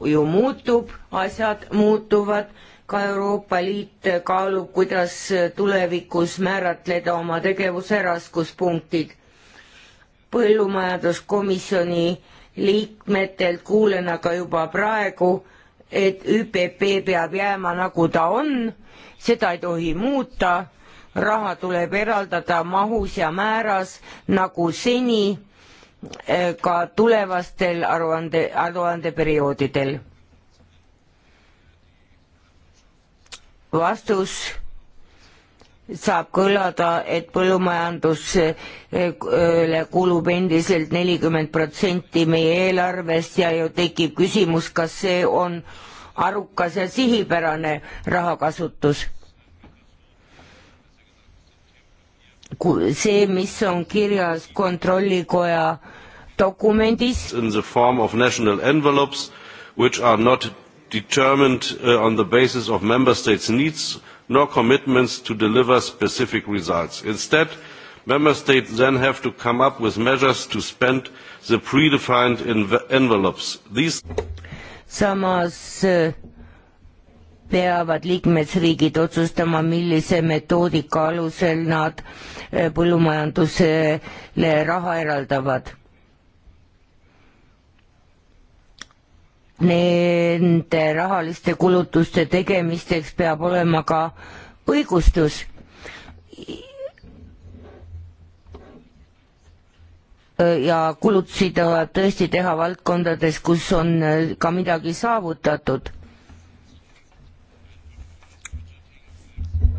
Speaker 1: ju muutub, asjad muutuvad, ka Euroopa Liit kaalub, kuidas tulevikus määratleda oma tegevuse raskuspunktid. põllumajanduskomisjoni äh, liikmetelt kuulen aga juba praegu, et ÜPP peab jääma nagu ta on, seda ei tohi muuta, raha tuleb eraldada mahus ja määras nagu seni eh, ka tulevastel aruande, aruandeperioodidel. vastus saab kõlada, et põllumajandusele eh, kulub endiselt nelikümmend protsenti meie eelarvest ja ju tekib küsimus, kas see on arukas ja sihipärane rahakasutus see, mis on kirjas kontrollikoja dokumendis.
Speaker 2: In the form of national envelopes which are not determined uh, on the basis of member states needs nor commitments to deliver specific results. Instead, member states then have to come up with measures to spend the predefined envelopes. These
Speaker 1: samas äh, peavad liikmesriigid otsustama, millise metoodika alusel nad äh, põllumajandusele raha eraldavad nende rahaliste kulutuste tegemisteks peab olema ka õigustus. ja kulutusi tuleb tõesti teha valdkondades, kus on ka midagi saavutatud.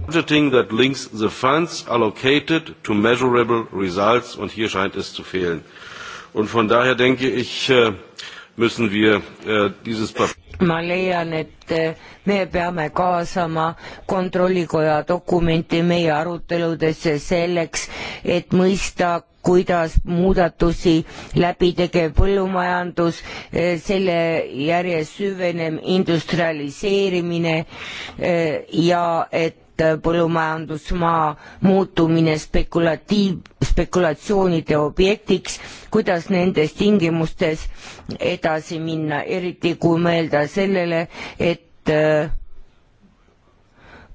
Speaker 2: Budgeting that links the funds allocated to measurable results und hier scheint es zu fehlen. Und von daher denke ich, äh, müssen wir äh, dieses
Speaker 1: ma leian, et äh, me peame kaasama Kontrollikoja dokumenti meie aruteludesse selleks, et mõista, kuidas muudatusi läbi tegev põllumajandus, äh, selle järjest süvenev industrialiseerimine äh, ja et et äh, põllumajandusmaa muutumine spekulatiiv, spekulatsioonide objektiks, kuidas nendes tingimustes edasi minna, eriti kui mõelda sellele, et äh,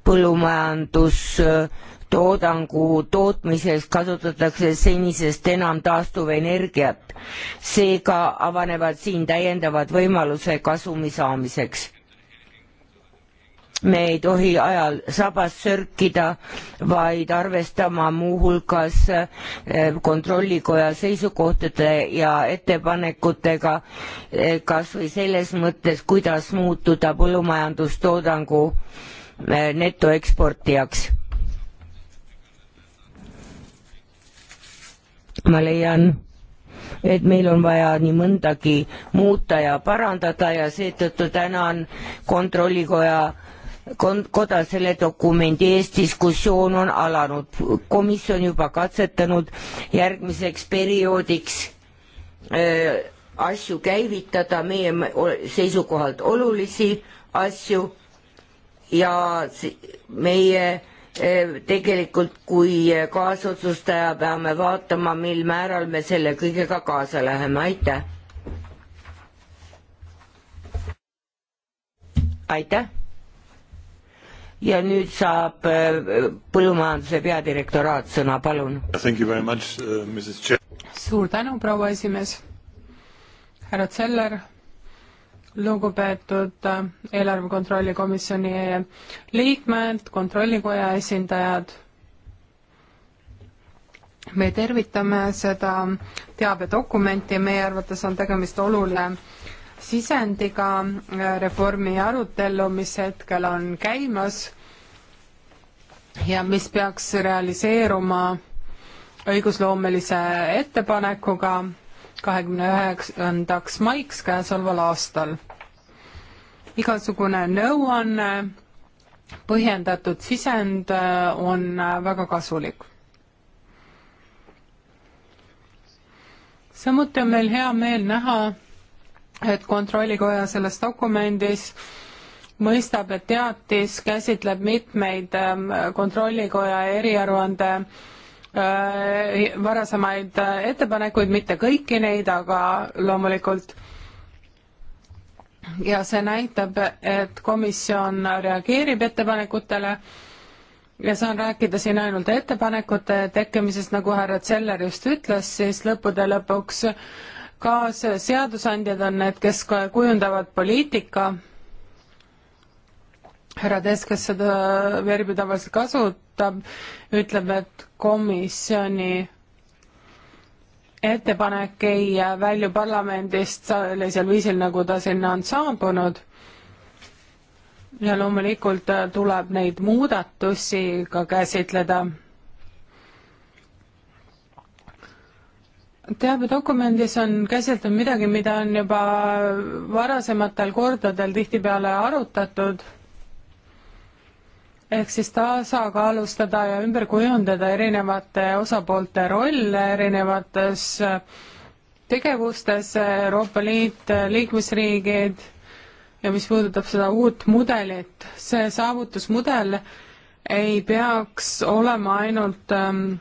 Speaker 1: põllumajandustoodangu tootmises kasutatakse senisest enam taastuvenergiat. seega avanevad siin täiendavad võimalused kasumi saamiseks me ei tohi ajal sabas sörkida, vaid arvestama muuhulgas eh, kontrollikoja seisukohtade ja ettepanekutega eh, kas või selles mõttes, kuidas muutuda põllumajandustoodangu eh, netoeksportijaks. ma leian et meil on vaja nii mõndagi muuta ja parandada ja seetõttu tänan Kontrollikoja koda selle dokumendi eest, diskussioon on alanud, komisjon juba katsetanud järgmiseks perioodiks öö, äh, asju käivitada, meie seisukohalt olulisi asju ja meie äh, tegelikult kui kaasotsustaja peame vaatama, mil määral me selle kõigega kaasa läheme, aitäh. aitäh ja nüüd saab äh, põllumajanduse peadirektoraat sõna, palun.
Speaker 2: Uh,
Speaker 3: suur tänu, proua esimees, härra Zeller, lugupeetud äh, eelarve kontrolli komisjoni äh, liikmed, kontrollikoja esindajad, me tervitame seda teabedokumenti, meie arvates on tegemist olulise sisendiga äh, reformi arutellu, mis hetkel on käimas ja mis peaks realiseeruma õigusloomelise ettepanekuga kahekümne üheksandaks maiks käesoleval aastal. igasugune nõuanne, põhjendatud sisend äh, on äh, väga kasulik. samuti on meil hea meel näha, et Kontrollikoja selles dokumendis mõistab, et teatis käsitleb mitmeid ähm, Kontrollikoja eriaruande äh, varasemaid äh, ettepanekuid, mitte kõiki neid, aga loomulikult. ja see näitab, et komisjon reageerib ettepanekutele ja saan rääkida siin ainult ettepanekute tekkimisest, nagu härra Zeller just ütles, siis lõppude lõpuks kas seadusandjad on need, kes kujundavad poliitika? härra Tess, kes seda verbi tavaliselt kasutab, ütleb, et komisjoni ettepanek ei välju parlamendist sellisel viisil, nagu ta sinna on saabunud. ja loomulikult tuleb neid muudatusi ka käsitleda teabedokumendis on käsitletud midagi, mida on juba varasematel kordadel tihtipeale arutatud, ehk siis tasakaalustada ja ümber kujundada erinevate osapoolte rolle erinevates tegevustes, Euroopa Liit, liikmesriigid ja mis puudutab seda uut mudelit, see saavutusmudel ei peaks olema ainult ähm,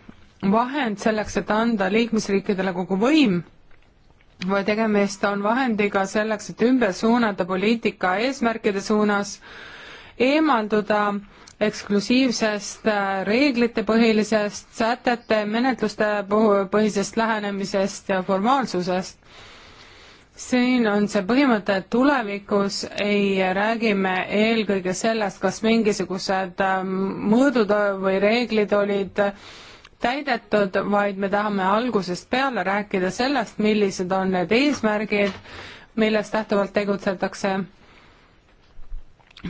Speaker 3: vahend selleks, et anda liikmesriikidele kogu võim või tegemist on vahendiga selleks, et ümber suunata poliitika eesmärkide suunas, eemalduda eksklusiivsest äh, reeglitepõhilisest sätete menetluste põhisest lähenemisest ja formaalsusest. siin on see põhimõte, et tulevikus ei räägi me eelkõige sellest, kas mingisugused äh, mõõdud äh, või reeglid olid äh, täidetud, vaid me tahame algusest peale rääkida sellest, millised on need eesmärgid, millest lähtuvalt tegutsetakse,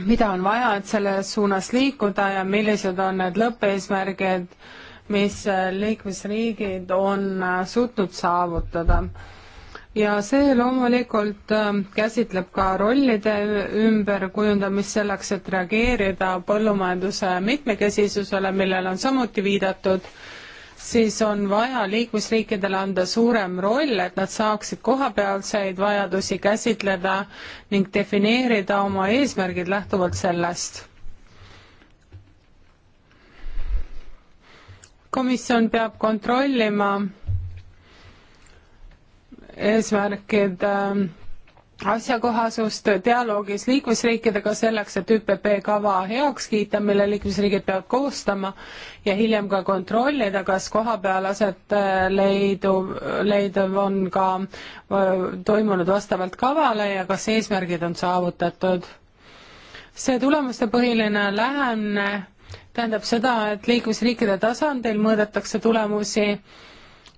Speaker 3: mida on vaja, et selles suunas liikuda ja millised on need lõppeesmärgid, mis äh, liikmesriigid on äh, suutnud saavutada. ja see loomulikult äh, käsitleb ka rollide ümberkujundamist selleks, et reageerida põllumajanduse mitmekesisusele, millele on samuti viidatud siis on vaja liikmesriikidele anda suurem roll, et nad saaksid kohapealseid vajadusi käsitleda ning defineerida oma eesmärgid lähtuvalt sellest. komisjon peab kontrollima eesmärkide asjakohasust dialoogis liikmesriikidega selleks, et ÜPP kava heaks kiita, mille liikmesriigid peavad koostama ja hiljem ka kontrollida, kas kohapeal aset leiduv, äh, leiduv on ka äh, toimunud vastavalt kavale ja kas eesmärgid on saavutatud. see tulemustepõhiline lähenemine tähendab seda, et liikmesriikide tasandil mõõdetakse tulemusi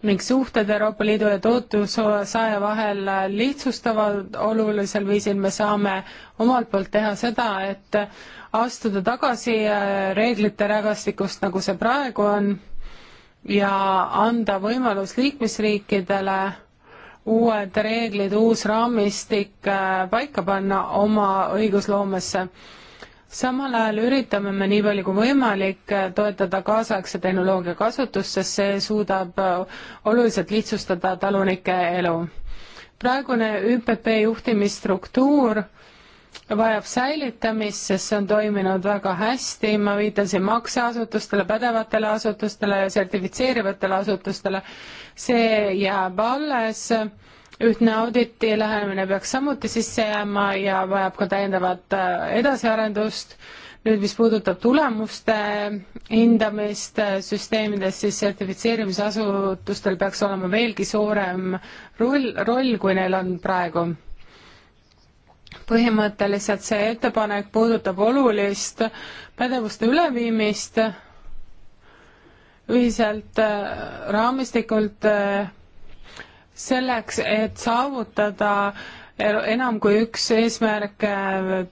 Speaker 3: ning suhted Euroopa Liidu ja tootlussaaja vahel lihtsustavad olulisel viisil, me saame omalt poolt teha seda, et astuda tagasi äh, reeglite rägastikust, nagu see praegu on, ja anda võimalus liikmesriikidele uued reeglid, uus raamistik äh, paika panna oma õigusloomesse samal ajal üritame me nii palju kui võimalik äh, toetada kaasaegse tehnoloogia kasutust, sest see suudab äh, oluliselt lihtsustada talunike elu. praegune ÜPP juhtimisstruktuur vajab säilitamist, sest see on toiminud väga hästi, ma viitasin makseasutustele, pädevatele asutustele, sertifitseerivatele asutustele, see jääb alles ühtne auditi lähenemine peaks samuti sisse jääma ja vajab ka täiendavat äh, edasiarendust. nüüd, mis puudutab tulemuste hindamist äh, süsteemides, siis sertifitseerimisasutustel peaks olema veelgi suurem roll, roll, kui neil on praegu. põhimõtteliselt see ettepanek puudutab olulist pädevuste üleviimist ühiselt äh, raamistikult selleks, et saavutada er-, enam kui üks eesmärke, äh,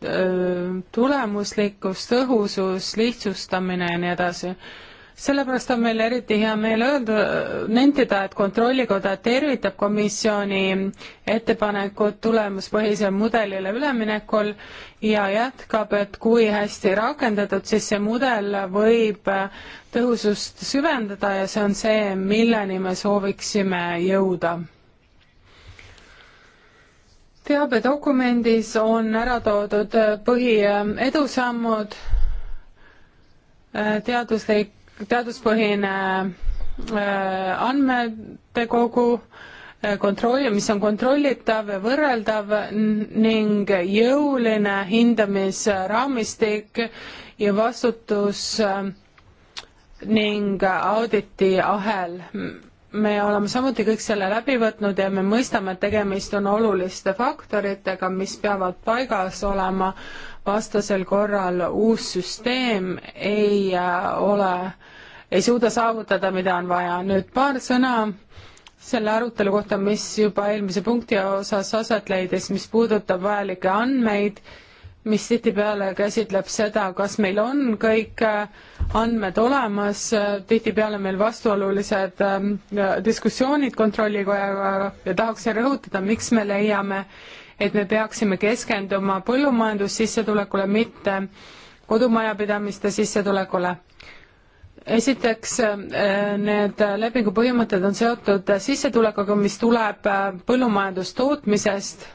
Speaker 3: tulemuslikkus, tõhusus, lihtsustamine ja nii edasi. sellepärast on meil eriti hea meel öelda, nentida, et Kontrollikoda tervitab komisjoni ettepanekut tulemuspõhisele mudelile üleminekul ja jätkab, et kui hästi rakendatud, siis see mudel võib tõhusust süvendada ja see on see, milleni me sooviksime jõuda teabedokumendis on ära toodud põhiedusammud, äh, teaduslik, teaduspõhine äh, andmete kogu, äh, kontrolli, mis on kontrollitav ja võrreldav ning jõuline hindamisraamistik ja vastutus ning auditiahel me oleme samuti kõik selle läbi võtnud ja me mõistame, et tegemist on oluliste faktoritega, mis peavad paigas olema, vastasel korral uus süsteem ei äh, ole, ei suuda saavutada, mida on vaja. nüüd paar sõna selle arutelu kohta, mis juba eelmise punkti osas aset leidis, mis puudutab vajalikke andmeid mis tihtipeale käsitleb seda, kas meil on kõik äh, andmed olemas, äh, tihtipeale meil vastuolulised ähm, diskussioonid Kontrollikojaga ja tahaksin rõhutada, miks me leiame, et me peaksime keskenduma põllumajandussissetulekule, mitte kodumajapidamiste sissetulekule esiteks, äh, need lepingu põhimõtted on seotud sissetulekuga, mis tuleb põllumajandustootmisest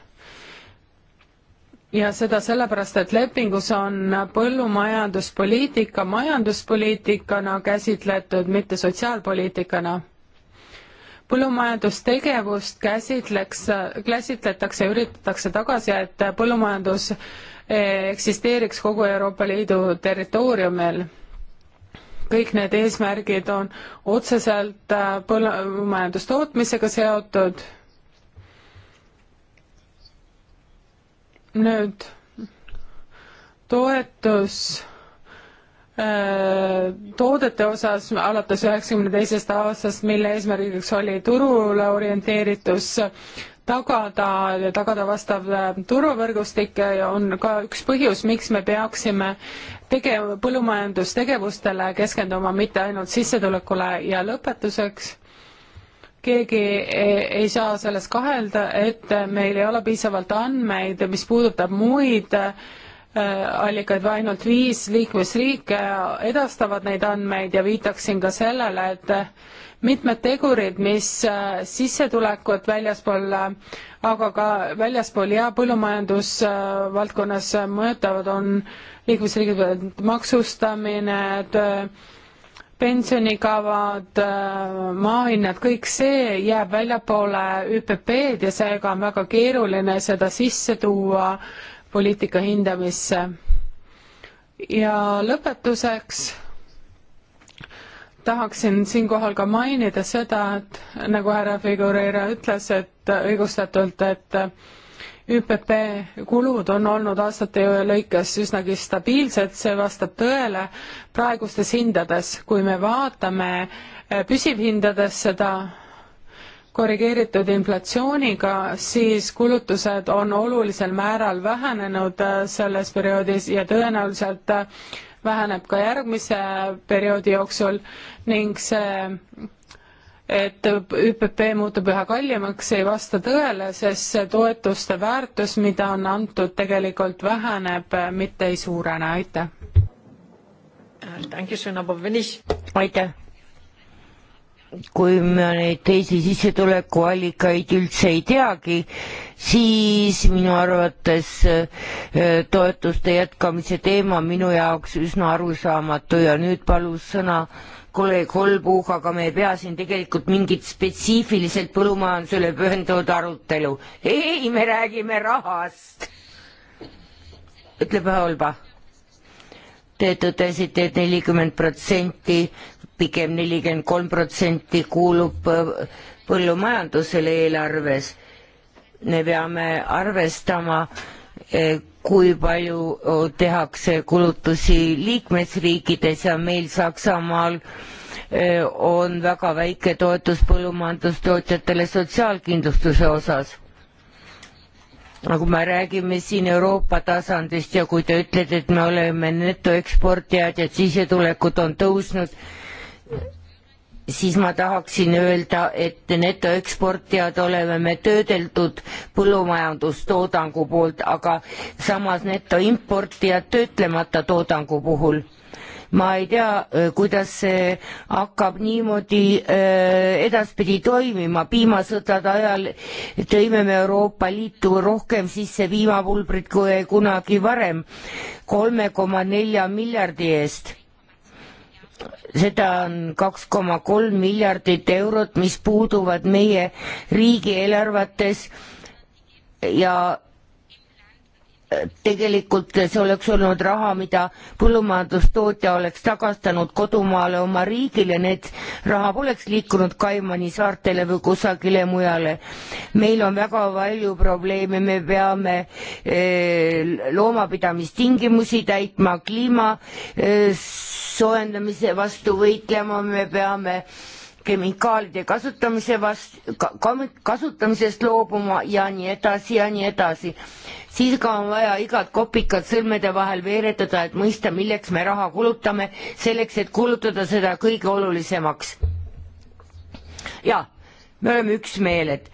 Speaker 3: ja seda sellepärast, et lepingus on põllumajanduspoliitika majanduspoliitikana käsitletud, mitte sotsiaalpoliitikana. põllumajandustegevust käsitleks, käsitletakse ja üritatakse tagasi, et põllumajandus eh, eksisteeriks kogu Euroopa Liidu territooriumil. kõik need eesmärgid on otseselt eh, põllumajandustootmisega seotud nüüd toetus äh, toodete osas alates üheksakümne teisest aastast, mille eesmärgiks oli turule orienteeritus, tagada ja tagada vastav äh, turvavõrgustik ja äh, on ka üks põhjus, miks me peaksime tege-, põllumajandustegevustele keskenduma, mitte ainult sissetulekule ja lõpetuseks keegi ei saa selles kahelda, et meil ei ole piisavalt andmeid, mis puudutab muid äh, allikaid, ainult viis liikmesriike edastavad neid andmeid ja viitaksin ka sellele, et mitmed tegurid, mis äh, sissetulekut väljaspool, äh, aga ka väljaspool ja põllumajandusvaldkonnas mõjutavad, on liikmesriigid maksustamine, pensionikavad, maahinnad, kõik see jääb väljapoole ÜPP-d ja seega on väga keeruline seda sisse tuua poliitika hindamisse. ja lõpetuseks tahaksin siinkohal ka mainida seda, et nagu härra Figureira ütles, et õigustatult, et ÜPP kulud on olnud aastate lõikes üsnagi stabiilsed, see vastab tõele praegustes hindades. kui me vaatame eh, püsivhindades seda korrigeeritud inflatsiooniga, siis kulutused on olulisel määral vähenenud eh, selles perioodis ja tõenäoliselt eh, väheneb ka järgmise perioodi jooksul ning see et ÜPP muutub üha kallimaks, ei vasta tõele, sest see toetuste väärtus, mida on antud, tegelikult väheneb, mitte ei suurene, aitäh. Äh,
Speaker 1: aitäh kui me neid teisi sissetulekuallikaid üldse ei teagi, siis minu arvates äh, toetuste jätkamise teema minu jaoks üsna arusaamatu ja nüüd palus sõna kolleeg Holbuch, aga me ei pea siin tegelikult mingit spetsiifiliselt põllumajandusele pühendatud arutelu. ei, me räägime rahast. ütleb Holba. Te tõdesite et, et nelikümmend protsenti pigem nelikümmend kolm protsenti kuulub äh, põllumajandusele eelarves. me peame arvestama, äh, kui palju tehakse kulutusi liikmesriikides ja meil Saksamaal äh, on väga väike toetus põllumajandustootjatele sotsiaalkindlustuse osas nagu me räägime siin Euroopa tasandist ja kui te ütlete, et me oleme netoeksportijad ja sissetulekud on tõusnud, siis ma tahaksin öelda, et netoeksportijad oleme me töödeldud põllumajandustoodangu poolt, aga samas netoimportijad töötlemata toodangu puhul. ma ei tea, äh, kuidas see hakkab niimoodi äh, edaspidi toimima, piimasõdade ajal tõime me Euroopa Liitu rohkem sisse piimapulbrit kui kunagi varem, kolme koma nelja miljardi eest seda on kaks koma kolm miljardit eurot, mis puuduvad meie riigieelarvates ja tegelikult see oleks olnud raha, mida põllumajandustootja oleks tagastanud kodumaale oma riigile, need raha poleks liikunud Kaimani saartele või kusagile mujale. meil on väga palju probleeme, me peame eh, loomapidamistingimusi täitma, kliima eh, soojendamise vastu võitlema, me peame kemikaalide kasutamise vast-, kasutamisest loobuma ja nii edasi ja nii edasi siis ka on vaja igat kopikat sõlmede vahel veeretada, et mõista, milleks me raha kulutame, selleks, et kulutada seda kõige olulisemaks. jah, me oleme üksmeeled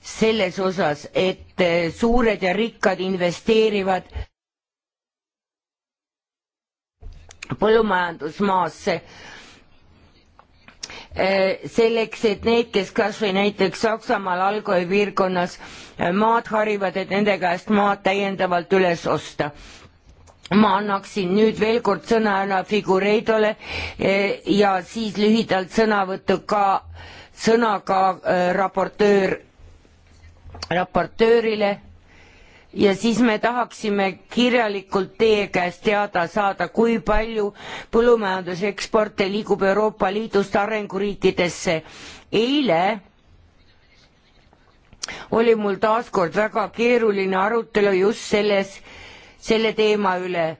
Speaker 1: selles osas, et eh, suured ja rikkad investeerivad põllumajandusmaasse eh, selleks, et need, kes kas või näiteks Saksamaal Algoi piirkonnas maad harivad, et nende käest maad täiendavalt üles osta ma annaksin nüüd veel kord sõna härra Figureidole e, ja siis lühidalt sõnavõttu ka, sõna ka e, raportöör, raportöörile ja siis me tahaksime kirjalikult teie käest teada saada, kui palju põllumajanduseksporte liigub Euroopa Liidust arenguriikidesse. eile oli mul taaskord väga keeruline arutelu just selles, selle teema üle.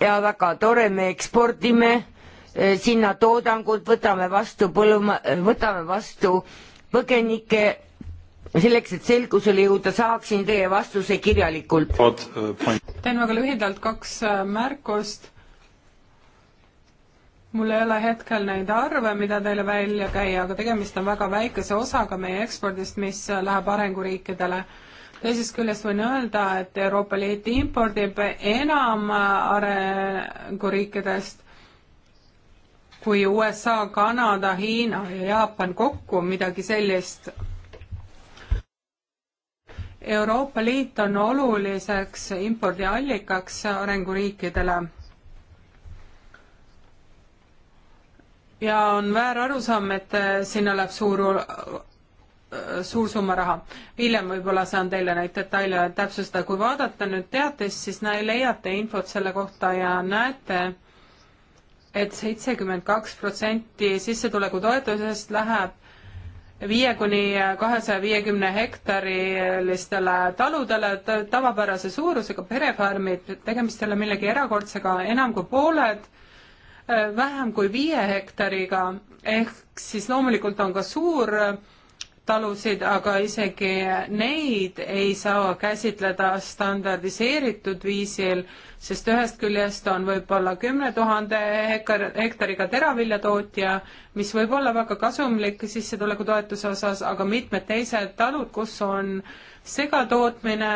Speaker 1: ja väga tore, me ekspordime eh, sinna toodangut, võtame vastu põlluma-, eh, võtame vastu põgenikke, selleks, et selgusele jõuda, saaksin teie vastuse kirjalikult.
Speaker 2: Eh,
Speaker 3: teen väga
Speaker 1: lühidalt kaks märkust
Speaker 3: mul ei ole hetkel neid arve, mida teile välja käia, aga tegemist on väga väikese osaga meie ekspordist, mis läheb arenguriikidele. teisest küljest võin öelda, et Euroopa Liit impordib enam arenguriikidest kui USA, Kanada, Hiina ja Jaapan kokku, midagi sellist. Euroopa Liit on oluliseks impordiallikaks arenguriikidele ja on väär arusaam, et äh, sinna läheb suur, äh, suur summa raha. hiljem võib-olla saan teile neid detaile täpsustada, kui vaadata nüüd teatist, siis näe, leiate infot selle kohta ja näete et, et seitsekümmend kaks protsenti sissetulekutoetusest läheb viie kuni kahesaja viiekümne hektarilistele taludele tavapärase suurusega perefarmid, tegemist ei ole millegi erakordsega, enam kui pooled vähem kui viie hektariga, ehk siis loomulikult on ka suur äh, talusid, aga isegi neid ei saa käsitleda standardiseeritud viisil, sest ühest küljest on võib-olla kümne tuhande hektar, hektariga teraviljatootja, mis võib olla väga kasumlik sissetulekutoetuse osas, aga mitmed teised talud, kus on segatootmine,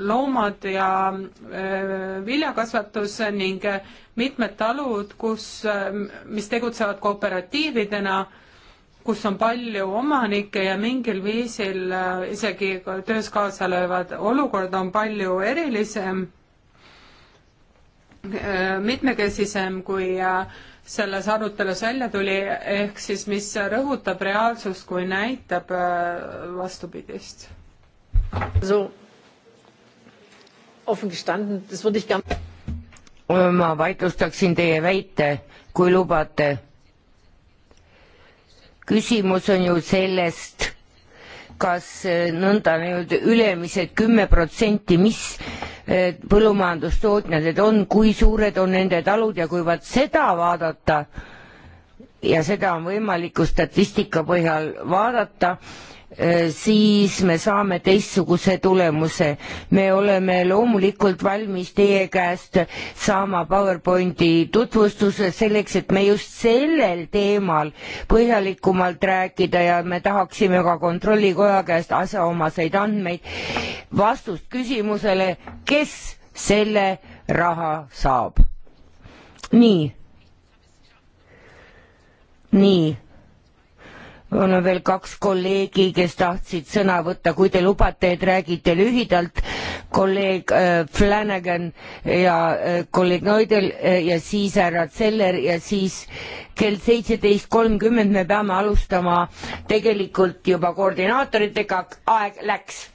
Speaker 3: loomad ja öö, äh, viljakasvatus ning mitmed talud, kus, mis tegutsevad kooperatiividena, kus on palju omanikke ja mingil viisil äh, isegi töös kaasa löövad, olukord on palju erilisem, äh, mitmekesisem kui äh, selles arutelus välja tuli, ehk siis mis rõhutab reaalsust, kui näitab vastupidist. So offen gestanden, das würde ich gern
Speaker 1: ma vaidlustaksin teie väite, kui lubate. küsimus on ju sellest, kas eh, nõnda nii-öelda ülemised kümme protsenti, mis eh, põllumajandustootjad need on, kui suured on nende talud ja kui vaat seda vaadata, ja seda on võimaliku statistika põhjal vaadata, Äh, siis me saame teistsuguse tulemuse. me oleme loomulikult valmis teie käest saama PowerPointi tutvustuse selleks, et me just sellel teemal põhjalikumalt rääkida ja me tahaksime ka Kontrollikoja käest asjaomaseid andmeid, vastust küsimusele, kes selle raha saab. nii. nii on veel kaks kolleegi, kes tahtsid sõna võtta, kui te lubate, et räägite lühidalt, kolleeg äh, Flanagan ja äh, kolleeg Noidel äh, ja siis härra Zeller ja siis kell seitseteist kolmkümmend me peame alustama tegelikult juba koordinaatoritega, aeg läks.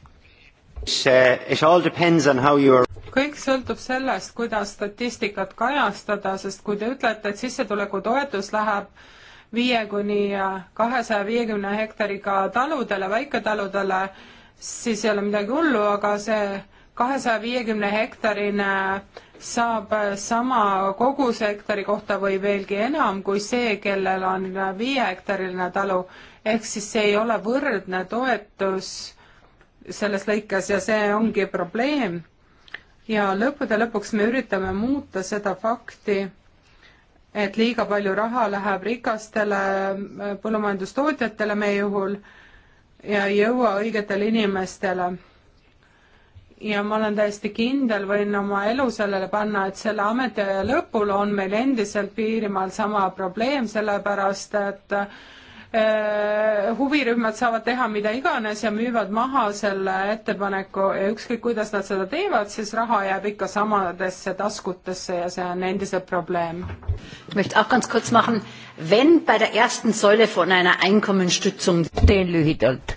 Speaker 3: Uh, kõik sõltub sellest, kuidas statistikat kajastada, sest kui te ütlete, et sissetulekutoetus läheb viie kuni kahesaja viiekümne hektariga taludele, väiketaludele, siis ei ole midagi hullu, aga see kahesaja viiekümne hektarine saab sama koguse hektari kohta või veelgi enam kui see, kellel on viiehektariline talu. ehk siis see ei ole võrdne toetus selles lõikes ja see ongi probleem. ja lõppude lõpuks me üritame muuta seda fakti et liiga palju raha läheb rikastele äh, põllumajandustootjatele meie juhul ja ei jõua õigetele inimestele. ja ma olen täiesti kindel, võin oma elu sellele panna, et selle ametiaja lõpul on meil endiselt piirimaal sama probleem, sellepärast et äh, Äh, huvirühmad saavad teha mida iganes ja müüvad maha selle ettepaneku ja ükskõik, kuidas nad seda teevad, siis raha jääb ikka samadesse taskutesse ja see on endiselt probleem.
Speaker 1: teen lühidalt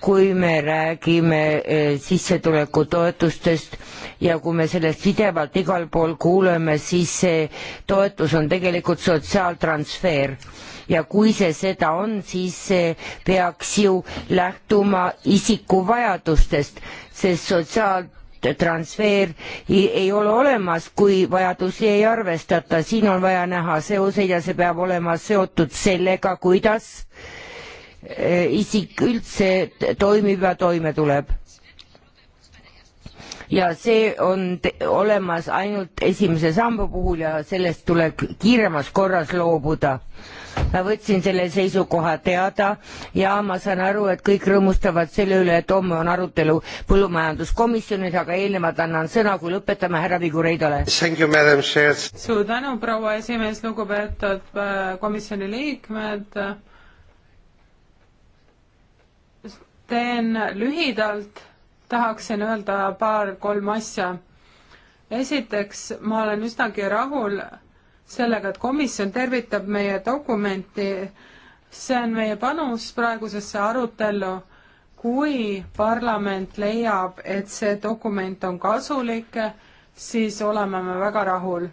Speaker 1: kui me räägime äh, sissetulekutoetustest ja kui me sellest pidevalt igal pool kuuleme, siis see toetus on tegelikult sotsiaaltransfer ja kui see seda on, siis see peaks ju lähtuma isiku vajadustest, sest sotsiaal transfer ei, ei ole olemas, kui vajadusi ei arvestata, siin on vaja näha seoseid ja see peab olema seotud sellega, kuidas eh, isik üldse toimib ja toime tuleb. ja see on olemas ainult esimese samba puhul ja sellest tuleb kiiremas korras loobuda ma võtsin selle seisukoha teada ja ma saan aru, et kõik rõõmustavad selle üle, et homme on arutelu põllumajanduskomisjonis, aga eelnevalt annan sõna, kui lõpetame härra Vigureidole.
Speaker 3: suur tänu, proua esimees, lugupeetud äh, komisjoni liikmed. teen lühidalt, tahaksin öelda paar-kolm asja esiteks, ma olen üsnagi rahul sellega, et komisjon tervitab meie dokumenti, see on meie panus praegusesse arutellu. kui parlament leiab, et see dokument on kasulik, siis oleme me väga rahul.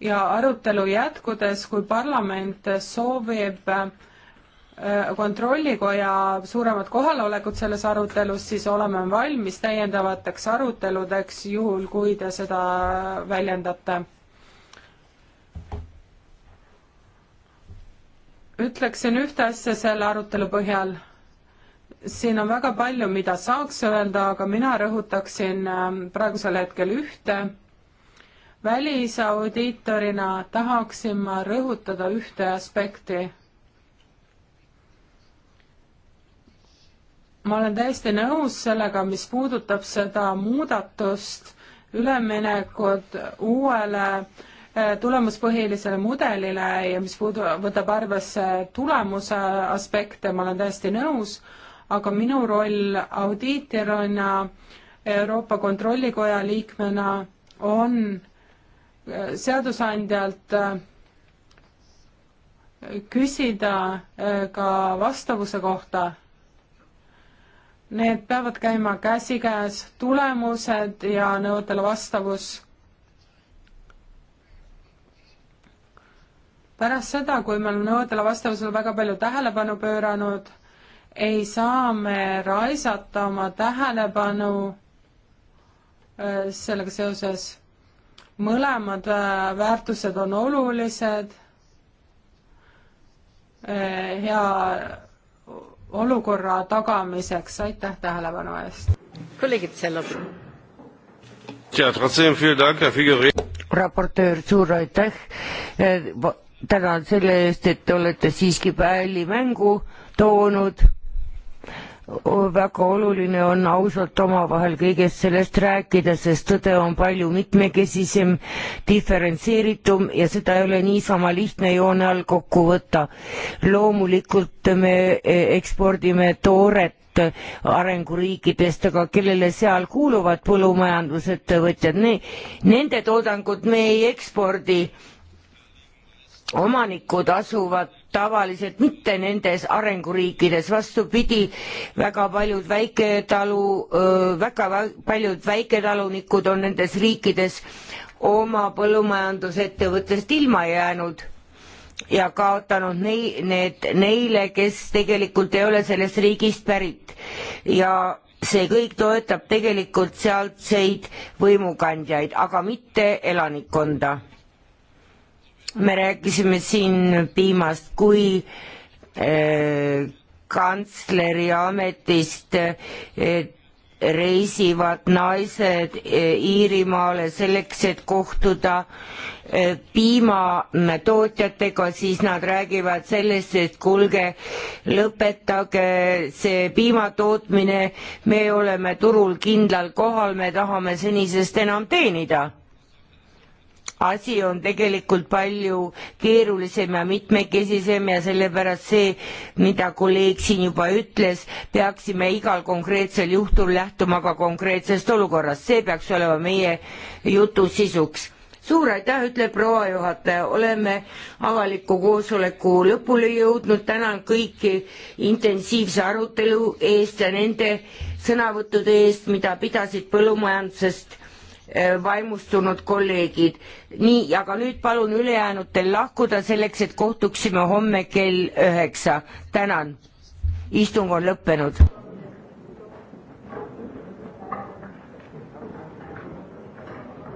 Speaker 3: ja arutelu jätkudes, kui parlament soovib äh, kontrollikoja suuremat kohalolekut selles arutelus, siis oleme valmis täiendavateks aruteludeks, juhul kui te seda väljendate ütleksin ühte asja selle arutelu põhjal. siin on väga palju, mida saaks öelda, aga mina rõhutaksin ähm, praegusel hetkel ühte. välisaudiitorina tahaksin ma rõhutada ühte aspekti. ma olen täiesti nõus sellega, mis puudutab seda muudatust, üleminekut uuele äh, Äh, tulemuspõhilisele mudelile ja mis puudu-, võtab arvesse tulemuse aspekte, ma olen täiesti nõus, aga minu roll audiitorina, Euroopa Kontrollikoja liikmena on äh, seadusandjalt äh, küsida ka vastavuse kohta. Need peavad käima käsikäes, tulemused ja nõuetele vastavus pärast seda, kui me oleme nõuetele vastavusele väga palju tähelepanu pööranud, ei saa me raisata oma tähelepanu äh, sellega seoses. mõlemad äh, väärtused on olulised, äh, hea olukorra tagamiseks, aitäh tähelepanu eest! kolleegid, selle
Speaker 1: raportöör, suur aitäh! tänan selle eest, et te olete siiski palli mängu toonud. väga oluline on ausalt omavahel kõigest sellest rääkida, sest tõde on palju mitmekesisem, diferentseeritum ja seda ei ole niisama lihtne joone all kokku võtta. loomulikult me e, ekspordime tooret arenguriikidest, aga kellele seal kuuluvad põllumajandusettevõtjad, nende toodangut me ei ekspordi omanikud asuvad tavaliselt mitte nendes arenguriikides, vastupidi, väga paljud väiketalu, väga paljud väiketalunikud on nendes riikides oma põllumajandusettevõttest ilma jäänud ja kaotanud nei-, need neile, kes tegelikult ei ole sellest riigist pärit. ja see kõik toetab tegelikult sealseid võimukandjaid, aga mitte elanikkonda me rääkisime siin piimast kui äh, kantsleri ametist äh, reisivad naised äh, Iirimaale selleks, et kohtuda äh, piimatootjatega, siis nad räägivad sellest, et kuulge, lõpetage see piimatootmine, me oleme turul kindlal kohal, me tahame senisest enam teenida asi on tegelikult palju keerulisem ja mitmekesisem ja sellepärast see, mida kolleeg siin juba ütles, peaksime igal konkreetsel juhtul lähtuma ka konkreetsest olukorrast, see peaks olema meie jutu sisuks suur aitäh, ütleb proua juhataja, oleme avaliku koosoleku lõpule jõudnud, tänan kõiki intensiivse arutelu eest ja nende sõnavõttude eest, mida pidasid põllumajandusest Äh, vaimustunud kolleegid. nii, aga nüüd palun ülejäänutel lahkuda selleks, et kohtuksime homme kell üheksa. tänan. istung on lõppenud.